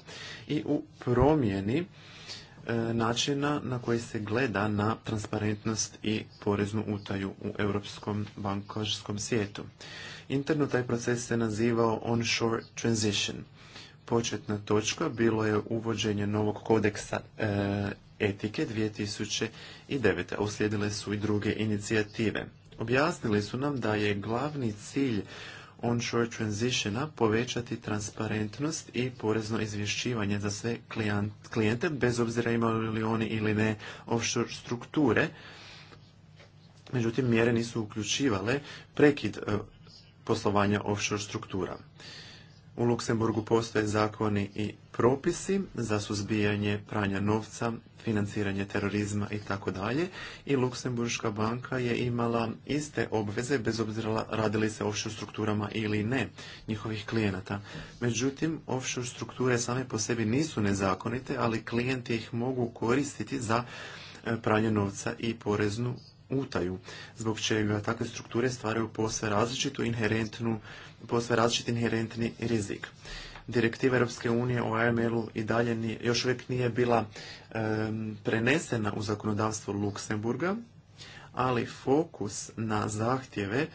i u promjeni e, načina na koji se gleda na transparentnost i poreznu utaju u europskom bankarskom svijetu. Interno taj proces se nazivao onshore transition. Početna točka bilo je uvođenje novog kodeksa e, etike 2009. Uslijedile su i druge inicijative. Objasnili su nam da je glavni cilj onshore transitiona povećati transparentnost i porezno izvješćivanje za sve klijente, bez obzira imali li oni ili ne offshore strukture. Međutim, mjere nisu uključivale prekid e, poslovanja offshore struktura. U Luksemburgu postoje zakoni i propisi za suzbijanje pranja novca, financiranje terorizma i tako dalje i Luksemburška banka je imala iste obveze bez obzira radili se offshore strukturama ili ne njihovih klijenata. Međutim, offshore strukture same po sebi nisu nezakonite, ali klijenti ih mogu koristiti za e, pranje novca i poreznu utaju, zbog čega takve strukture stvaraju posve različitu inherentnu, posve različit inherentni rizik. Direktiva Europske unije o AML-u i dalje još uvijek nije bila prenesena u zakonodavstvo Luksemburga, ali fokus na zahtjeve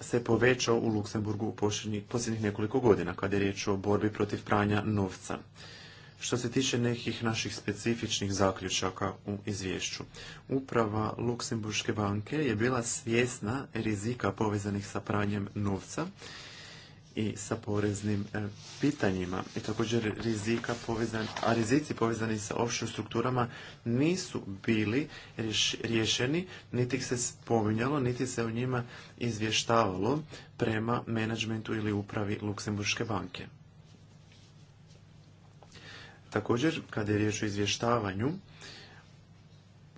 se povećao u Luksemburgu u posljednjih nekoliko godina kada je riječ o borbi protiv pranja novca. Što se tiče nekih naših specifičnih zaključaka u izvješću, uprava Luksemburške banke je bila svjesna rizika povezanih sa pranjem novca i sa poreznim e, pitanjima i također rizika povezan, a rizici povezani sa offshore strukturama nisu bili riješeni, niti se spominjalo, niti se o njima izvještavalo prema menadžmentu ili upravi Luksemburške banke. Također, kada je riječ o izvještavanju,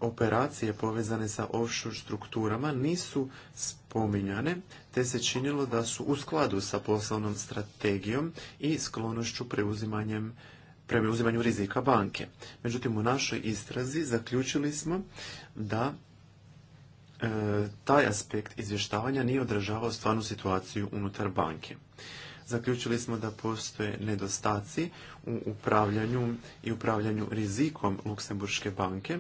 operacije povezane sa offshore strukturama nisu spominjane, te se činilo da su u skladu sa poslovnom strategijom i sklonošću preuzimanjem preuzimanju rizika banke. Međutim, u našoj istrazi zaključili smo da e, taj aspekt izvještavanja nije odražavao stvarnu situaciju unutar banke zaključili smo da postoje nedostaci u upravljanju i upravljanju rizikom Luksemburške banke.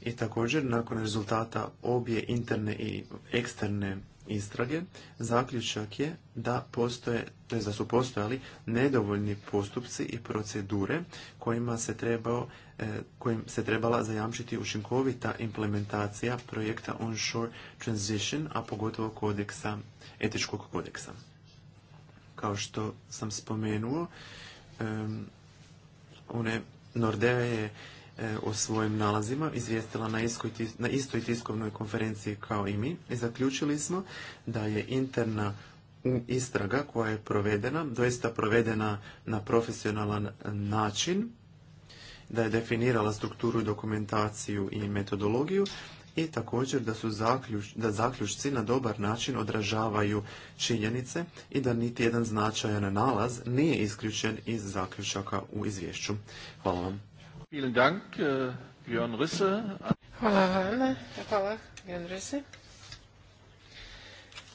I također, nakon rezultata obje interne i eksterne istrage, zaključak je da postoje, to da su postojali nedovoljni postupci i procedure kojima se trebao, e, kojim se trebala zajamčiti učinkovita implementacija projekta Onshore Transition, a pogotovo kodeksa, etičkog kodeksa. Kao što sam spomenuo, one Nordea je o e, svojim nalazima izvijestila na istoj tiskovnoj konferenciji kao i mi i zaključili smo da je interna istraga koja je provedena, doista provedena na profesionalan način, da je definirala strukturu, dokumentaciju i metodologiju i također da su zaključ, da zaključci na dobar način odražavaju činjenice i da niti jedan značajan nalaz nije isključen iz zaključaka u izvješću. Hvala vam. Äh, hvala, hvala. hvala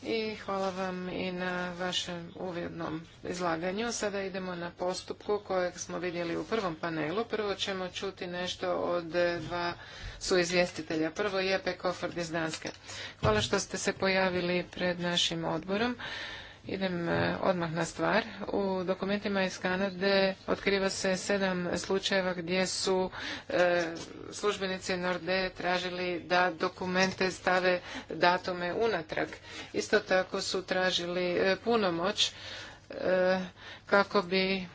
i hvala vam i na vašem uvodnom izlaganju. Sada idemo na postupku kojeg smo vidjeli u prvom panelu. Prvo ćemo čuti nešto od dva suizvjestitelja. Prvo je Pekoford iz Danske. Hvala što ste se pojavili pred našim odborom. Idem e, odmah na stvar. U dokumentima iz Kanade otkriva se sedam slučajeva gdje su e, službenici Norde tražili da dokumente stave datume unatrag. Isto tako su tražili e, punomoć kako bi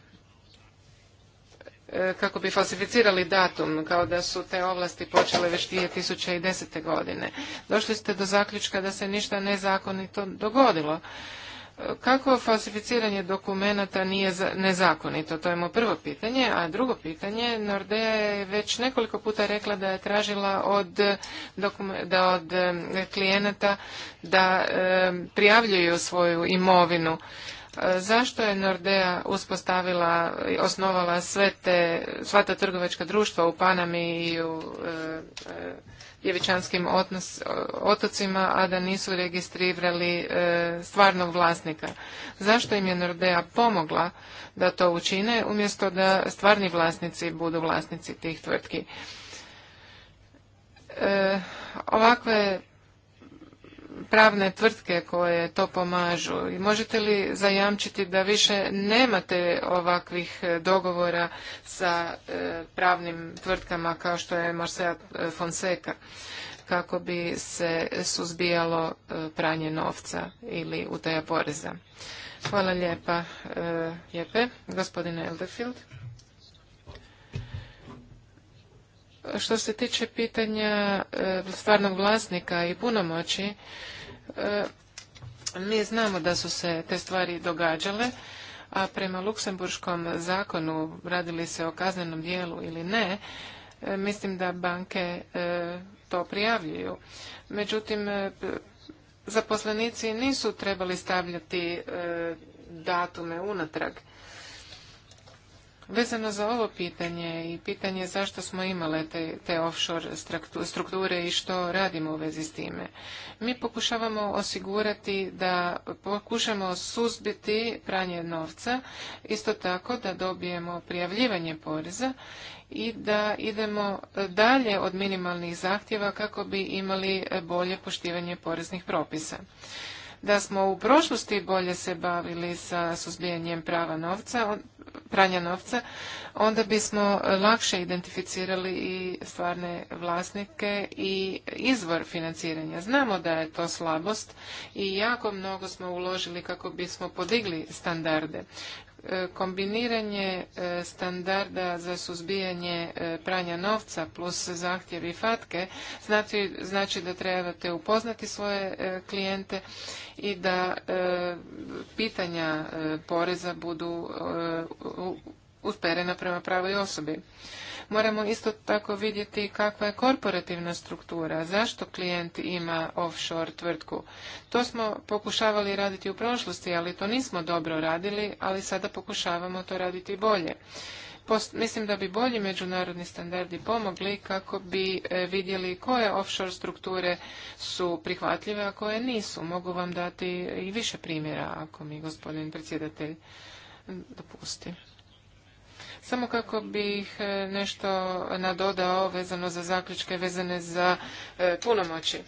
kako bi falsificirali datum, kao da su te ovlasti počele već 2010. godine. Došli ste do zaključka da se ništa nezakonito dogodilo kako falsificiranje dokumenata nije nezakonito? To je moje prvo pitanje. A drugo pitanje, Nordea je već nekoliko puta rekla da je tražila od, da od e, klijenata da e, prijavljuju svoju imovinu. Zašto je Nordea uspostavila, i osnovala sve te, sva ta trgovačka društva u Panami i u e, e, otocima, a da nisu registrirali e, stvarnog vlasnika? Zašto im je Nordea pomogla da to učine, umjesto da stvarni vlasnici budu vlasnici tih tvrtki? ovakve pravne tvrtke koje to pomažu i možete li zajamčiti da više nemate ovakvih e, dogovora sa e, pravnim tvrtkama kao što je Marseja e, Fonseca kako bi se suzbijalo pranje novca ili utaja poreza. Hvala lijepa, Jepe. Gospodine Elderfield. Što se tiče pitanja e, stvarnog vlasnika i punomoći, e, mi znamo da su se te stvari događale, a prema luksemburškom zakonu, radili se o kaznenom dijelu ili ne, e, mislim da banke to prijavljuju. Međutim, zaposlenici nisu trebali stavljati datume unatrag. Vezano za ovo pitanje i pitanje zašto smo imale te, te offshore strukture i što radimo u vezi s time, mi pokušavamo osigurati da pokušamo suzbiti pranje novca, isto tako da dobijemo prijavljivanje poreza i da idemo dalje od minimalnih zahtjeva kako bi imali bolje poštivanje poreznih propisa da smo u prošlosti bolje se bavili sa suzbijanjem prava novca, pranja novca, onda bismo lakše identificirali i stvarne vlasnike i izvor financiranja. Znamo da je to slabost i jako mnogo smo uložili kako bismo podigli standarde. E, kombiniranje e, standarda za suzbijanje e, pranja novca plus zahtjevi fatke znači, znači da trebate upoznati svoje klijente i da pitanja poreza budu usperena prema pravoj osobi. Moramo isto tako vidjeti kakva je korporativna struktura, zašto klijent ima offshore tvrtku. To smo pokušavali raditi u prošlosti, ali to nismo dobro radili, ali sada pokušavamo to raditi bolje. mislim da bi bolji međunarodni standardi pomogli kako bi e, vidjeli koje offshore strukture su prihvatljive, a koje nisu. Mogu vam dati i više primjera ako mi gospodin predsjedatelj dopusti. Samo kako bih e, nešto nadodao vezano za zaključke, vezane za e, punomoći.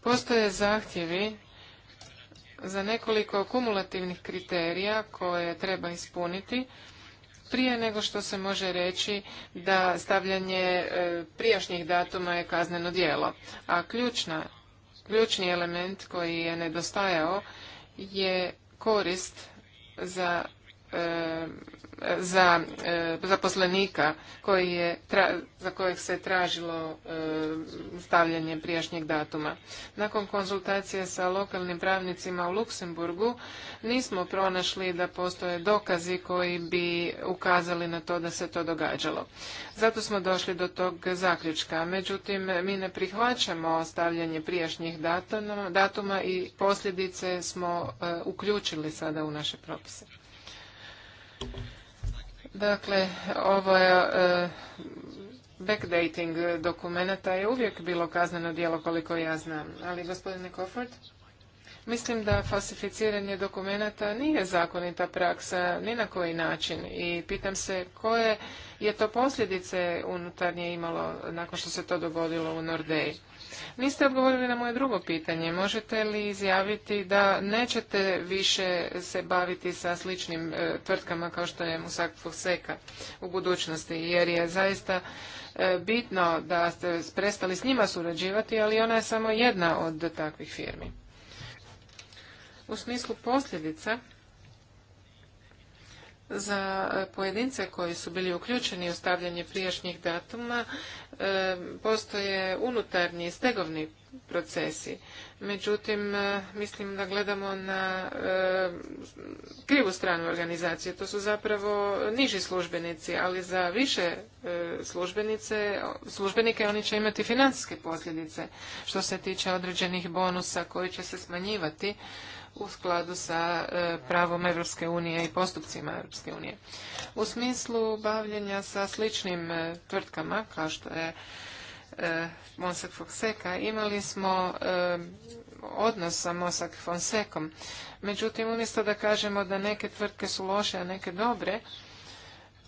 Postoje zahtjevi za nekoliko kumulativnih kriterija koje treba ispuniti prije nego što se može reći da stavljanje e, prijašnjih datuma je kazneno djelo. A ključna, ključni element koji je nedostajao je korist za E, za e, zaposlenika koji je, za kojeg se tražilo e, stavljanje prijašnjeg datuma. Nakon konzultacije sa lokalnim pravnicima u Luksemburgu nismo pronašli da postoje dokazi koji bi ukazali na to da se to događalo. Zato smo došli do tog zaključka. Međutim, mi ne prihvaćamo stavljanje prijašnjih datuma i posljedice smo uključili sada u naše propise. Dakle, ovo je e, backdating dokumenta je uvijek bilo kazneno djelo koliko ja znam. Ali gospodine Kofort, mislim da falsificiranje dokumenata nije zakonita praksa ni na koji način i pitam se koje je to posljedice unutarnje imalo nakon što se to dogodilo u Nordeji. Niste odgovorili na moje drugo pitanje. Možete li izjaviti da nećete više se baviti sa sličnim e, tvrtkama kao što je Musak Foseka u budućnosti, jer je zaista e, bitno da ste prestali s njima surađivati, ali ona je samo jedna od takvih firmi. U smislu posljedica, za e, pojedince koji su bili uključeni u stavljanje prijašnjih datuma postoje unutarnji stegovni procesi. Međutim, eh, mislim da gledamo na krivu stranu organizacije. To su zapravo niži službenici, ali za više eh, službenice, službenike oni će imati financijske posljedice što se tiče određenih bonusa koji će se smanjivati u skladu sa e, pravom Europske unije i postupcima Europske unije. U smislu bavljenja sa sličnim e, tvrtkama kao što je e, Monsak Fonseca imali smo odnos sa Mosak Fonsecom. Međutim, umjesto da kažemo da neke tvrtke su loše, a neke dobre,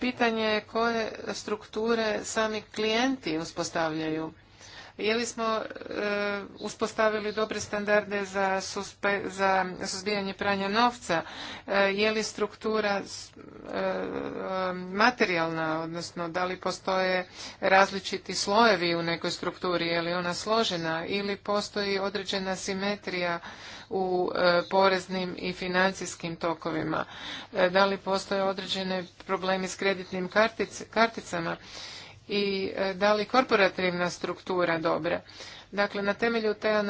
pitanje je koje strukture sami klijenti uspostavljaju. Je li smo e, uspostavili dobre standarde za, suzbijanje pranja novca? Jeli je li struktura e, materijalna, odnosno da li postoje različiti slojevi u nekoj strukturi, je li ona složena ili postoji određena simetrija u e, poreznim i financijskim tokovima? Da li postoje određene problemi s kreditnim karticama? i e, da li korporativna struktura dobra. Dakle, na temelju te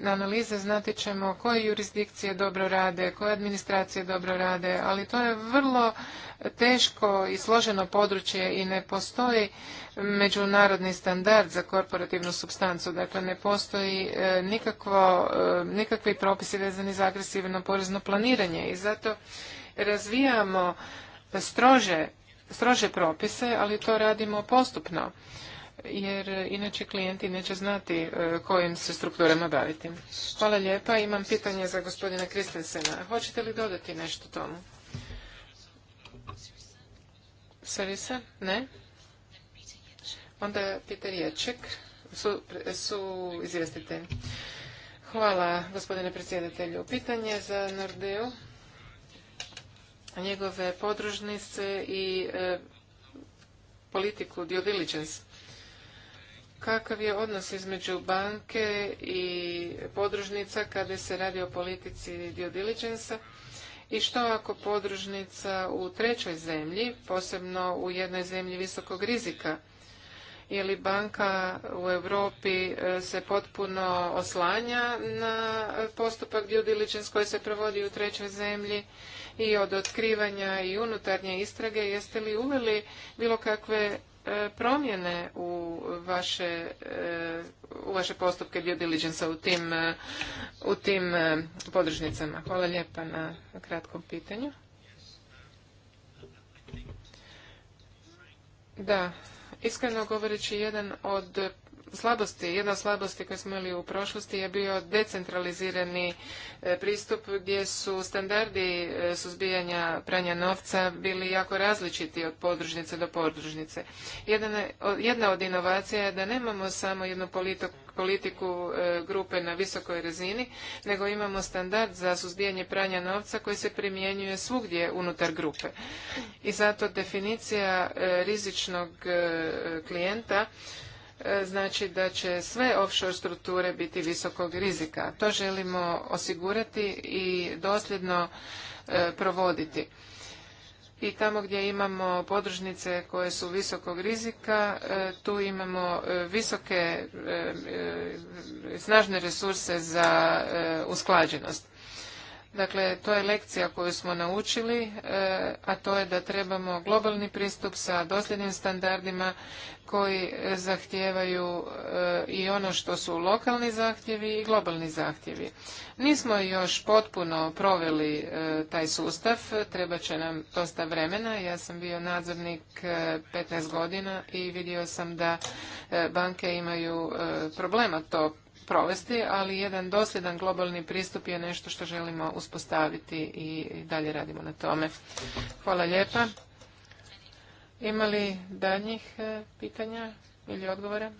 na analize znati ćemo koje jurisdikcije dobro rade, koje administracije dobro rade, ali to je vrlo teško i složeno područje i ne postoji međunarodni standard za korporativnu substancu. Dakle, ne postoji e, nikakvo, e, nikakvi propisi vezani za agresivno porezno planiranje i zato razvijamo strože strože propise, ali to radimo postupno, jer inače klijenti neće znati e, kojim se strukturama baviti. Hvala lijepa. Imam pitanje za gospodina Kristensena. Hoćete li dodati nešto tomu? Servisa? Ne? Onda Peter Ječek su, su izvjestitelji. Hvala, gospodine predsjedatelju. Pitanje za Nordeu njegove podružnice i e, politiku due diligence. Kakav je odnos između banke i podružnica kada se radi o politici due diligence i što ako podružnica u trećoj zemlji, posebno u jednoj zemlji visokog rizika? Je li banka u Europi e, se potpuno oslanja na postupak due diligence koji se provodi u trećoj zemlji? i od otkrivanja i unutarnje istrage, jeste li uveli bilo kakve e, promjene u vaše, e, u vaše postupke due diligence u tim, e, u tim podružnicama? Hvala lijepa na kratkom pitanju. Da, iskreno govoreći, jedan od slabosti, jedna od slabosti koje smo imali u prošlosti je bio decentralizirani e, pristup gdje su standardi e, suzbijanja pranja novca bili jako različiti od podružnice do podružnice. Jedna, od inovacija je da nemamo samo jednu politiku e, grupe na visokoj razini, nego imamo standard za suzbijanje pranja novca koji se primjenjuje svugdje unutar grupe. I zato definicija rizičnog klijenta E, znači da će sve offshore strukture biti visokog rizika. To želimo osigurati i dosljedno e, provoditi. I tamo gdje imamo podružnice koje su visokog rizika, e, tu imamo visoke snažne resurse za usklađenost. Dakle, to je lekcija koju smo naučili, e, a to je da trebamo globalni pristup sa dosljednim standardima koji zahtijevaju e, i ono što su lokalni zahtjevi i globalni zahtjevi. Nismo još potpuno proveli e, taj sustav, treba će nam dosta vremena. Ja sam bio nadzornik 15 godina i vidio sam da banke imaju problema to provesti, ali jedan dosljedan globalni pristup je nešto što želimo uspostaviti i dalje radimo na tome. Hvala lijepa. Ima li daljnjih e, pitanja ili odgovora?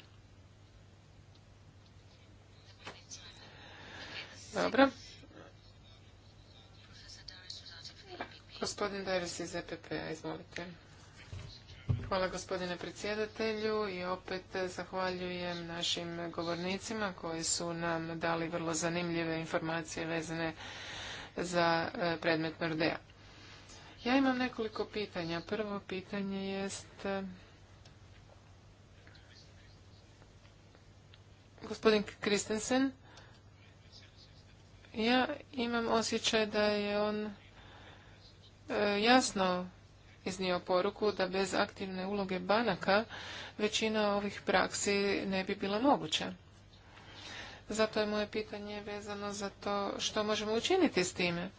Dobro. Gospodin Daris iz EPP, izvolite. Hvala gospodine predsjedatelju i opet zahvaljujem našim govornicima koji su nam dali vrlo zanimljive informacije vezane za e, predmet Nordea. Ja imam nekoliko pitanja. Prvo pitanje jest... E, gospodin Kristensen, ja imam osjećaj da je on e, jasno iznio poruku da bez aktivne uloge banaka većina ovih praksi ne bi bila moguća. Zato je moje pitanje vezano za to što možemo učiniti s time.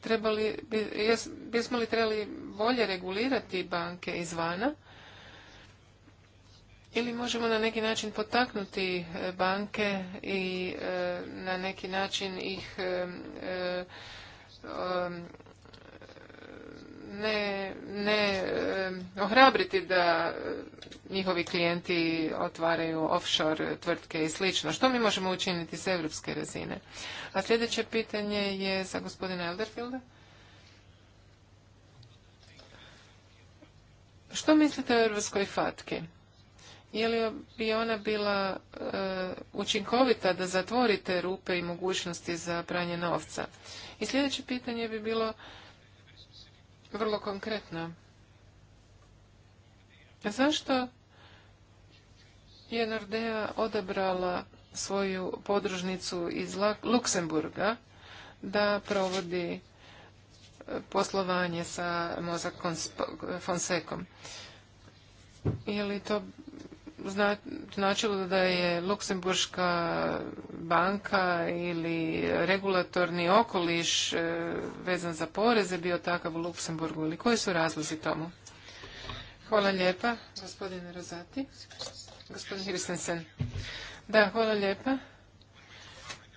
Trebali, bismo li trebali bolje regulirati banke izvana ili možemo na neki način potaknuti e, banke i e, na neki način ih e, ne, ne eh, ohrabriti da njihovi klijenti otvaraju offshore tvrtke i slično. Što mi možemo učiniti s europske razine? A sljedeće pitanje je za gospodina Elderfielda. Što mislite o europskoj fatki? Je li bi ona bila eh, učinkovita da zatvorite rupe i mogućnosti za pranje novca? I sljedeće pitanje bi bilo vrlo konkretna. Zašto je Nordea odabrala svoju podružnicu iz Luksemburga da provodi e, poslovanje sa Mozak Fonsekom? Je li to značilo da je Luksemburška banka ili regulatorni okoliš e, vezan za poreze bio takav u Luksemburgu ili koji su razlozi tomu? Hvala lijepa, gospodine Rozati. Gospodin se Da, hvala lijepa.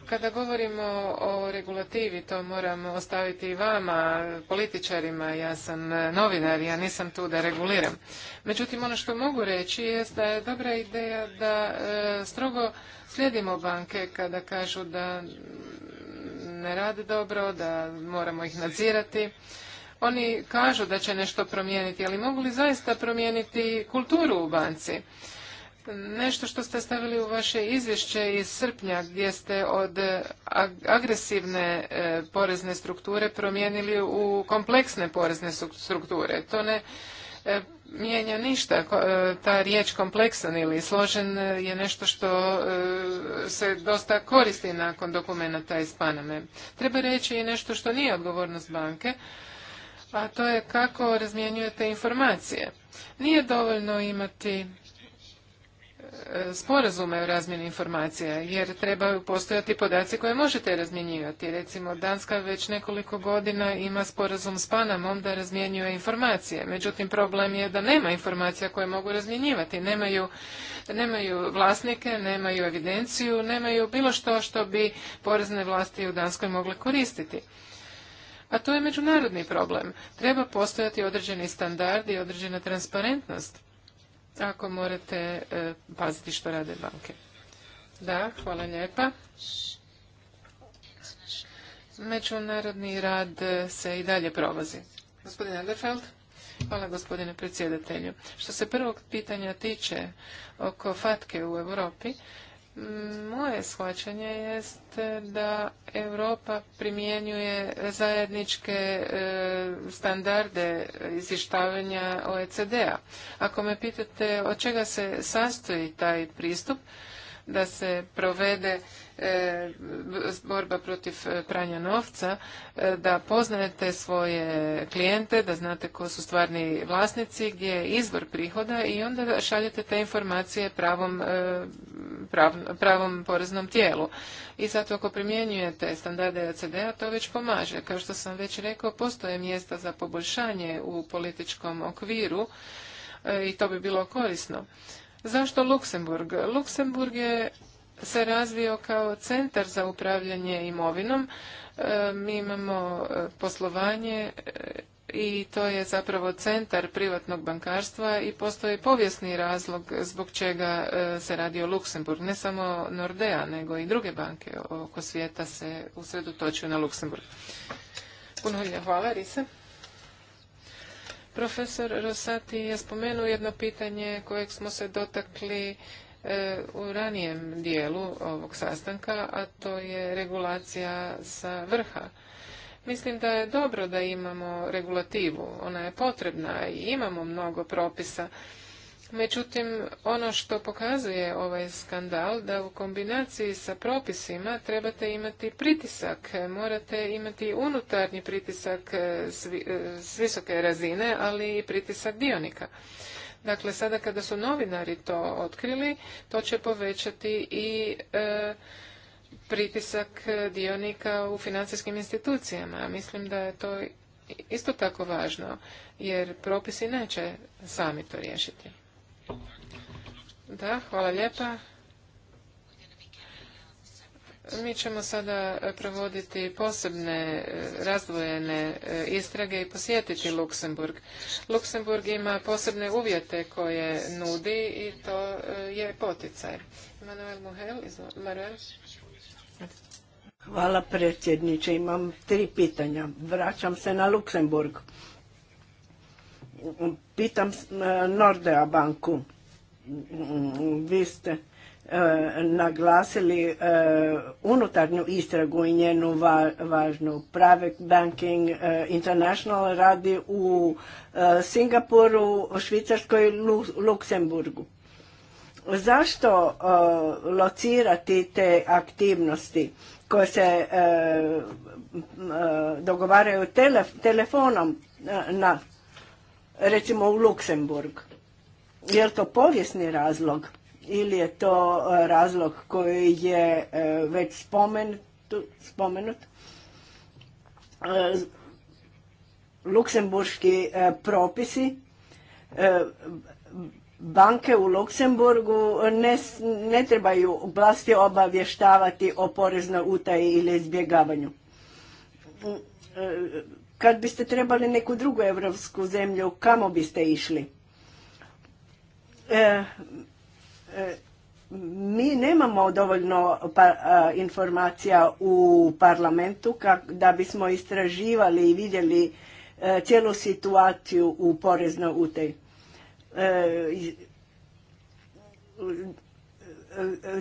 Kada govorimo o regulativi, to moram ostaviti i vama, političarima, ja sam novinar, ja nisam tu da reguliram. Međutim, ono što mogu reći je da je dobra ideja da e, strogo slijedimo banke kada kažu da ne rade dobro, da moramo ih nadzirati. Oni kažu da će nešto promijeniti, ali mogu li zaista promijeniti kulturu u banci? nešto što ste stavili u vaše izvješće iz srpnja gdje ste od agresivne e, porezne strukture promijenili u kompleksne porezne strukture. To ne e, mijenja ništa. E, ta riječ kompleksan ili složen je nešto što se dosta koristi nakon dokumenta iz Paname. Treba reći i nešto što nije odgovornost banke, a to je kako razmjenjujete informacije. Nije dovoljno imati sporazume o razmjeni informacija, jer trebaju postojati podaci koje možete razmjenjivati. Recimo, Danska već nekoliko godina ima sporazum s Panamom da razmjenjuje informacije. Međutim, problem je da nema informacija koje mogu razmjenjivati. Nemaju, nemaju vlasnike, nemaju evidenciju, nemaju bilo što što bi porezne vlasti u Danskoj mogle koristiti a to je međunarodni problem. Treba postojati određeni standard i određena transparentnost ako morate e, paziti što rade banke. Da, hvala lijepa. Međunarodni rad e, se i dalje provozi. Gospodin Anderfeld? Hvala gospodine predsjedatelju. Što se prvog pitanja tiče oko fatke u Europi, moje shvaćanje jest da Europa primjenjuje zajedničke e, standarde izvještavanja OECD-a. Ako me pitate od čega se sastoji taj pristup, da se provede E, borba protiv e, pranja novca, e, da poznajete svoje klijente, da znate ko su stvarni vlasnici, gdje je izvor prihoda i onda šaljete te informacije pravom, poreznom tijelu. I zato ako primjenjujete standarde acd a to već pomaže. Kao što sam već rekao, postoje mjesta za poboljšanje u političkom okviru i to bi bilo korisno. Zašto Luksemburg? Luksemburg je se razvio kao centar za upravljanje imovinom. E, mi imamo e, poslovanje e, i to je zapravo centar privatnog bankarstva i postoji povijesni razlog zbog čega se radi o Luksemburg. Ne samo Nordea, nego i druge banke oko svijeta se usredotočuju na Luksemburg. Puno hvala, Risa. Profesor Rosati je spomenuo jedno pitanje kojeg smo se dotakli E, u ranijem dijelu ovog sastanka, a to je regulacija sa vrha. Mislim da je dobro da imamo regulativu, ona je potrebna i imamo mnogo propisa. Međutim, ono što pokazuje ovaj skandal, da u kombinaciji sa propisima trebate imati pritisak, morate imati unutarnji pritisak e, e, s visoke razine, ali i pritisak dionika. Dakle, sada kada su novinari to otkrili, to će povećati i e, pritisak dionika u financijskim institucijama. Mislim da je to isto tako važno, jer propisi neće sami to riješiti. Da, hvala lijepa. Mi ćemo sada provoditi posebne e, razdvojene e, istrage i posjetiti Luksemburg. Luksemburg ima posebne uvjete koje nudi i to e, je poticaj. Manuel Hvala predsjedniče. Imam tri pitanja. Vraćam se na Luksemburg. Pitam Nordea banku. Vi ste naglasili e, unutarnju istragu i njenu važnu. Private Banking e, International radi u e, Singapuru, Švicarskoj i Luksemburgu. Zašto locirati te aktivnosti koje se dogovaraju telefonom na recimo u Luksemburg? Je li to povijesni razlog? ili je to e, razlog koji je e, već spomenut, spomenut. E, luksemburški propisi banke u Luksemburgu ne, trebaju vlasti obavještavati o poreznoj utaji ili izbjegavanju. Kad biste trebali neku drugu evropsku zemlju, kamo biste išli? E, mi nemamo dovoljno pa, informacija u parlamentu da bismo istraživali i vidjeli e, cijelu situaciju u poreznoj utej.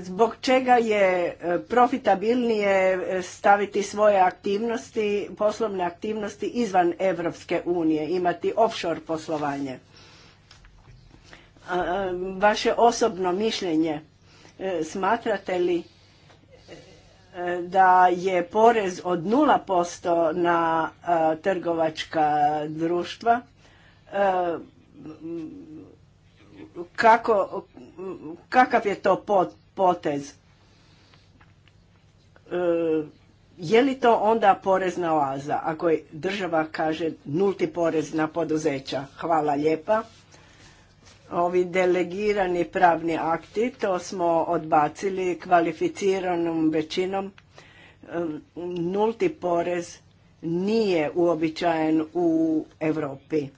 Zbog čega je e, profitabilnije staviti svoje aktivnosti, poslovne aktivnosti izvan Europske unije, imati offshore poslovanje? vaše osobno mišljenje e, smatrate li e, da je porez od 0% na e, trgovačka društva kakav je to potez? Je li to onda porezna oaza ako država kaže nulti porez na poduzeća? Hvala lijepa. Ovi delegirani pravni akti, to smo odbacili kvalificiranom većinom. E, nulti porez nije uobičajen u Europi.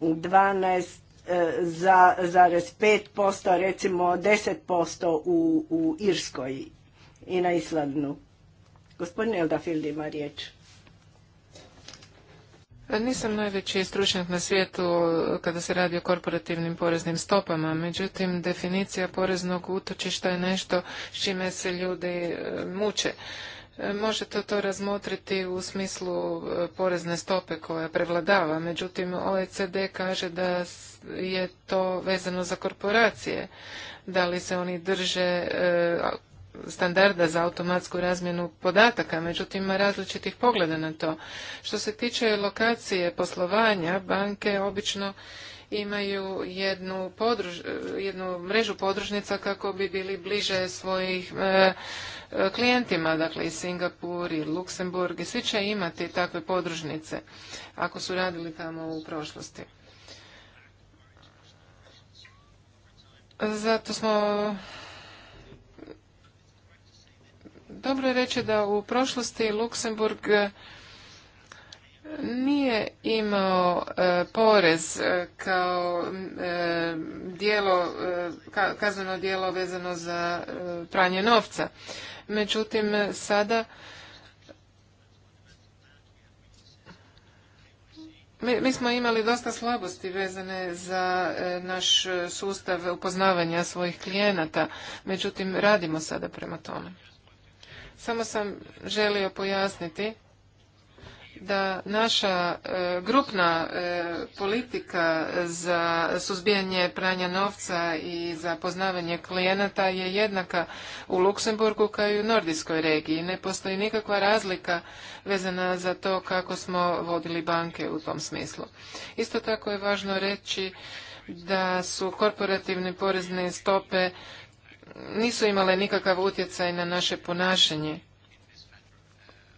12,5%, e, recimo 10% u, u Irskoj i na Islandu. Gospodin Eldafild ima riječ. Nisam najveći stručnjak na svijetu kada se radi o korporativnim poreznim stopama, međutim definicija poreznog utočišta je nešto s čime se ljudi e, muče. E, možete to razmotriti u smislu e, porezne stope koja prevladava, međutim OECD kaže da je to vezano za korporacije, da li se oni drže standarda za automatsku razmjenu podataka, međutim ima različitih pogleda na to. Što se tiče lokacije poslovanja, banke obično imaju jednu, jednu mrežu podružnica kako bi bili bliže svojih e, e, klijentima, dakle i Singapur i Luksemburg i svi će imati takve podružnice ako su radili tamo u prošlosti. Zato smo dobro je reći da u prošlosti Luksemburg e, nije imao e, porez e, kao e, dijelo, kazneno vezano za pranje novca. Međutim, sada Mi, smo imali dosta slabosti vezane za naš sustav upoznavanja svojih klijenata, međutim radimo sada prema tome. Samo sam želio pojasniti da naša e, grupna e, politika za suzbijanje pranja novca i za poznavanje klijenata je jednaka u Luksemburgu kao i u nordijskoj regiji. Ne postoji nikakva razlika vezana za to kako smo vodili banke u tom smislu. Isto tako je važno reći da su korporativne porezne stope nisu imale nikakav utjecaj na naše ponašanje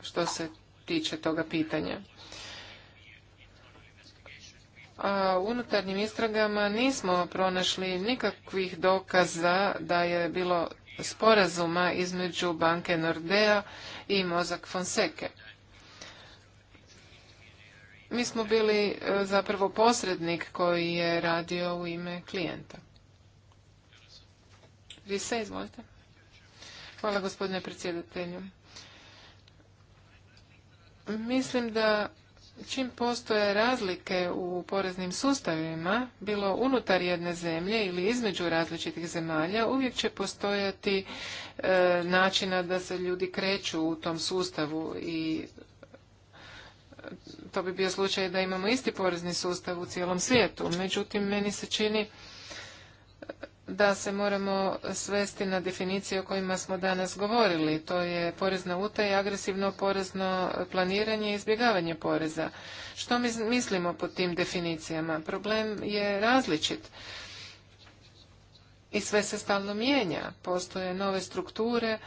što se tiče toga pitanja. A u unutarnjim istragama nismo pronašli nikakvih dokaza da je bilo sporazuma između banke Nordea i mozak Fonseke. Mi smo bili e, zapravo posrednik koji je radio u ime klijenta izvolite. Hvala gospodine predsjedatelju. Mislim da čim postoje razlike u poreznim sustavima, bilo unutar jedne zemlje ili između različitih zemalja, uvijek će postojati e, načina da se ljudi kreću u tom sustavu i e, to bi bio slučaj da imamo isti porezni sustav u cijelom svijetu. Međutim, meni se čini da se moramo svesti na definicije o kojima smo danas govorili. To je porezna utaja, agresivno porezno planiranje i izbjegavanje poreza. Što mi mislimo pod tim definicijama? Problem je različit. I sve se stalno mijenja. Postoje nove strukture,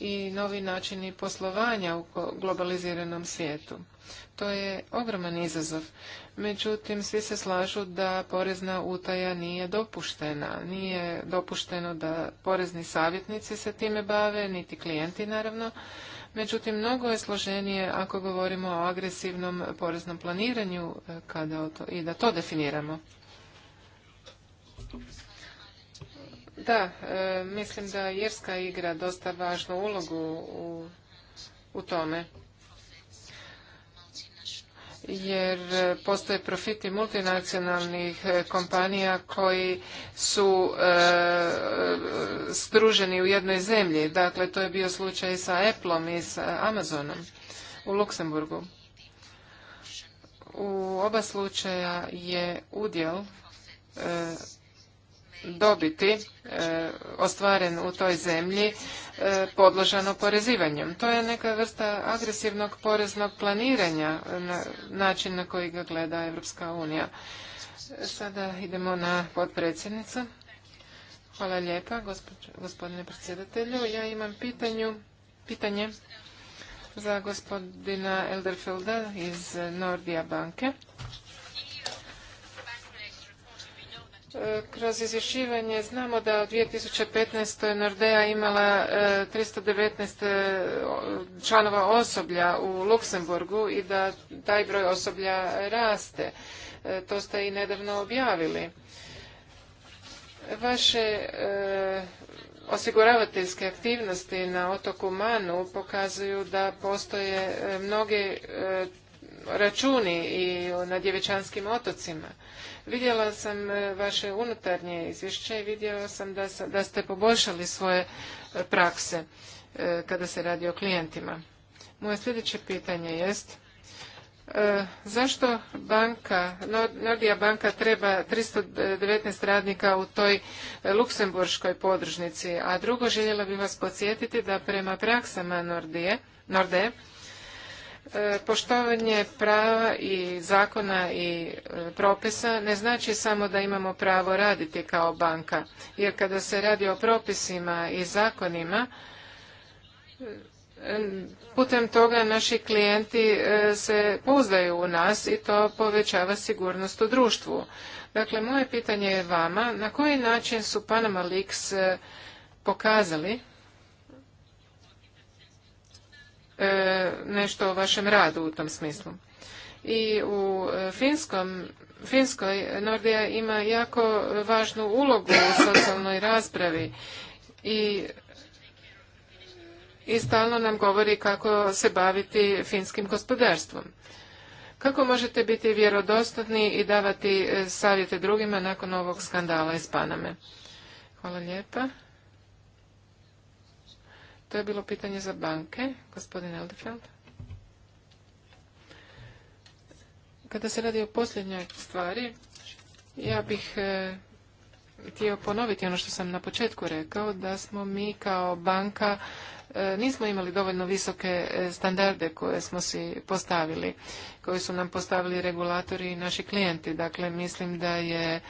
i novi načini poslovanja u globaliziranom svijetu. To je ogroman izazov. Međutim, svi se slažu da porezna utaja nije dopuštena. Nije dopušteno da porezni savjetnici se time bave, niti klijenti naravno. Međutim, mnogo je složenije ako govorimo o agresivnom poreznom planiranju eh, kada to, i da to definiramo. Da, e, mislim da jerska igra dosta važnu ulogu u, tome jer postoje profiti multinacionalnih e, kompanija koji su struženi e, u jednoj zemlji. Dakle, to je bio slučaj sa Appleom i sa Amazonom u Luksemburgu. U oba slučaja je udjel dobiti e, ostvaren u toj zemlji e, podložano oporezivanjem. To je neka vrsta agresivnog poreznog planiranja, na način na koji ga gleda Evropska unija. Sada idemo na podpredsjednicu Hvala lijepa, gospodine predsjedatelju. Ja imam pitanju, pitanje za gospodina Elderfelda iz Nordija banke. E, kroz izvješivanje znamo da u 2015. Nordea imala 319 e, e, članova osoblja u Luksemburgu i da taj broj osoblja raste. To ste i nedavno objavili. Vaše osiguravateljske aktivnosti na otoku Manu pokazuju da postoje mnoge računi i na djevičanskim otocima. Vidjela sam e, vaše unutarnje izvješće i vidjela sam da, ste poboljšali svoje e, prakse e, kada se radi o klijentima. Moje sljedeće pitanje jest zašto banka, Nordija banka treba 319 radnika u toj luksemburškoj podružnici, a drugo željela bih vas podsjetiti da prema praksama Nordije, Norde, E, poštovanje prava i zakona i e, propisa ne znači samo da imamo pravo raditi kao banka, jer kada se radi o propisima i zakonima, e, putem toga naši klijenti se pouzdaju u nas i to povećava sigurnost u društvu. Dakle, moje pitanje je vama, na koji način su Panama Leaks pokazali E, nešto o vašem radu u tom smislu. I u e, Finskom, Finskoj Nordija ima jako važnu ulogu u socijalnoj raspravi i i stalno nam govori kako se baviti finskim gospodarstvom. Kako možete biti vjerodostatni i davati e, savjete drugima nakon ovog skandala iz Paname? Hvala lijepa. To je bilo pitanje za banke, gospodin Eldefeld. Kada se radi o posljednjoj stvari, ja bih e, htio ponoviti ono što sam na početku rekao, da smo mi kao banka e, nismo imali dovoljno visoke e, standarde koje smo si postavili, koje su nam postavili regulatori i naši klijenti. Dakle, mislim da je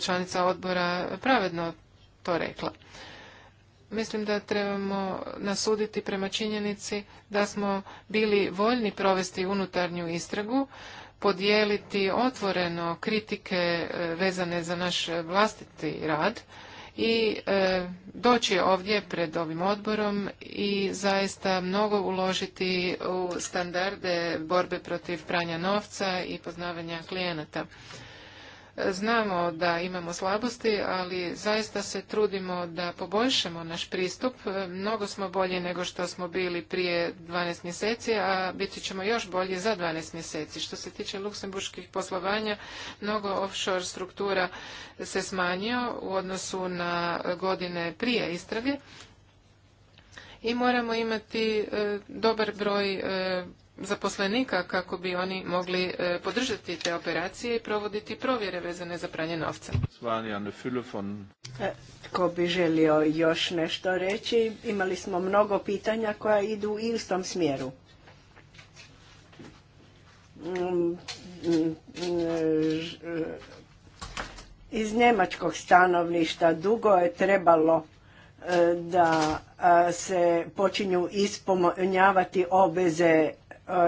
članica odbora pravedno to rekla. Mislim da trebamo nasuditi prema činjenici da smo bili voljni provesti unutarnju istragu, podijeliti otvoreno kritike e, vezane za naš vlastiti rad i e, doći ovdje pred ovim odborom i zaista mnogo uložiti u standarde borbe protiv pranja novca i poznavanja klijenata. Znamo da imamo slabosti, ali zaista se trudimo da poboljšamo naš pristup. Mnogo smo bolji nego što smo bili prije 12 mjeseci, a biti ćemo još bolji za 12 mjeseci. Što se tiče luksemburških poslovanja, mnogo offshore struktura se smanjio u odnosu na godine prije istrage i moramo imati e, dobar broj e, zaposlenika kako bi oni mogli e, podržati te operacije i provoditi provjere vezane za pranje novca. Tko bi želio još nešto reći? Imali smo mnogo pitanja koja idu u istom smjeru. Mm, mm, mm, iz njemačkog stanovništa dugo je trebalo da se počinju ispunjavati obveze e,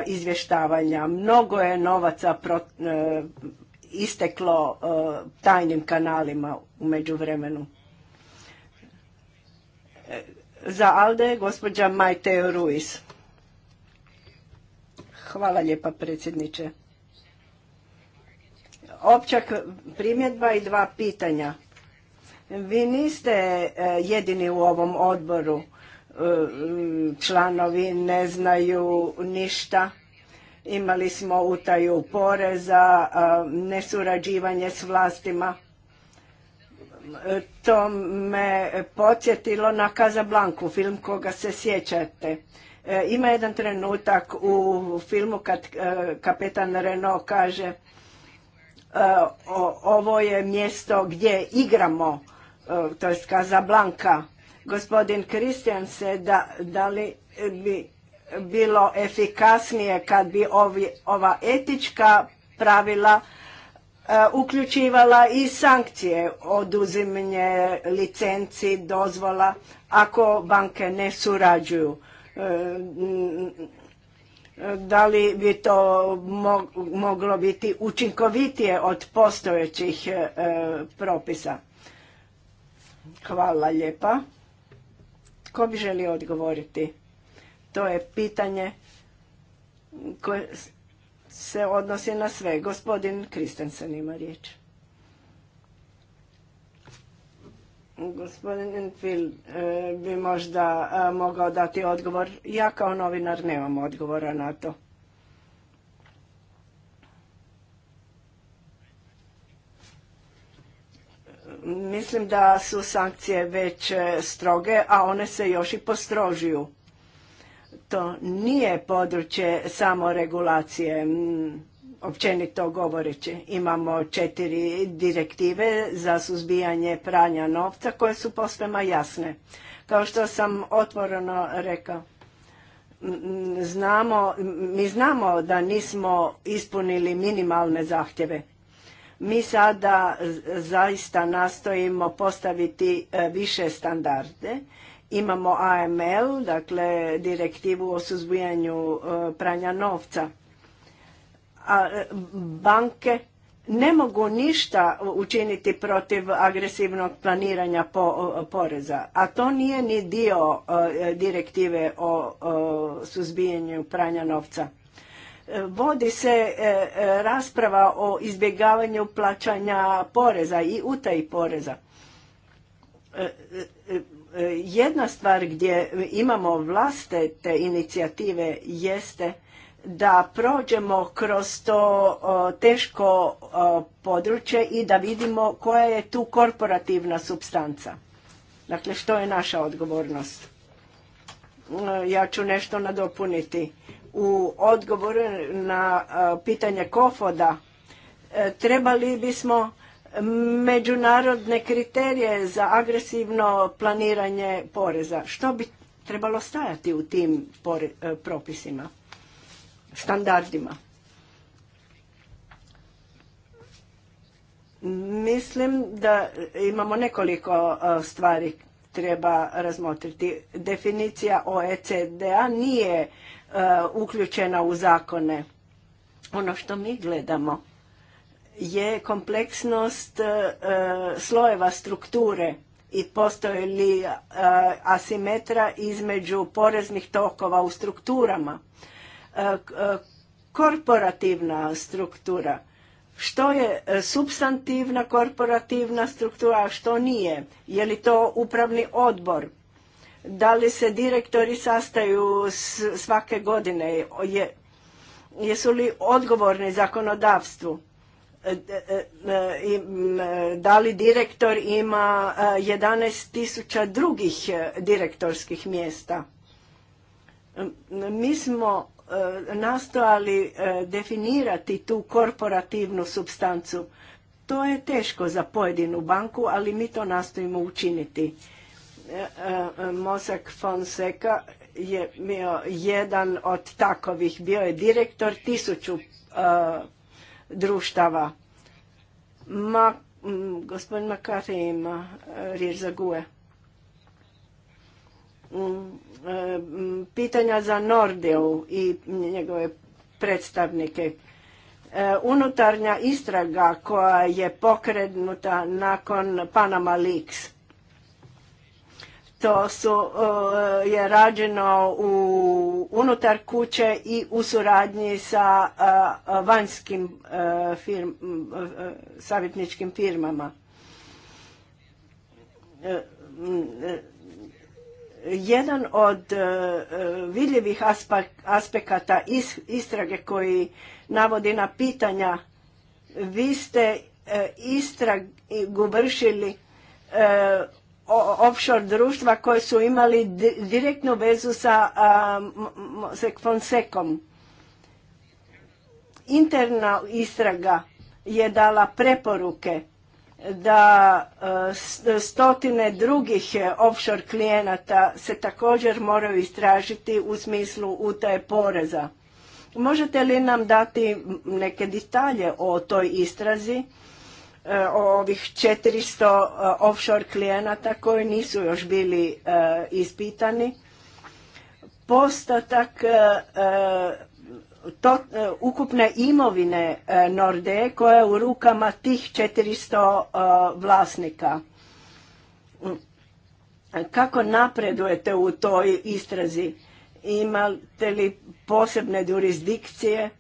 izvještavanja. Mnogo je novaca e, isteklo e, tajnim kanalima u međuvremenu. Za Alde gospođa Majte Ruiz. Hvala lijepa predsjedniče. Opća primjedba i dva pitanja. Vi niste e, jedini u ovom odboru. E, članovi ne znaju ništa. Imali smo utaju poreza, e, nesurađivanje s vlastima. To me podsjetilo na Kazablanku, film koga se sjećate. Ima jedan trenutak u filmu kad kapetan Renault kaže ovo je mjesto gdje igramo to je blanka. Gospodin Kristijan se da, da li bi bilo efikasnije kad bi ovi, ova etička pravila e, uključivala i sankcije, oduzimanje licenci, dozvola, ako banke ne surađuju. E, da li bi to moglo biti učinkovitije od postojećih e, propisa? Hvala lijepa. Ko bi želio odgovoriti? To je pitanje koje se odnosi na sve. Gospodin Kristensen ima riječ. Gospodin Enfield e, bi možda e, mogao dati odgovor. Ja kao novinar nemam odgovora na to. Mislim da su sankcije već e, stroge, a one se još i postrožuju. To nije područje samoregulacije, regulacije, općenito govoreći. Imamo četiri direktive za suzbijanje pranja novca koje su posvema jasne. Kao što sam otvoreno rekao, znamo, mi znamo da nismo ispunili minimalne zahtjeve mi sada zaista nastojimo postaviti e, više standarde. Imamo AML, dakle direktivu o suzbijanju e, pranja novca. A e, banke ne mogu ništa učiniti protiv agresivnog planiranja poreza, a to nije ni dio direktive o, o suzbijanju pranja novca. Vodi se e, e, rasprava o izbjegavanju plaćanja poreza i utaji poreza. E, jedna stvar gdje imamo vlaste te inicijative jeste da prođemo kroz to teško područje i da vidimo koja je tu korporativna substanca. Dakle, što je naša odgovornost? Ja ću nešto nadopuniti u odgovoru na pitanje Kofoda e, trebali bismo međunarodne kriterije za agresivno planiranje poreza. Što bi trebalo stajati u tim e, propisima, standardima? Mislim da imamo nekoliko e, stvari treba razmotriti. Definicija OECD-a nije E, uključena u zakone. Ono što mi gledamo je kompleksnost e, slojeva strukture i postoje li e, asimetra između poreznih tokova u strukturama. Korporativna struktura. Što je substantivna korporativna struktura, a što nije? Je li to upravni odbor? Da li se direktori sastaju svake godine? Je, jesu li odgovorni zakonodavstvu? E, e, e, da li direktor ima 11.000 drugih direktorskih mjesta? Mi smo nastojali definirati tu korporativnu substancu. To je teško za pojedinu banku, ali mi to nastojimo učiniti. E, e, Mosak Fonseca je bio jedan od takovih, bio je direktor tisuću e, društava. Ma, gospodin Makari ima riječ za guje. Mm, pitanja za Nordeu i njegove predstavnike. Unutarnja istraga koja je pokrenuta nakon Panama Leaks to su, e, je rađeno u unutar kuće i u suradnji sa e, vanjskim e, firm, savjetničkim firmama. Jedan od vidljivih aspekata istrage koji navodi na pitanja vi ste istragu vršili offshore društva koje su imali direktnu vezu sa Fonsekom. Interna istraga je dala preporuke da e, stotine drugih e, offshore klijenata se također moraju istražiti u smislu utaje poreza. Možete li nam dati neke detalje o toj istrazi Eh, ovih 400 eh, offshore klijenata koji nisu još bili eh, ispitani. Postotak ukupne imovine Norde koja je u rukama tih 400 vlasnika. Kako napredujete u toj istrazi? Imate li posebne jurisdikcije?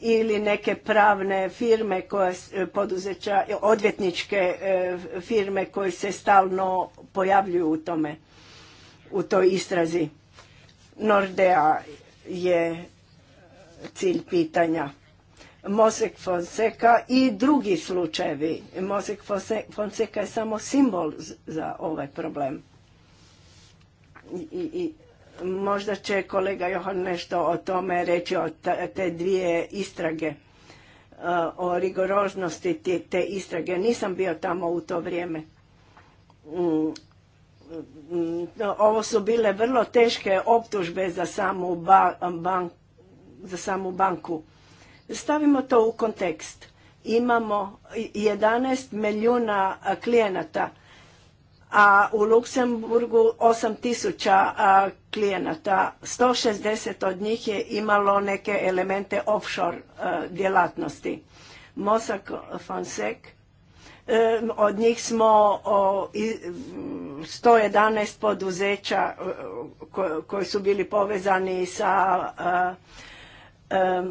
ili neke pravne firme koja e, poduzeća e, odvjetničke e, firme koje se stalno pojavljuju u tome u toj istrazi Nordea je cilj pitanja Mosek Fonseca i drugi slučajevi Mosek Fonseca je samo simbol za ovaj problem i, i Možda će kolega Johan nešto o tome reći, o te dvije istrage, e, o rigoroznosti te istrage. Nisam bio tamo u to vrijeme. Mm, mm, ovo su bile vrlo teške optužbe za samu, banku za samu banku. Stavimo to u kontekst. Imamo 11 milijuna klijenata a u Luksemburgu tisuća klijenata. 160 od njih je imalo neke elemente offshore djelatnosti. Mosak Fonsek, e, od njih smo 111 poduzeća e, koji su bili povezani sa e,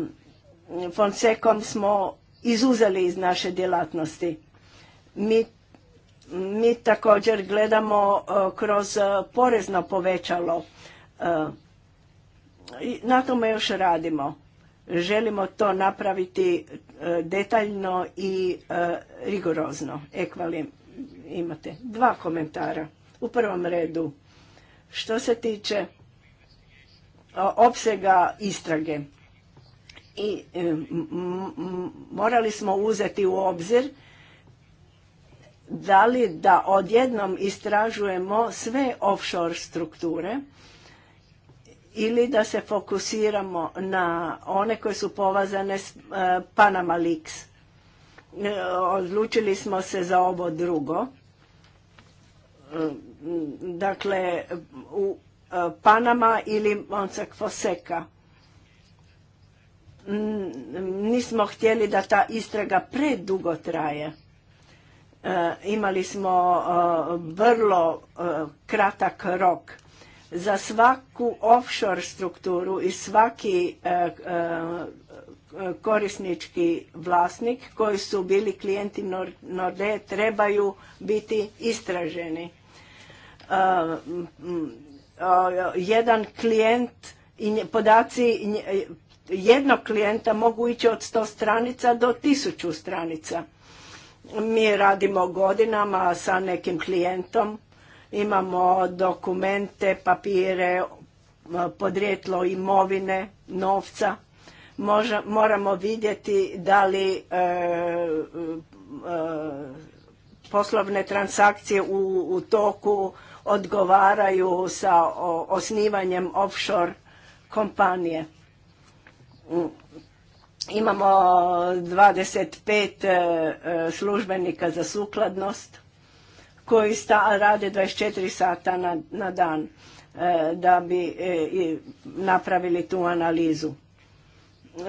Fonsecom smo izuzeli iz naše djelatnosti. Mi mi također gledamo e, kroz e, porezno povećalo. E, na tome još radimo. Želimo to napraviti detaljno i rigorozno. Ekvali imate. Dva komentara. U prvom redu, što se tiče opsega istrage i morali smo uzeti u obzir da li da odjednom istražujemo sve offshore strukture ili da se fokusiramo na one koje su povazane s e, Panama Leaks. E, odlučili smo se za ovo drugo. E, dakle, u Panama ili Monsak Foseka. Nismo htjeli da ta istraga predugo traje Eh, imali smo eh, vrlo eh, kratak rok. Za svaku offshore strukturu i svaki korisnički vlasnik koji su bili klijenti Norde trebaju biti istraženi. Jedan klijent i podaci jednog klijenta mogu ići od sto stranica do 1000 stranica mi radimo godinama sa nekim klijentom, imamo dokumente, papire, e, podrijetlo imovine, novca. moramo vidjeti da li e, e, poslovne transakcije u, toku odgovaraju sa osnivanjem offshore kompanije. Imamo 25 e, e, službenika za sukladnost koji sta, rade 24 sata na, dan e, da bi napravili tu analizu.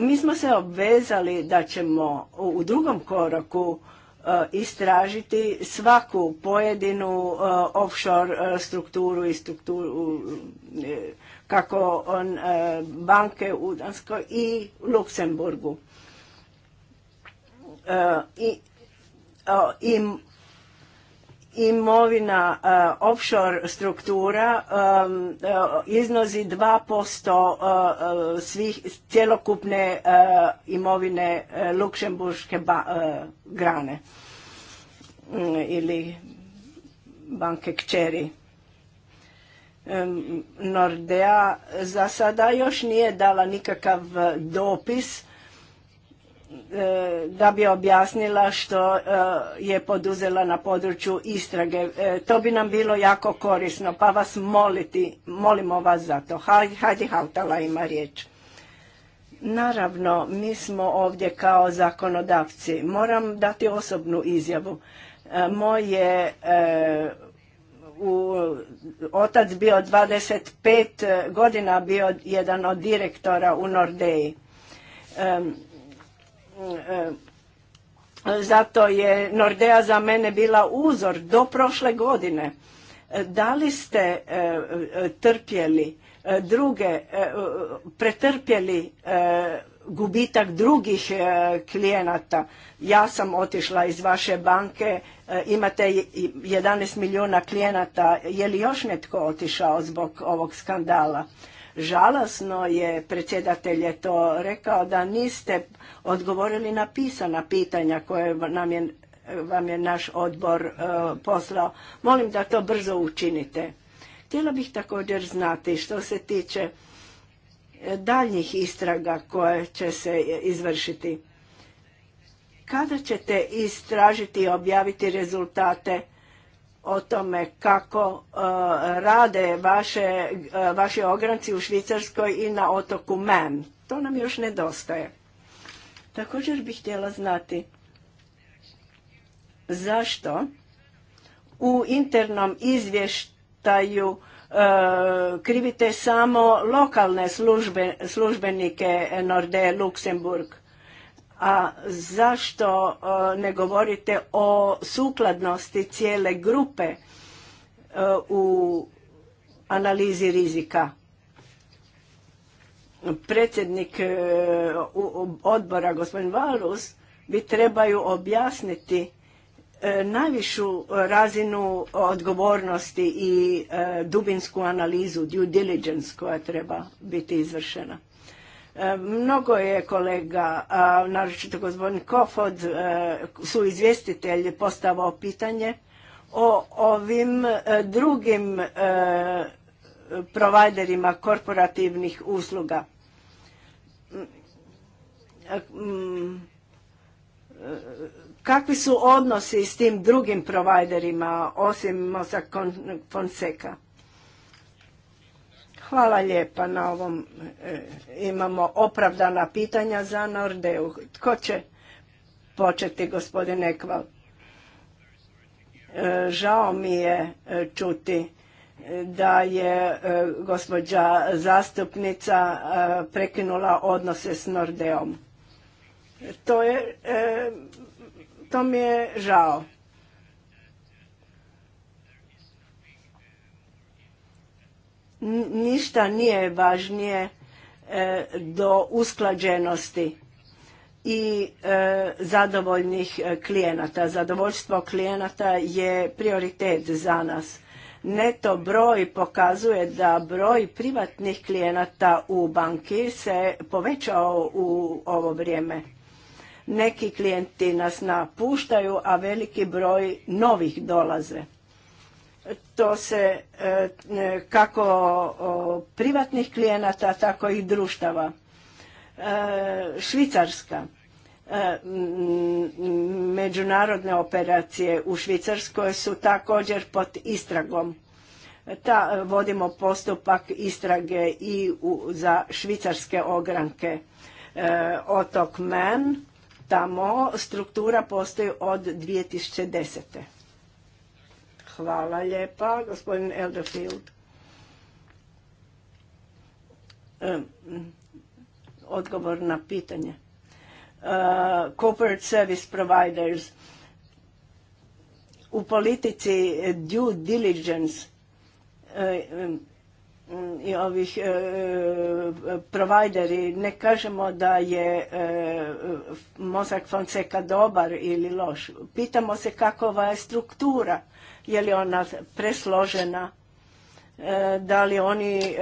Mi smo se obvezali da ćemo u drugom koraku istražiti svaku pojedinu offshore strukturu i strukturu kako on, e, banke u Danskoj i Luksemburgu. E, I, im, imovina e, offshore struktura iznosi 2% svih cjelokupne imovine luksemburške grane mm, ili banke kćeri. Nordea za sada još nije dala nikakav e, dopis e, da bi objasnila što e, je poduzela na području istrage. To bi nam bilo jako korisno, pa vas moliti, molimo vas za to. hajde, Hautala ima riječ. Naravno, mi smo ovdje kao zakonodavci. Moram dati osobnu izjavu. Moje u, otac bio 25 e, godina bio jedan od direktora u Nordeji. E, e, zato je Nordeja za mene bila uzor do prošle godine. Da li ste trpjeli druge, pretrpjeli gubitak drugih e, klijenata. Ja sam otišla iz vaše banke, e, imate 11 milijuna klijenata, je li još netko otišao zbog ovog skandala? Žalosno je, predsjedatelj je to rekao, da niste odgovorili na pisana pitanja koje nam je, vam je naš odbor e, poslao. Molim da to brzo učinite. Htjela bih također znati što se tiče daljnjih istraga koje će se izvršiti. Kada ćete istražiti i objaviti rezultate o tome kako e, rade vaše, e, vaši ogranci u Švicarskoj i na otoku Mem? To nam još nedostaje. Također bih htjela znati zašto u internom izvještaju E, krivite samo lokalne službenike Norde Luksemburg. A zašto e, ne govorite o sukladnosti cijele grupe e, u analizi rizika? Predsjednik odbora, gospodin Valus, bi trebaju objasniti E, najvišu razinu odgovornosti i e, dubinsku analizu, due diligence koja treba biti izvršena. E, mnogo je kolega, naročito gospodin Kofod, su izvjestitelji postavao pitanje o ovim drugim providerima korporativnih usluga. Mm, mm, Kakvi su odnosi s tim drugim providerima osim Mossack Fonseca? Hvala lijepa na ovom. E, imamo opravdana pitanja za Nordeu. Tko će početi, gospodine Ekval? E, žao mi je e, čuti da je gospođa zastupnica prekinula odnose s Nordeom. To je to mi je žao. Ništa nije važnije e, do usklađenosti i e, zadovoljnih e, klijenata. Zadovoljstvo klijenata je prioritet za nas. Neto broj pokazuje da broj privatnih klijenata u banki se povećao u ovo vrijeme. Neki klijenti nas napuštaju, a veliki broj novih dolaze. To se e, e, kako privatnih klijenata, tako i društava. E, Švicarska. Međunarodne operacije u Švicarskoj su također pod istragom. Ta, vodimo postupak istrage i za švicarske ogranke otok Man Tamo struktura postoji od 2010. Hvala lijepa, gospodin Elderfield. Odgovor na pitanje. E, corporate service providers u politici due diligence e, i ovih e, provajderi, ne kažemo da je e, mozak Fonseca dobar ili loš. Pitamo se kakova je struktura, je li ona presložena, e, da li oni e,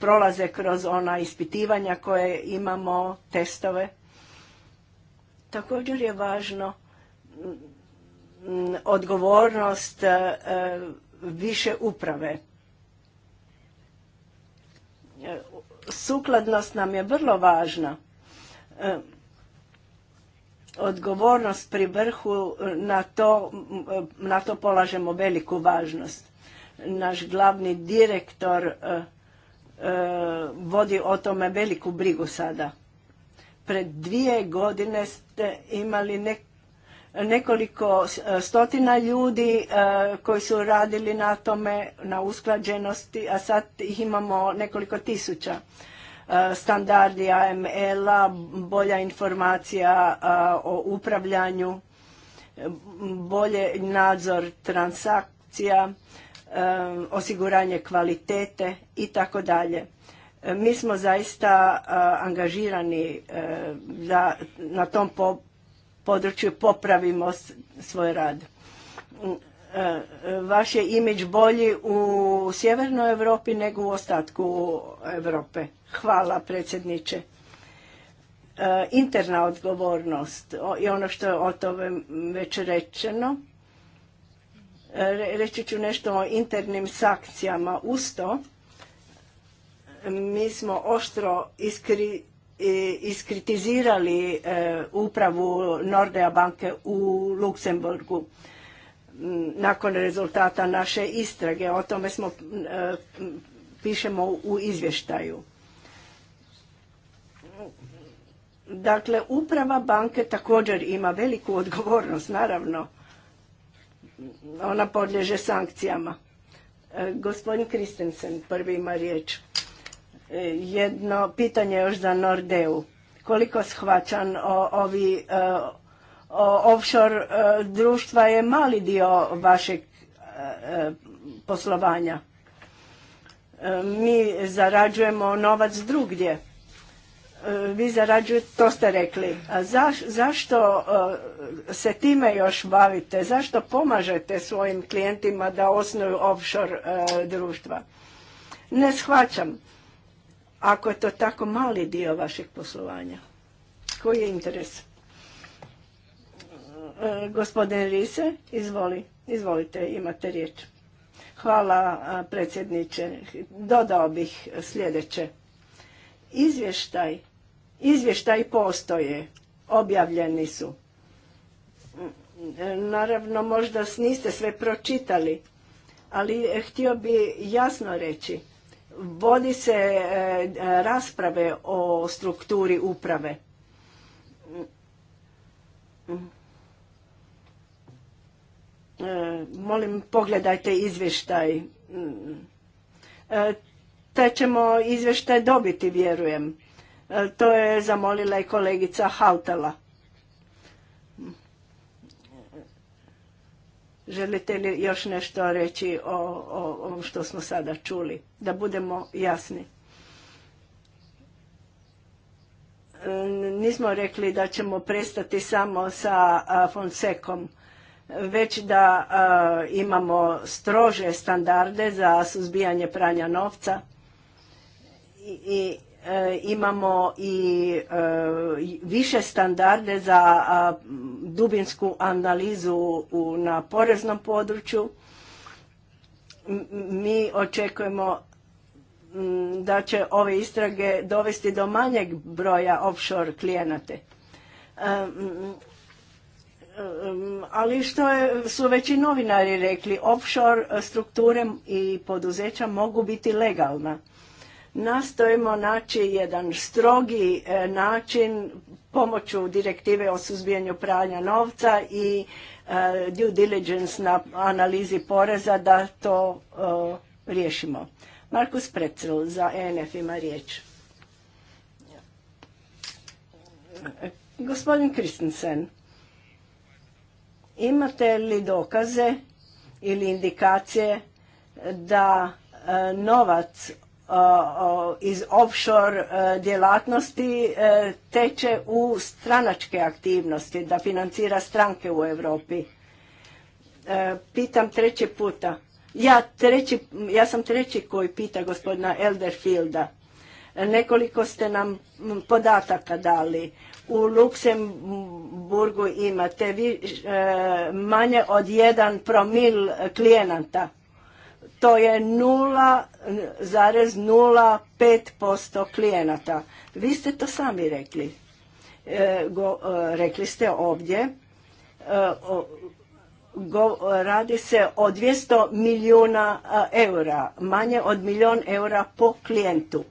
prolaze kroz ona ispitivanja koje imamo, testove. Također je važno mm, odgovornost e, više uprave Sukladnost nam je vrlo važna. E, odgovornost pri vrhu, na to, na to polažemo veliku važnost. Naš glavni direktor e, e, vodi o tome veliku brigu sada. Pred dvije godine ste imali nek nekoliko e, stotina ljudi e, koji su radili na tome, na usklađenosti, a sad ih imamo nekoliko tisuća. E, standardi AML-a, bolja informacija o upravljanju, bolje nadzor transakcija, osiguranje kvalitete i tako dalje. Mi smo zaista angažirani na tom području popravimo svoj rad. Mm, e, vaš je imidž bolji u sjevernoj Europi nego u ostatku Europe. Hvala predsjedniče. E, interna odgovornost i ono što je o tome već rečeno. E, reći ću nešto o internim sankcijama. Uz to mi smo oštro iskri iskritizirali e, upravu Nordea banke u Luksemburgu nakon rezultata naše istrage. O tome smo e, pišemo u izvještaju. Dakle, uprava banke također ima veliku odgovornost, naravno. Ona podlježe sankcijama. E, gospodin Kristensen prvi ima riječ. E, jedno pitanje još za Nordeu. Koliko shvaćam ovi e, o, offshore e, društva je mali dio vašeg poslovanja. Mi zarađujemo novac drugdje. Vi zarađujete, to ste rekli. A zašto se time još bavite? Zašto pomažete svojim klijentima da osnuju offshore društva? Ne shvaćam ako je to tako mali dio vašeg poslovanja? Koji je interes? E, gospodin Rise, izvoli, izvolite, imate riječ. Hvala e, predsjedniče. Dodao bih sljedeće. Izvještaj, izvještaj postoje, objavljeni su. Naravno, možda niste sve pročitali, ali htio bi jasno reći vodi se e, rasprave o strukturi uprave. E, molim, pogledajte izvještaj. Te ćemo izvještaj dobiti, vjerujem. E, to je zamolila i kolegica Hautala. Želite li još nešto reći o, ovom što smo sada čuli, da budemo jasni? Nismo rekli da ćemo prestati samo sa Fonsekom, već da imamo strože standarde za suzbijanje pranja novca i E, imamo e, i više standarde za dubinsku analizu na poreznom području. Mi očekujemo da će ove istrage dovesti do manjeg broja offshore klijenate. E, ali što su već i novinari rekli, offshore strukture i poduzeća mogu biti legalna Nastojimo naći jedan strogi e, način pomoću direktive o suzbijanju pranja novca i e, due diligence na analizi poreza da to e, riješimo. Markus Precel za ENF ima riječ. Gospodin Kristensen, imate li dokaze ili indikacije da novac iz offshore e, djelatnosti e, teče u stranačke aktivnosti, da financira stranke u Europi. E, pitam treći puta. Ja, ja sam treći koji pita gospodina Elderfielda. Nekoliko ste nam podataka dali. U Luksemburgu imate vi, manje od jedan promil klijenata to je 0,05% klijenata. Vi ste to sami rekli. E, e, rekli ste ovdje, e, radi se o 200 milijuna eura, manje od milijun eura po klijentu.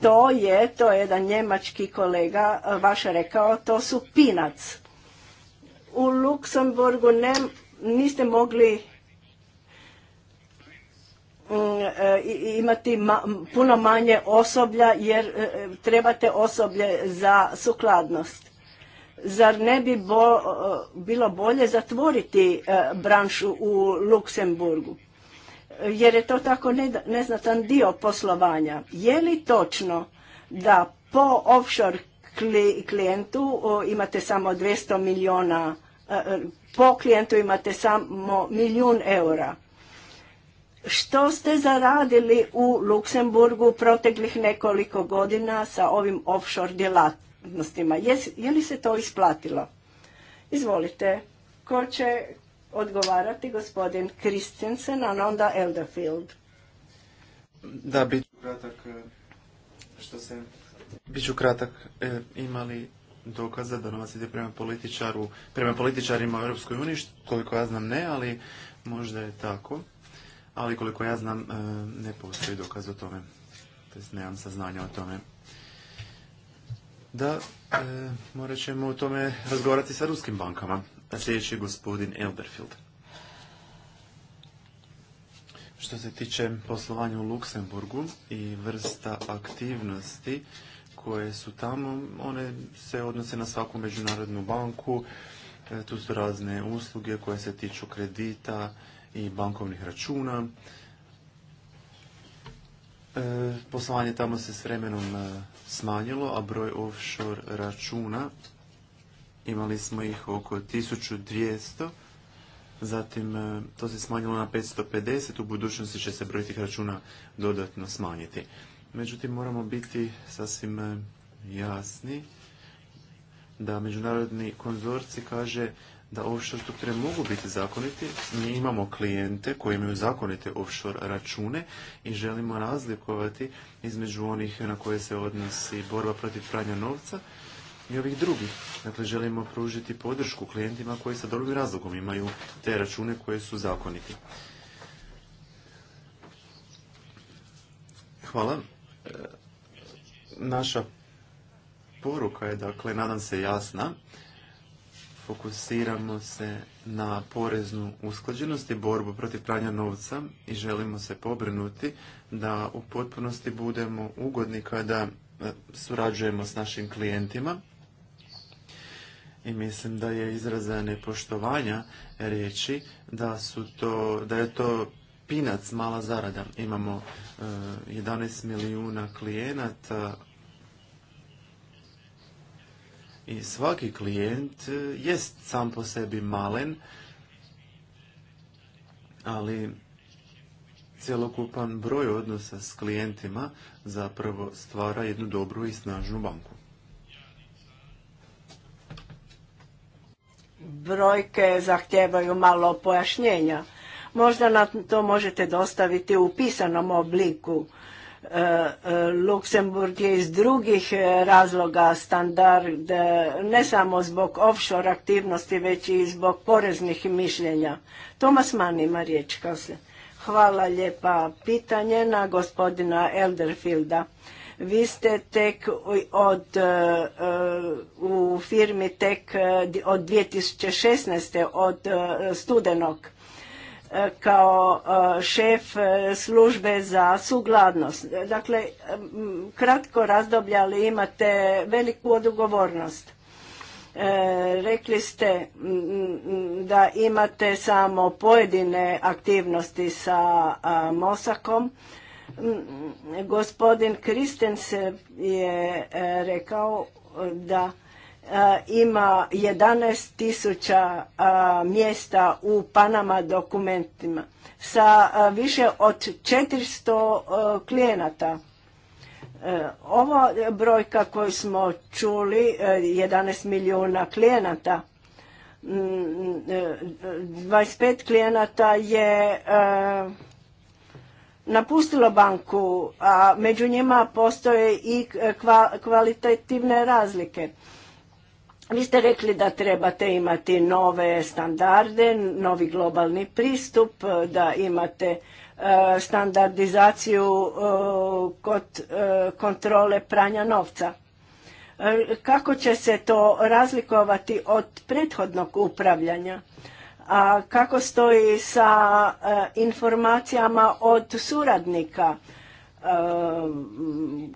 To je, to je jedan njemački kolega vaš rekao, to su pinac. U Luksemburgu ne, niste mogli Mm, e, imati puno manje osoblja jer e, trebate osoblje za sukladnost. Zar ne bi e, bilo bolje zatvoriti branšu u Luksemburgu? Jer je to tako neznatan dio poslovanja. Je li točno da po offshore klijentu imate samo 200 milijuna, po klijentu imate samo milijun eura? Što ste zaradili u Luksemburgu proteklih nekoliko godina sa ovim offshore djelatnostima? Je, li se to isplatilo? Izvolite. Ko će odgovarati? Gospodin Christensen, a onda Elderfield. Da, bit ću kratak. Eh, što se... Bit ću kratak. Eh, imali dokaza da novac ide prema političaru, prema političarima u Europskoj uniji, koliko ja znam ne, ali možda je tako ali koliko ja znam e, ne postoji dokaz o tome, tj. nemam saznanja o tome. Da, e, morat ćemo o tome razgovarati sa ruskim bankama. sljedeći je gospodin Elberfield. Što se tiče poslovanja u Luksemburgu i vrsta aktivnosti koje su tamo, one se odnose na svaku međunarodnu banku. E, tu su razne usluge koje se tiču kredita i bankovnih računa. E, poslovanje tamo se s vremenom e, smanjilo, a broj offshore računa imali smo ih oko 1200, zatim e, to se smanjilo na 550, u budućnosti će se broj tih računa dodatno smanjiti. Međutim, moramo biti sasvim jasni da međunarodni konzorci kaže da offshore strukture mogu biti zakoniti. Mi imamo klijente koji imaju zakonite offshore račune i želimo razlikovati između onih na koje se odnosi borba protiv pranja novca i ovih drugih. Dakle, želimo pružiti podršku klijentima koji sa dobrim razlogom imaju te račune koje su zakoniti. Hvala. E, naša poruka je, dakle, nadam se jasna fokusiramo se na poreznu usklađenost i borbu protiv pranja novca i želimo se pobrinuti da u potpunosti budemo ugodni kada e, surađujemo s našim klijentima i mislim da je izraza nepoštovanja riječi da su to, da je to pinac mala zarada. Imamo 11 e, milijuna klijenata i svaki klijent e, jest sam po sebi malen, ali cjelokupan broj odnosa s klijentima zapravo stvara jednu dobru i snažnu banku. Brojke zahtijevaju malo pojašnjenja. Možda nam to možete dostaviti u pisanom obliku Luksemburg je iz drugih e, razloga standard, e, ne samo zbog offshore aktivnosti, već i zbog poreznih mišljenja. Tomas Mann ima Hvala lijepa. Pitanje na gospodina Elderfielda. Vi ste tek od, e, u firmi tek od 2016. od studenog E, kao e, šef e, službe za sugladnost. Dakle, kratko razdoblje, ali imate veliku odgovornost. rekli ste da imate samo pojedine aktivnosti sa Mosakom. Gospodin Kristensen je rekao da ima 11 tisuća mjesta u Panama dokumentima sa više od 400 klijenata. E, Ovo brojka koju smo čuli, 11 e, milijuna klijenata, 25 mm, e, klijenata je napustilo banku, a među njima postoje i kvalitativne razlike. Vi ste rekli da trebate imati nove standarde, novi globalni pristup, da imate e, standardizaciju e, kod e, kontrole pranja novca. Kako će se to razlikovati od prethodnog upravljanja? A kako stoji sa informacijama od suradnika?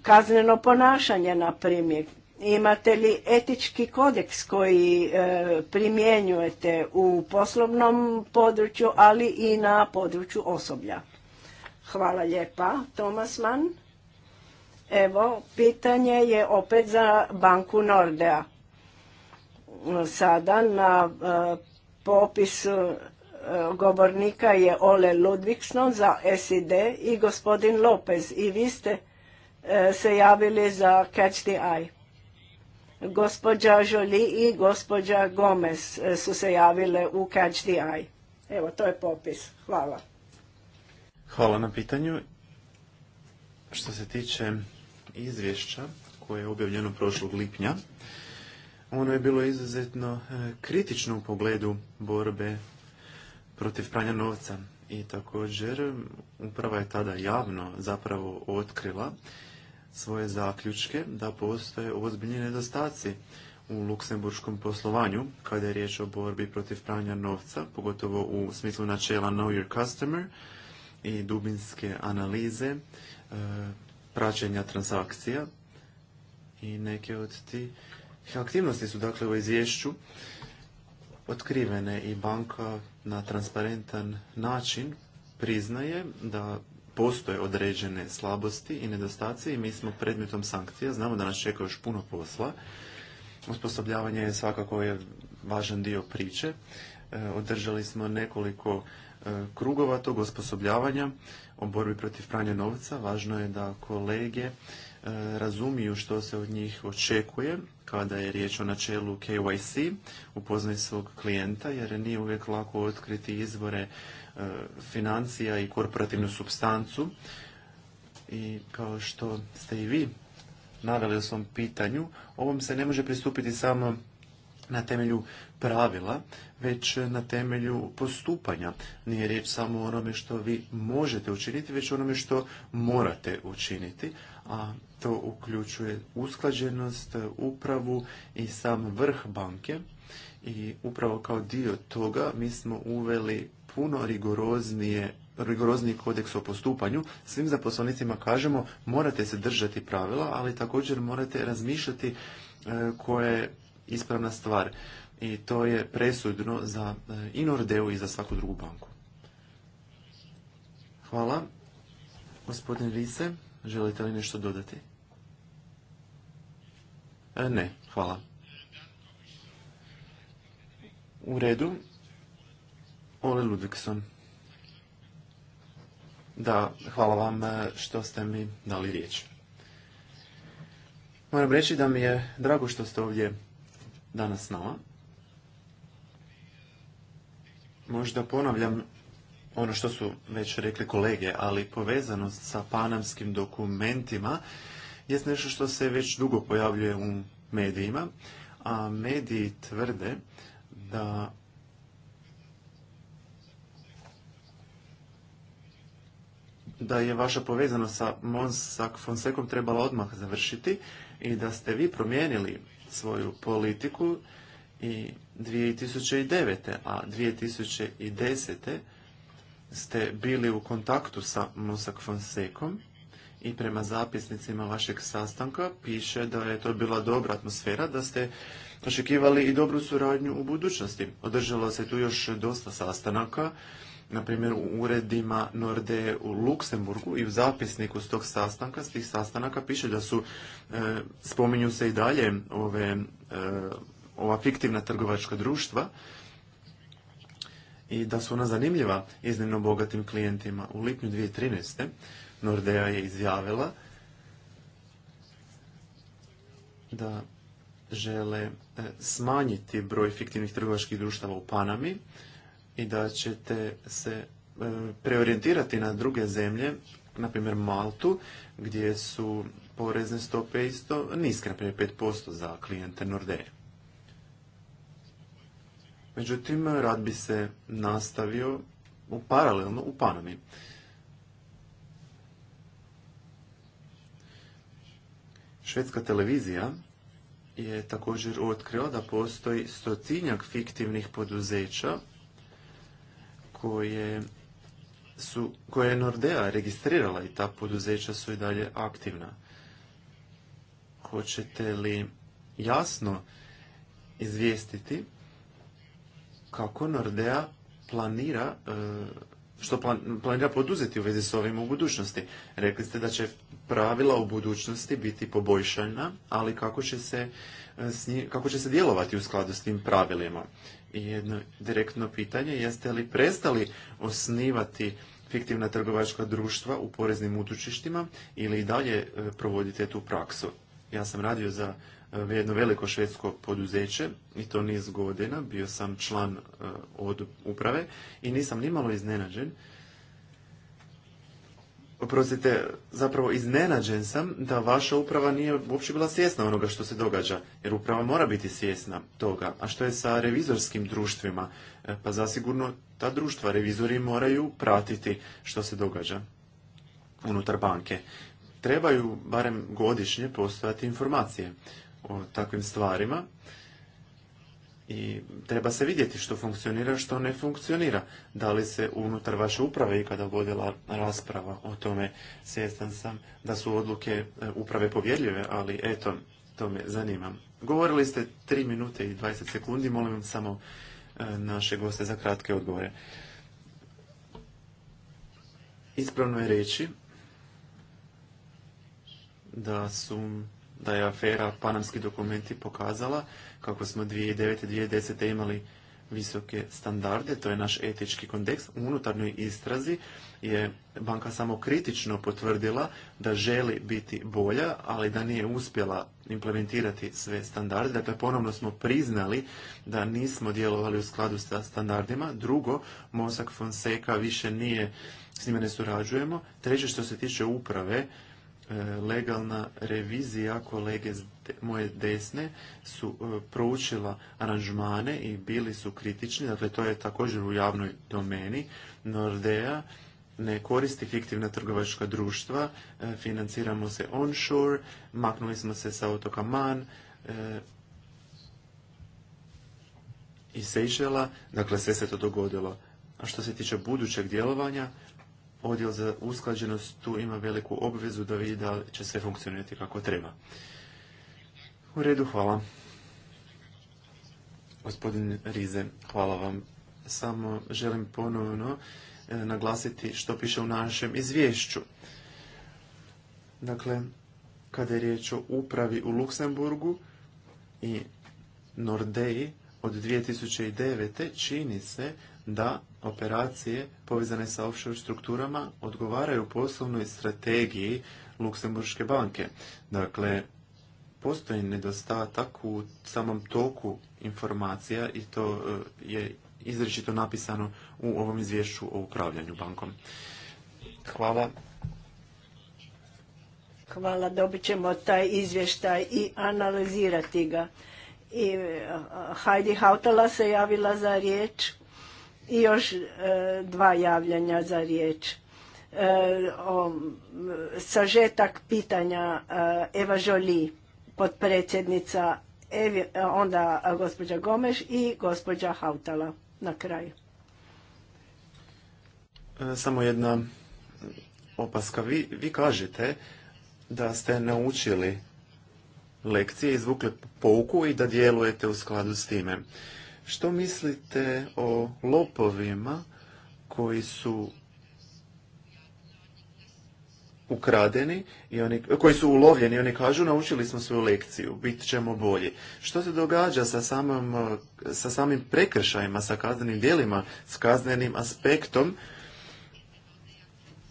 kazneno ponašanje, na primjer. Imate li etički kodeks koji e, primjenjujete u poslovnom području, ali i na području osoblja? Hvala lijepa, Tomas Evo, pitanje je opet za banku Nordea. Sada na e, popisu e, govornika je Ole Ludvigson za SID i gospodin Lopez. I vi ste e, se javili za Catch the Eye. Gospođa Žoli i gospođa Gomez e, su se javile u Catch the Eye. Evo, to je popis. Hvala. Hvala na pitanju. Što se tiče izvješća koje je objavljeno prošlog lipnja, ono je bilo izuzetno e, kritično u pogledu borbe protiv pranja novca. I također uprava je tada javno zapravo otkrila svoje zaključke da postoje ozbiljni nedostaci u luksemburškom poslovanju kada je riječ o borbi protiv pranja novca, pogotovo u smislu načela Know Your Customer i dubinske analize, e, praćenja transakcija i neke od tih aktivnosti su dakle u izvješću otkrivene i banka na transparentan način priznaje da postoje određene slabosti i nedostaci i mi smo predmetom sankcija. Znamo da nas čeka još puno posla. Osposobljavanje je svakako je važan dio priče. E, održali smo nekoliko e, krugova tog osposobljavanja o borbi protiv pranja novca. Važno je da kolege e, razumiju što se od njih očekuje kada je riječ o načelu KYC, upoznaj svog klijenta jer nije uvijek lako otkriti izvore E, financija i korporativnu substancu. I kao što ste i vi naveli u svom pitanju, ovom se ne može pristupiti samo na temelju pravila, već na temelju postupanja. Nije riječ samo o onome što vi možete učiniti, već onome što morate učiniti, a to uključuje usklađenost, upravu i sam vrh banke. I upravo kao dio toga mi smo uveli puno rigoroznije rigorozniji kodeks o postupanju, svim zaposlenicima kažemo morate se držati pravila, ali također morate razmišljati e, koja je ispravna stvar. I to je presudno za e, i Nordeu i za svaku drugu banku. Hvala. Gospodin Vise, želite li nešto dodati? E, ne, hvala. U redu, Ole Ludvigson. Da, hvala vam eh, što ste mi dali riječ. Moram reći da mi je drago što ste ovdje danas s nama. Možda ponavljam ono što su već rekli kolege, ali povezanost sa panamskim dokumentima je nešto što se već dugo pojavljuje u medijima, a mediji tvrde da da je vaša povezanost sa Monsak Fonsekom trebala odmah završiti i da ste vi promijenili svoju politiku i 2009. a 2010. ste bili u kontaktu sa Monsak Fonsekom i prema zapisnicima vašeg sastanka piše da je to bila dobra atmosfera, da ste očekivali i dobru suradnju u budućnosti. Održalo se tu još dosta sastanaka na primjer u uredima Norde u Luksemburgu i u zapisniku s tog sastanka, s tih sastanaka piše da su, e, spominju se i dalje ove, e, ova fiktivna trgovačka društva i da su ona zanimljiva iznimno bogatim klijentima. U lipnju 2013. Nordea je izjavila da žele e, smanjiti broj fiktivnih trgovačkih društava u Panami i da ćete se e, preorijentirati na druge zemlje, na primjer Maltu, gdje su porezne stope isto niske, na primjer 5% za klijente Nordeje. Međutim, rad bi se nastavio u paralelno u Panami. Švedska televizija je također otkrila da postoji stotinjak fiktivnih poduzeća koje su, koje je Nordea registrirala i ta poduzeća su i dalje aktivna. Hoćete li jasno izvijestiti kako Nordea planira e, što planira poduzeti u vezi s ovim u budućnosti. Rekli ste da će pravila u budućnosti biti poboljšana, ali kako će se, e, kako će se djelovati u skladu s tim pravilima jedno direktno pitanje. Jeste li prestali osnivati fiktivna trgovačka društva u poreznim utučištima ili i dalje e, provodite tu praksu? Ja sam radio za e, jedno veliko švedsko poduzeće i to niz godina, bio sam član e, od uprave i nisam nimalo iznenađen oprostite, zapravo iznenađen sam da vaša uprava nije uopće bila svjesna onoga što se događa, jer uprava mora biti svjesna toga. A što je sa revizorskim društvima? E, pa zasigurno ta društva, revizori moraju pratiti što se događa unutar banke. Trebaju barem godišnje postojati informacije o takvim stvarima i treba se vidjeti što funkcionira, što ne funkcionira. Da li se unutar vaše uprave ikada vodila rasprava o tome? Svjestan sam da su odluke e, uprave povjerljive, ali eto, to me zanima. Govorili ste 3 minute i 20 sekundi, molim vam samo e, naše goste za kratke odgovore. Ispravno je reći da su da je afera Panamski dokumenti pokazala kako smo 2009. 2010. imali visoke standarde, to je naš etički kontekst. U unutarnjoj istrazi je banka samo kritično potvrdila da želi biti bolja, ali da nije uspjela implementirati sve standarde. Dakle, ponovno smo priznali da nismo djelovali u skladu sa standardima. Drugo, Mosak Fonseca više nije, s njima ne surađujemo. Treće, što se tiče uprave, E, legalna revizija kolege moje desne su e, proučila aranžmane i bili su kritični, dakle to je također u javnoj domeni. Nordea ne koristi fiktivna trgovačka društva, e, financiramo se onshore, maknuli smo se sa otoka Man, i Sejšela, dakle sve se to dogodilo. A što se tiče budućeg djelovanja, odjel za usklađenost tu ima veliku obvezu da vidi da će sve funkcionirati kako treba. U redu, hvala. Gospodin Rize, hvala vam. Samo želim ponovno e, naglasiti što piše u našem izvješću. Dakle, kada je riječ o upravi u Luksemburgu i Nordeji od 2009. čini se da operacije povezane sa offshore strukturama odgovaraju poslovnoj strategiji Luksemburške banke. Dakle, postoji nedostatak u samom toku informacija i to e, je izrečito napisano u ovom izvješću o upravljanju bankom. Hvala. Hvala, dobit ćemo taj izvještaj i analizirati ga. I e, Heidi Hautala se javila za riječ. I još e, dva javljanja za riječ. E, o, sažetak pitanja e, Eva Žoli, potpredsjednica, onda gospođa Gomeš i gospođa Hautala na kraju. Samo jedna opaska. Vi, vi kažete da ste naučili lekcije, izvukli pouku i da djelujete u skladu s time. Što mislite o lopovima koji su ukradeni i oni, koji su ulovljeni, i oni kažu naučili smo svoju lekciju, bit ćemo bolji. Što se događa sa samim, sa samim prekršajima, sa kaznenim djelima, s kaznenim aspektom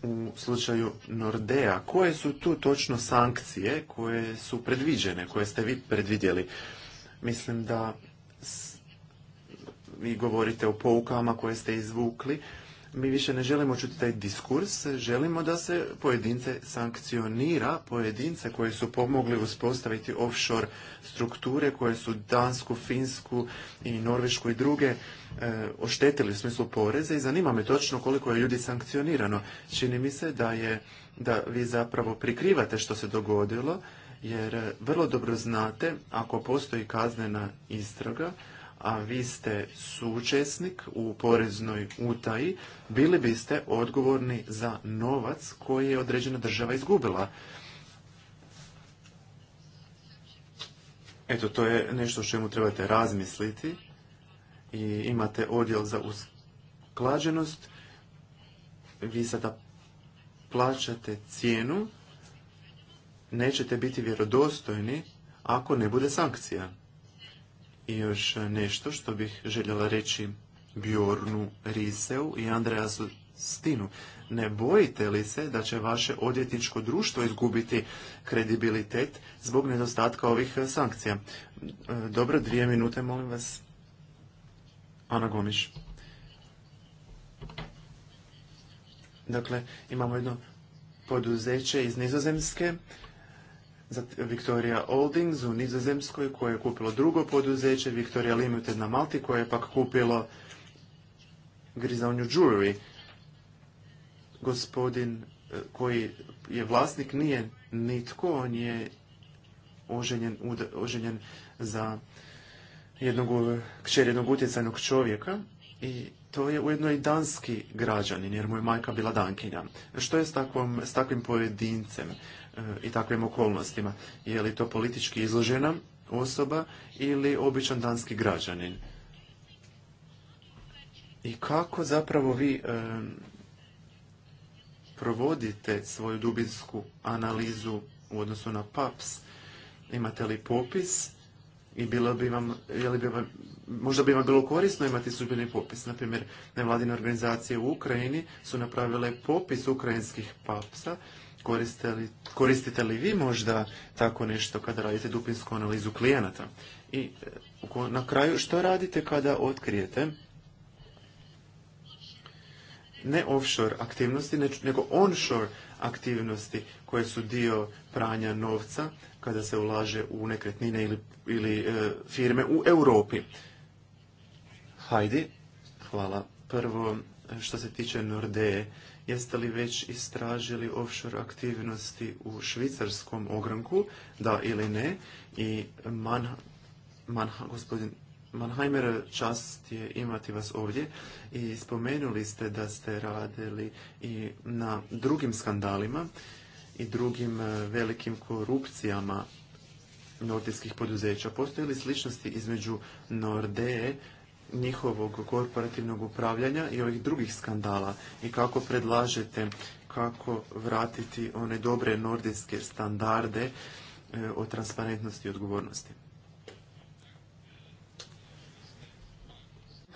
u slučaju Nordea? Koje su tu točno sankcije koje su predviđene, koje ste vi predvidjeli? Mislim da vi govorite o poukama koje ste izvukli. Mi više ne želimo čuti taj diskurs, želimo da se pojedince sankcionira, pojedince koji su pomogli uspostaviti offshore strukture koje su Dansku, Finsku i Norvešku i druge e, oštetili u smislu poreze i zanima me točno koliko je ljudi sankcionirano. Čini mi se da je da vi zapravo prikrivate što se dogodilo jer vrlo dobro znate ako postoji kaznena istraga a vi ste sučesnik u poreznoj utaji, bili biste odgovorni za novac koji je određena država izgubila. Eto, to je nešto o čemu trebate razmisliti i imate odjel za usklađenost. Vi sada plaćate cijenu, nećete biti vjerodostojni ako ne bude sankcija. I još nešto što bih željela reći Bjornu Riseu i Andreasu Stinu. Ne bojite li se da će vaše odvjetničko društvo izgubiti kredibilitet zbog nedostatka ovih sankcija? Dobro, dvije minute, molim vas. Ana Gomiš. Dakle, imamo jedno poduzeće iz Nizozemske Victoria Holdings u Nizozemskoj koje je kupilo drugo poduzeće, Victoria Limited na Malti koje je pak kupilo Grizaunju Jewelry. Gospodin e, koji je vlasnik nije nitko, on je oženjen, za jednog, kćer jednog utjecajnog čovjeka i to je ujedno i danski građanin, jer mu je majka bila dankinja. Što je s takvim pojedincem? i takvim okolnostima. Je li to politički izložena osoba ili običan danski građanin? I kako zapravo vi provodite svoju dubinsku analizu u odnosu na PAPS? Imate li popis? I bilo bi vam, je li bi vam, možda bi vam bilo korisno imati sudbeni popis. Naprimjer, nevladine organizacije u Ukrajini su napravile popis ukrajinskih papsa koristite li vi možda tako nešto kada radite dupinsku analizu klijenata? I e, na kraju, što radite kada otkrijete ne offshore aktivnosti, nego onshore aktivnosti koje su dio pranja novca kada se ulaže u nekretnine ili, ili e, firme u Europi. Hajdi, hvala. Prvo, što se tiče Nordeje, Jeste li već istražili offshore aktivnosti u švicarskom ogranku, da ili ne? I gospodin Mannheimer, čast je imati vas ovdje i spomenuli ste da ste radili i na drugim skandalima i drugim e, velikim korupcijama nordijskih poduzeća. Postoje li sličnosti između Nordeje njihovog korporativnog upravljanja i ovih drugih skandala i kako predlažete kako vratiti one dobre nordijske standarde e, o transparentnosti i odgovornosti.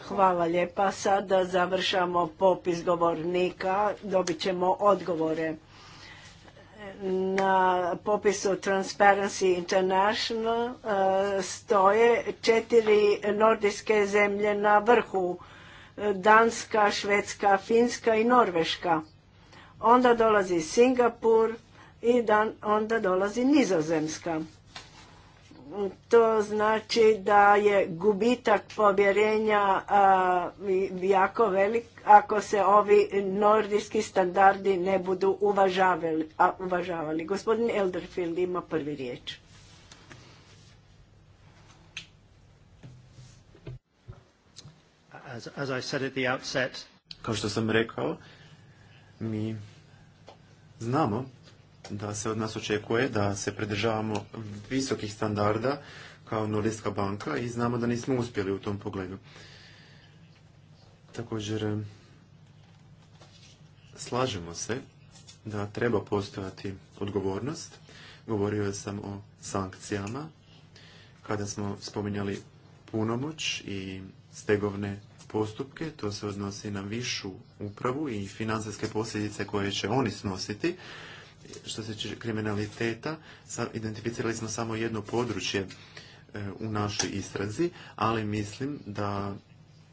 Hvala lijepa. Sada završamo popis govornika. Dobit ćemo odgovore na popisu Transparency International e, stoje četiri nordijske zemlje na vrhu. E, Danska, Švedska, Finska i Norveška. Onda dolazi Singapur i onda dolazi Nizozemska to znači da je gubitak povjerenja jako velik ako se ovi nordijski standardi ne budu uvažavali. uvažavali. Gospodin Elderfield ima prvi riječ. As, I outset... Kao što sam rekao, mi znamo da se od nas očekuje da se pridržavamo visokih standarda kao Nordijska banka i znamo da nismo uspjeli u tom pogledu. Također, slažemo se da treba postojati odgovornost. Govorio sam o sankcijama kada smo spominjali punomoć i stegovne postupke, to se odnosi na višu upravu i financijske posljedice koje će oni snositi što se tiče kriminaliteta, identificirali smo samo jedno područje e, u našoj istrazi, ali mislim da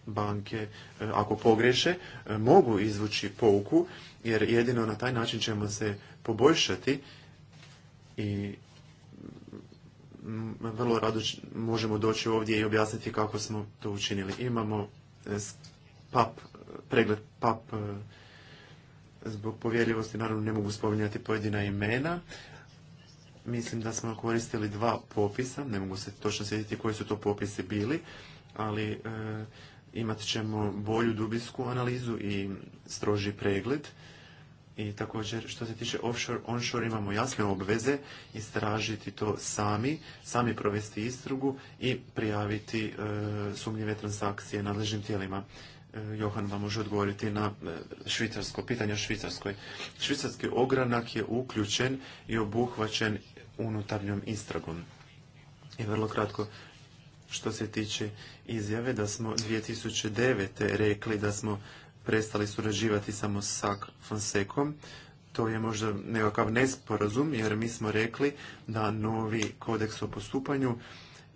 banke, e, ako pogreše, e, mogu izvući pouku, jer jedino na taj način ćemo se poboljšati i vrlo rado možemo doći ovdje i objasniti kako smo to učinili. Imamo PAP, pregled PAP Zbog povjerljivosti naravno ne mogu spominjati pojedina imena. Mislim da smo koristili dva popisa, ne mogu se točno sjetiti koji su to popisi bili, ali e, imat ćemo bolju dubinsku analizu i stroži pregled. I također što se tiče offshore, onshore imamo jasne obveze istražiti to sami, sami provesti istrugu i prijaviti e, sumnjive transakcije nadležnim tijelima. E, Johan vam može odgovoriti na e, švicarsko, pitanje o Švicarskoj. Švicarski ogranak je uključen i obuhvaćen unutarnjom istragom. I vrlo kratko, što se tiče izjave da smo 2009. rekli da smo prestali surađivati samo sa Fonsekom, to je možda nekakav nesporazum jer mi smo rekli da novi kodeks o postupanju,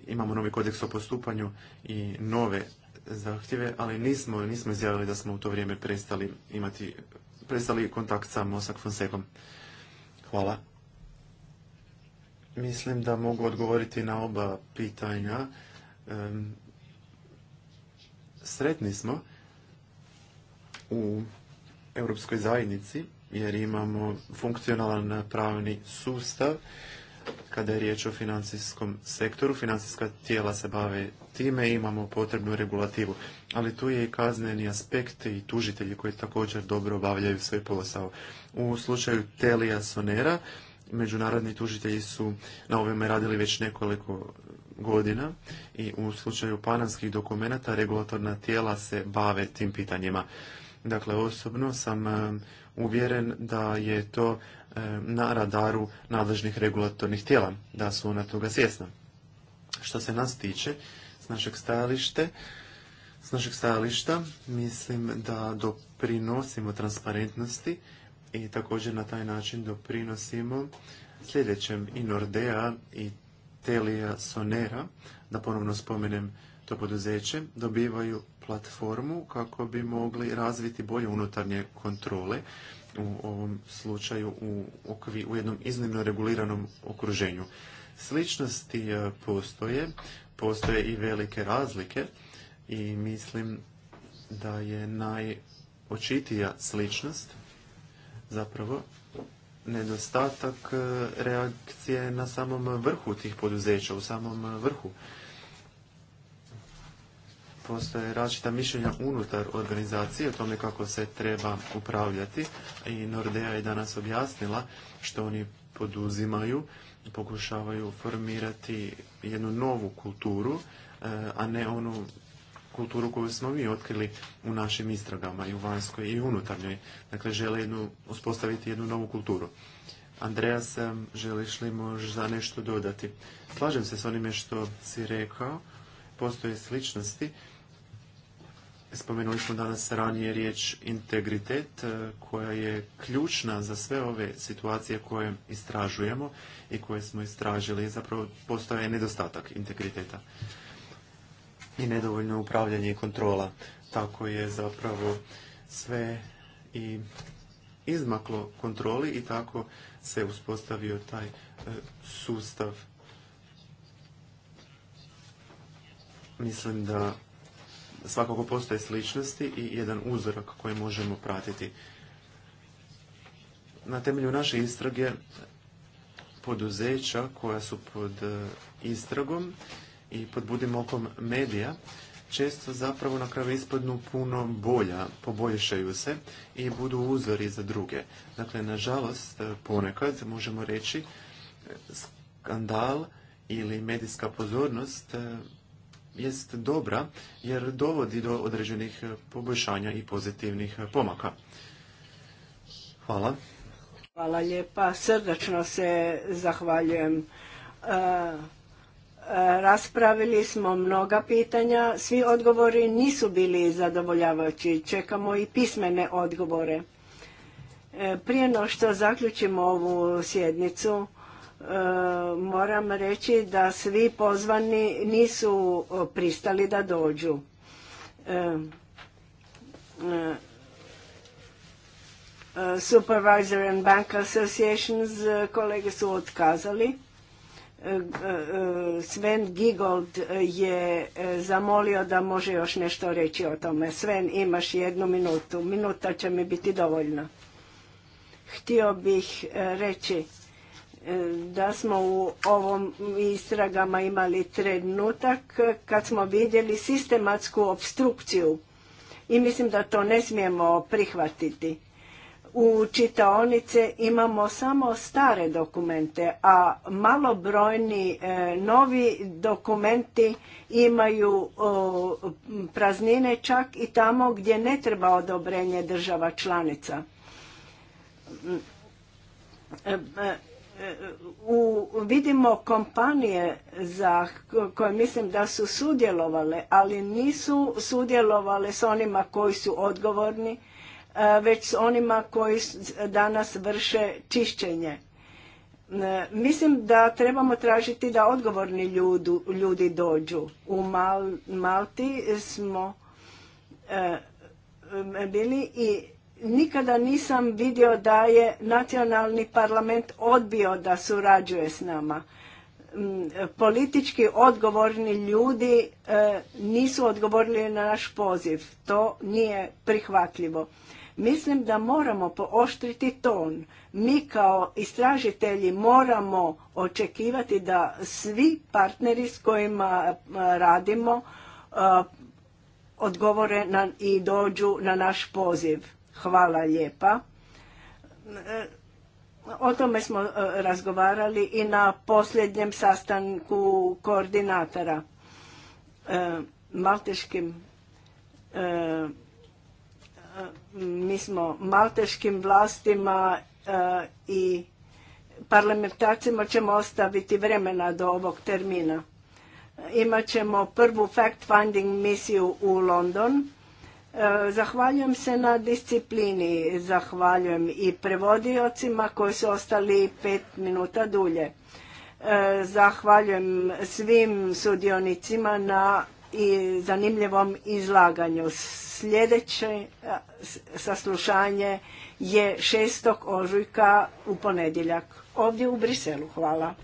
imamo novi kodeks o postupanju i nove zahtjeve, ali nismo, nismo izjavili da smo u to vrijeme prestali imati, prestali kontakt sa Mosak Fonsekom. Hvala. Mislim da mogu odgovoriti na oba pitanja. Sretni smo u Europskoj zajednici jer imamo funkcionalan pravni sustav kada je riječ o financijskom sektoru. Financijska tijela se bave time i imamo potrebnu regulativu. Ali tu je i kazneni aspekt i tužitelji koji također dobro obavljaju svoj posao. U slučaju Telija Sonera, međunarodni tužitelji su na ovome radili već nekoliko godina i u slučaju panamskih dokumenata regulatorna tijela se bave tim pitanjima. Dakle, osobno sam um, uvjeren da je to E, na radaru nadležnih regulatornih tijela, da su ona toga svjesna. Što se nas tiče, s našeg stajalište, s našeg stajališta mislim da doprinosimo transparentnosti i također na taj način doprinosimo sljedećem i Nordea i Telia Sonera, da ponovno spomenem to poduzeće, dobivaju platformu kako bi mogli razviti bolje unutarnje kontrole u ovom slučaju u, u jednom iznimno reguliranom okruženju. Sličnosti e, postoje, postoje i velike razlike i mislim da je najočitija sličnost zapravo nedostatak e, reakcije na samom vrhu tih poduzeća, u samom vrhu postoje različita mišljenja unutar organizacije o tome kako se treba upravljati i Nordea je danas objasnila što oni poduzimaju, i pokušavaju formirati jednu novu kulturu, e, a ne onu kulturu koju smo mi otkrili u našim istragama i u vanjskoj i u unutarnjoj. Dakle, žele jednu, uspostaviti jednu novu kulturu. Andreas, želiš li možda nešto dodati? Slažem se s onime što si rekao, postoje sličnosti Spomenuli smo danas ranije riječ integritet e, koja je ključna za sve ove situacije koje istražujemo i koje smo istražili. Zapravo postoje nedostatak integriteta i nedovoljno upravljanje i kontrola. Tako je zapravo sve i izmaklo kontroli i tako se uspostavio taj e, sustav. Mislim da svakako postoje sličnosti i jedan uzorak koji možemo pratiti. Na temelju naše istrage poduzeća koja su pod e, istragom i pod budim okom medija često zapravo na kraju ispadnu puno bolja, poboljšaju se i budu uzori za druge. Dakle, nažalost, e, ponekad možemo reći e, skandal ili medijska pozornost jest dobra jer dovodi do određenih e, poboljšanja i pozitivnih e, pomaka. Hvala. Hvala lijepa. Srdačno se zahvaljujem. E, raspravili smo mnoga pitanja. Svi odgovori nisu bili zadovoljavajući. Čekamo i pismene odgovore. prije no što zaključimo ovu sjednicu, moram reći da svi pozvani nisu pristali da dođu. E, e, e, Supervisor and Bank Associations kolege su otkazali. Sven Gigold je zamolio da može još nešto reći o tome. Sven, imaš jednu minutu. Minuta će mi biti dovoljna. Htio bih reći da smo u ovom istragama imali trenutak kad smo vidjeli sistematsku obstrukciju i mislim da to ne smijemo prihvatiti. U čitaonice imamo samo stare dokumente, a malobrojni e, novi dokumenti imaju praznine čak i tamo gdje ne treba odobrenje država članica. E, e, u, vidimo kompanije za koje mislim da su sudjelovale, ali nisu sudjelovale s onima koji su odgovorni, e, već s onima koji danas vrše čišćenje. E, mislim da trebamo tražiti da odgovorni ljudi dođu. U Malti smo e, bili i nikada nisam vidio da je nacionalni parlament odbio da surađuje s nama. Mm, politički odgovorni ljudi e, nisu odgovorili na naš poziv. To nije prihvatljivo. Mislim da moramo pooštriti ton. Mi kao istražitelji moramo očekivati da svi partneri s kojima e, radimo e, odgovore i dođu na naš poziv. Hvala lijepa. O tome smo e, razgovarali i na posljednjem sastanku koordinatora e, malteškim e, mi smo malteškim vlastima i parlamentarcima ćemo ostaviti vremena do ovog termina. Imaćemo prvu fact-finding misiju u London Zahvaljujem se na disciplini, zahvaljujem i prevodiocima koji su ostali pet minuta dulje. E, zahvaljujem svim sudionicima na zanimljivom izlaganju. Sljedeće e, saslušanje je 6. ožujka u ponedjeljak ovdje u Briselu. Hvala.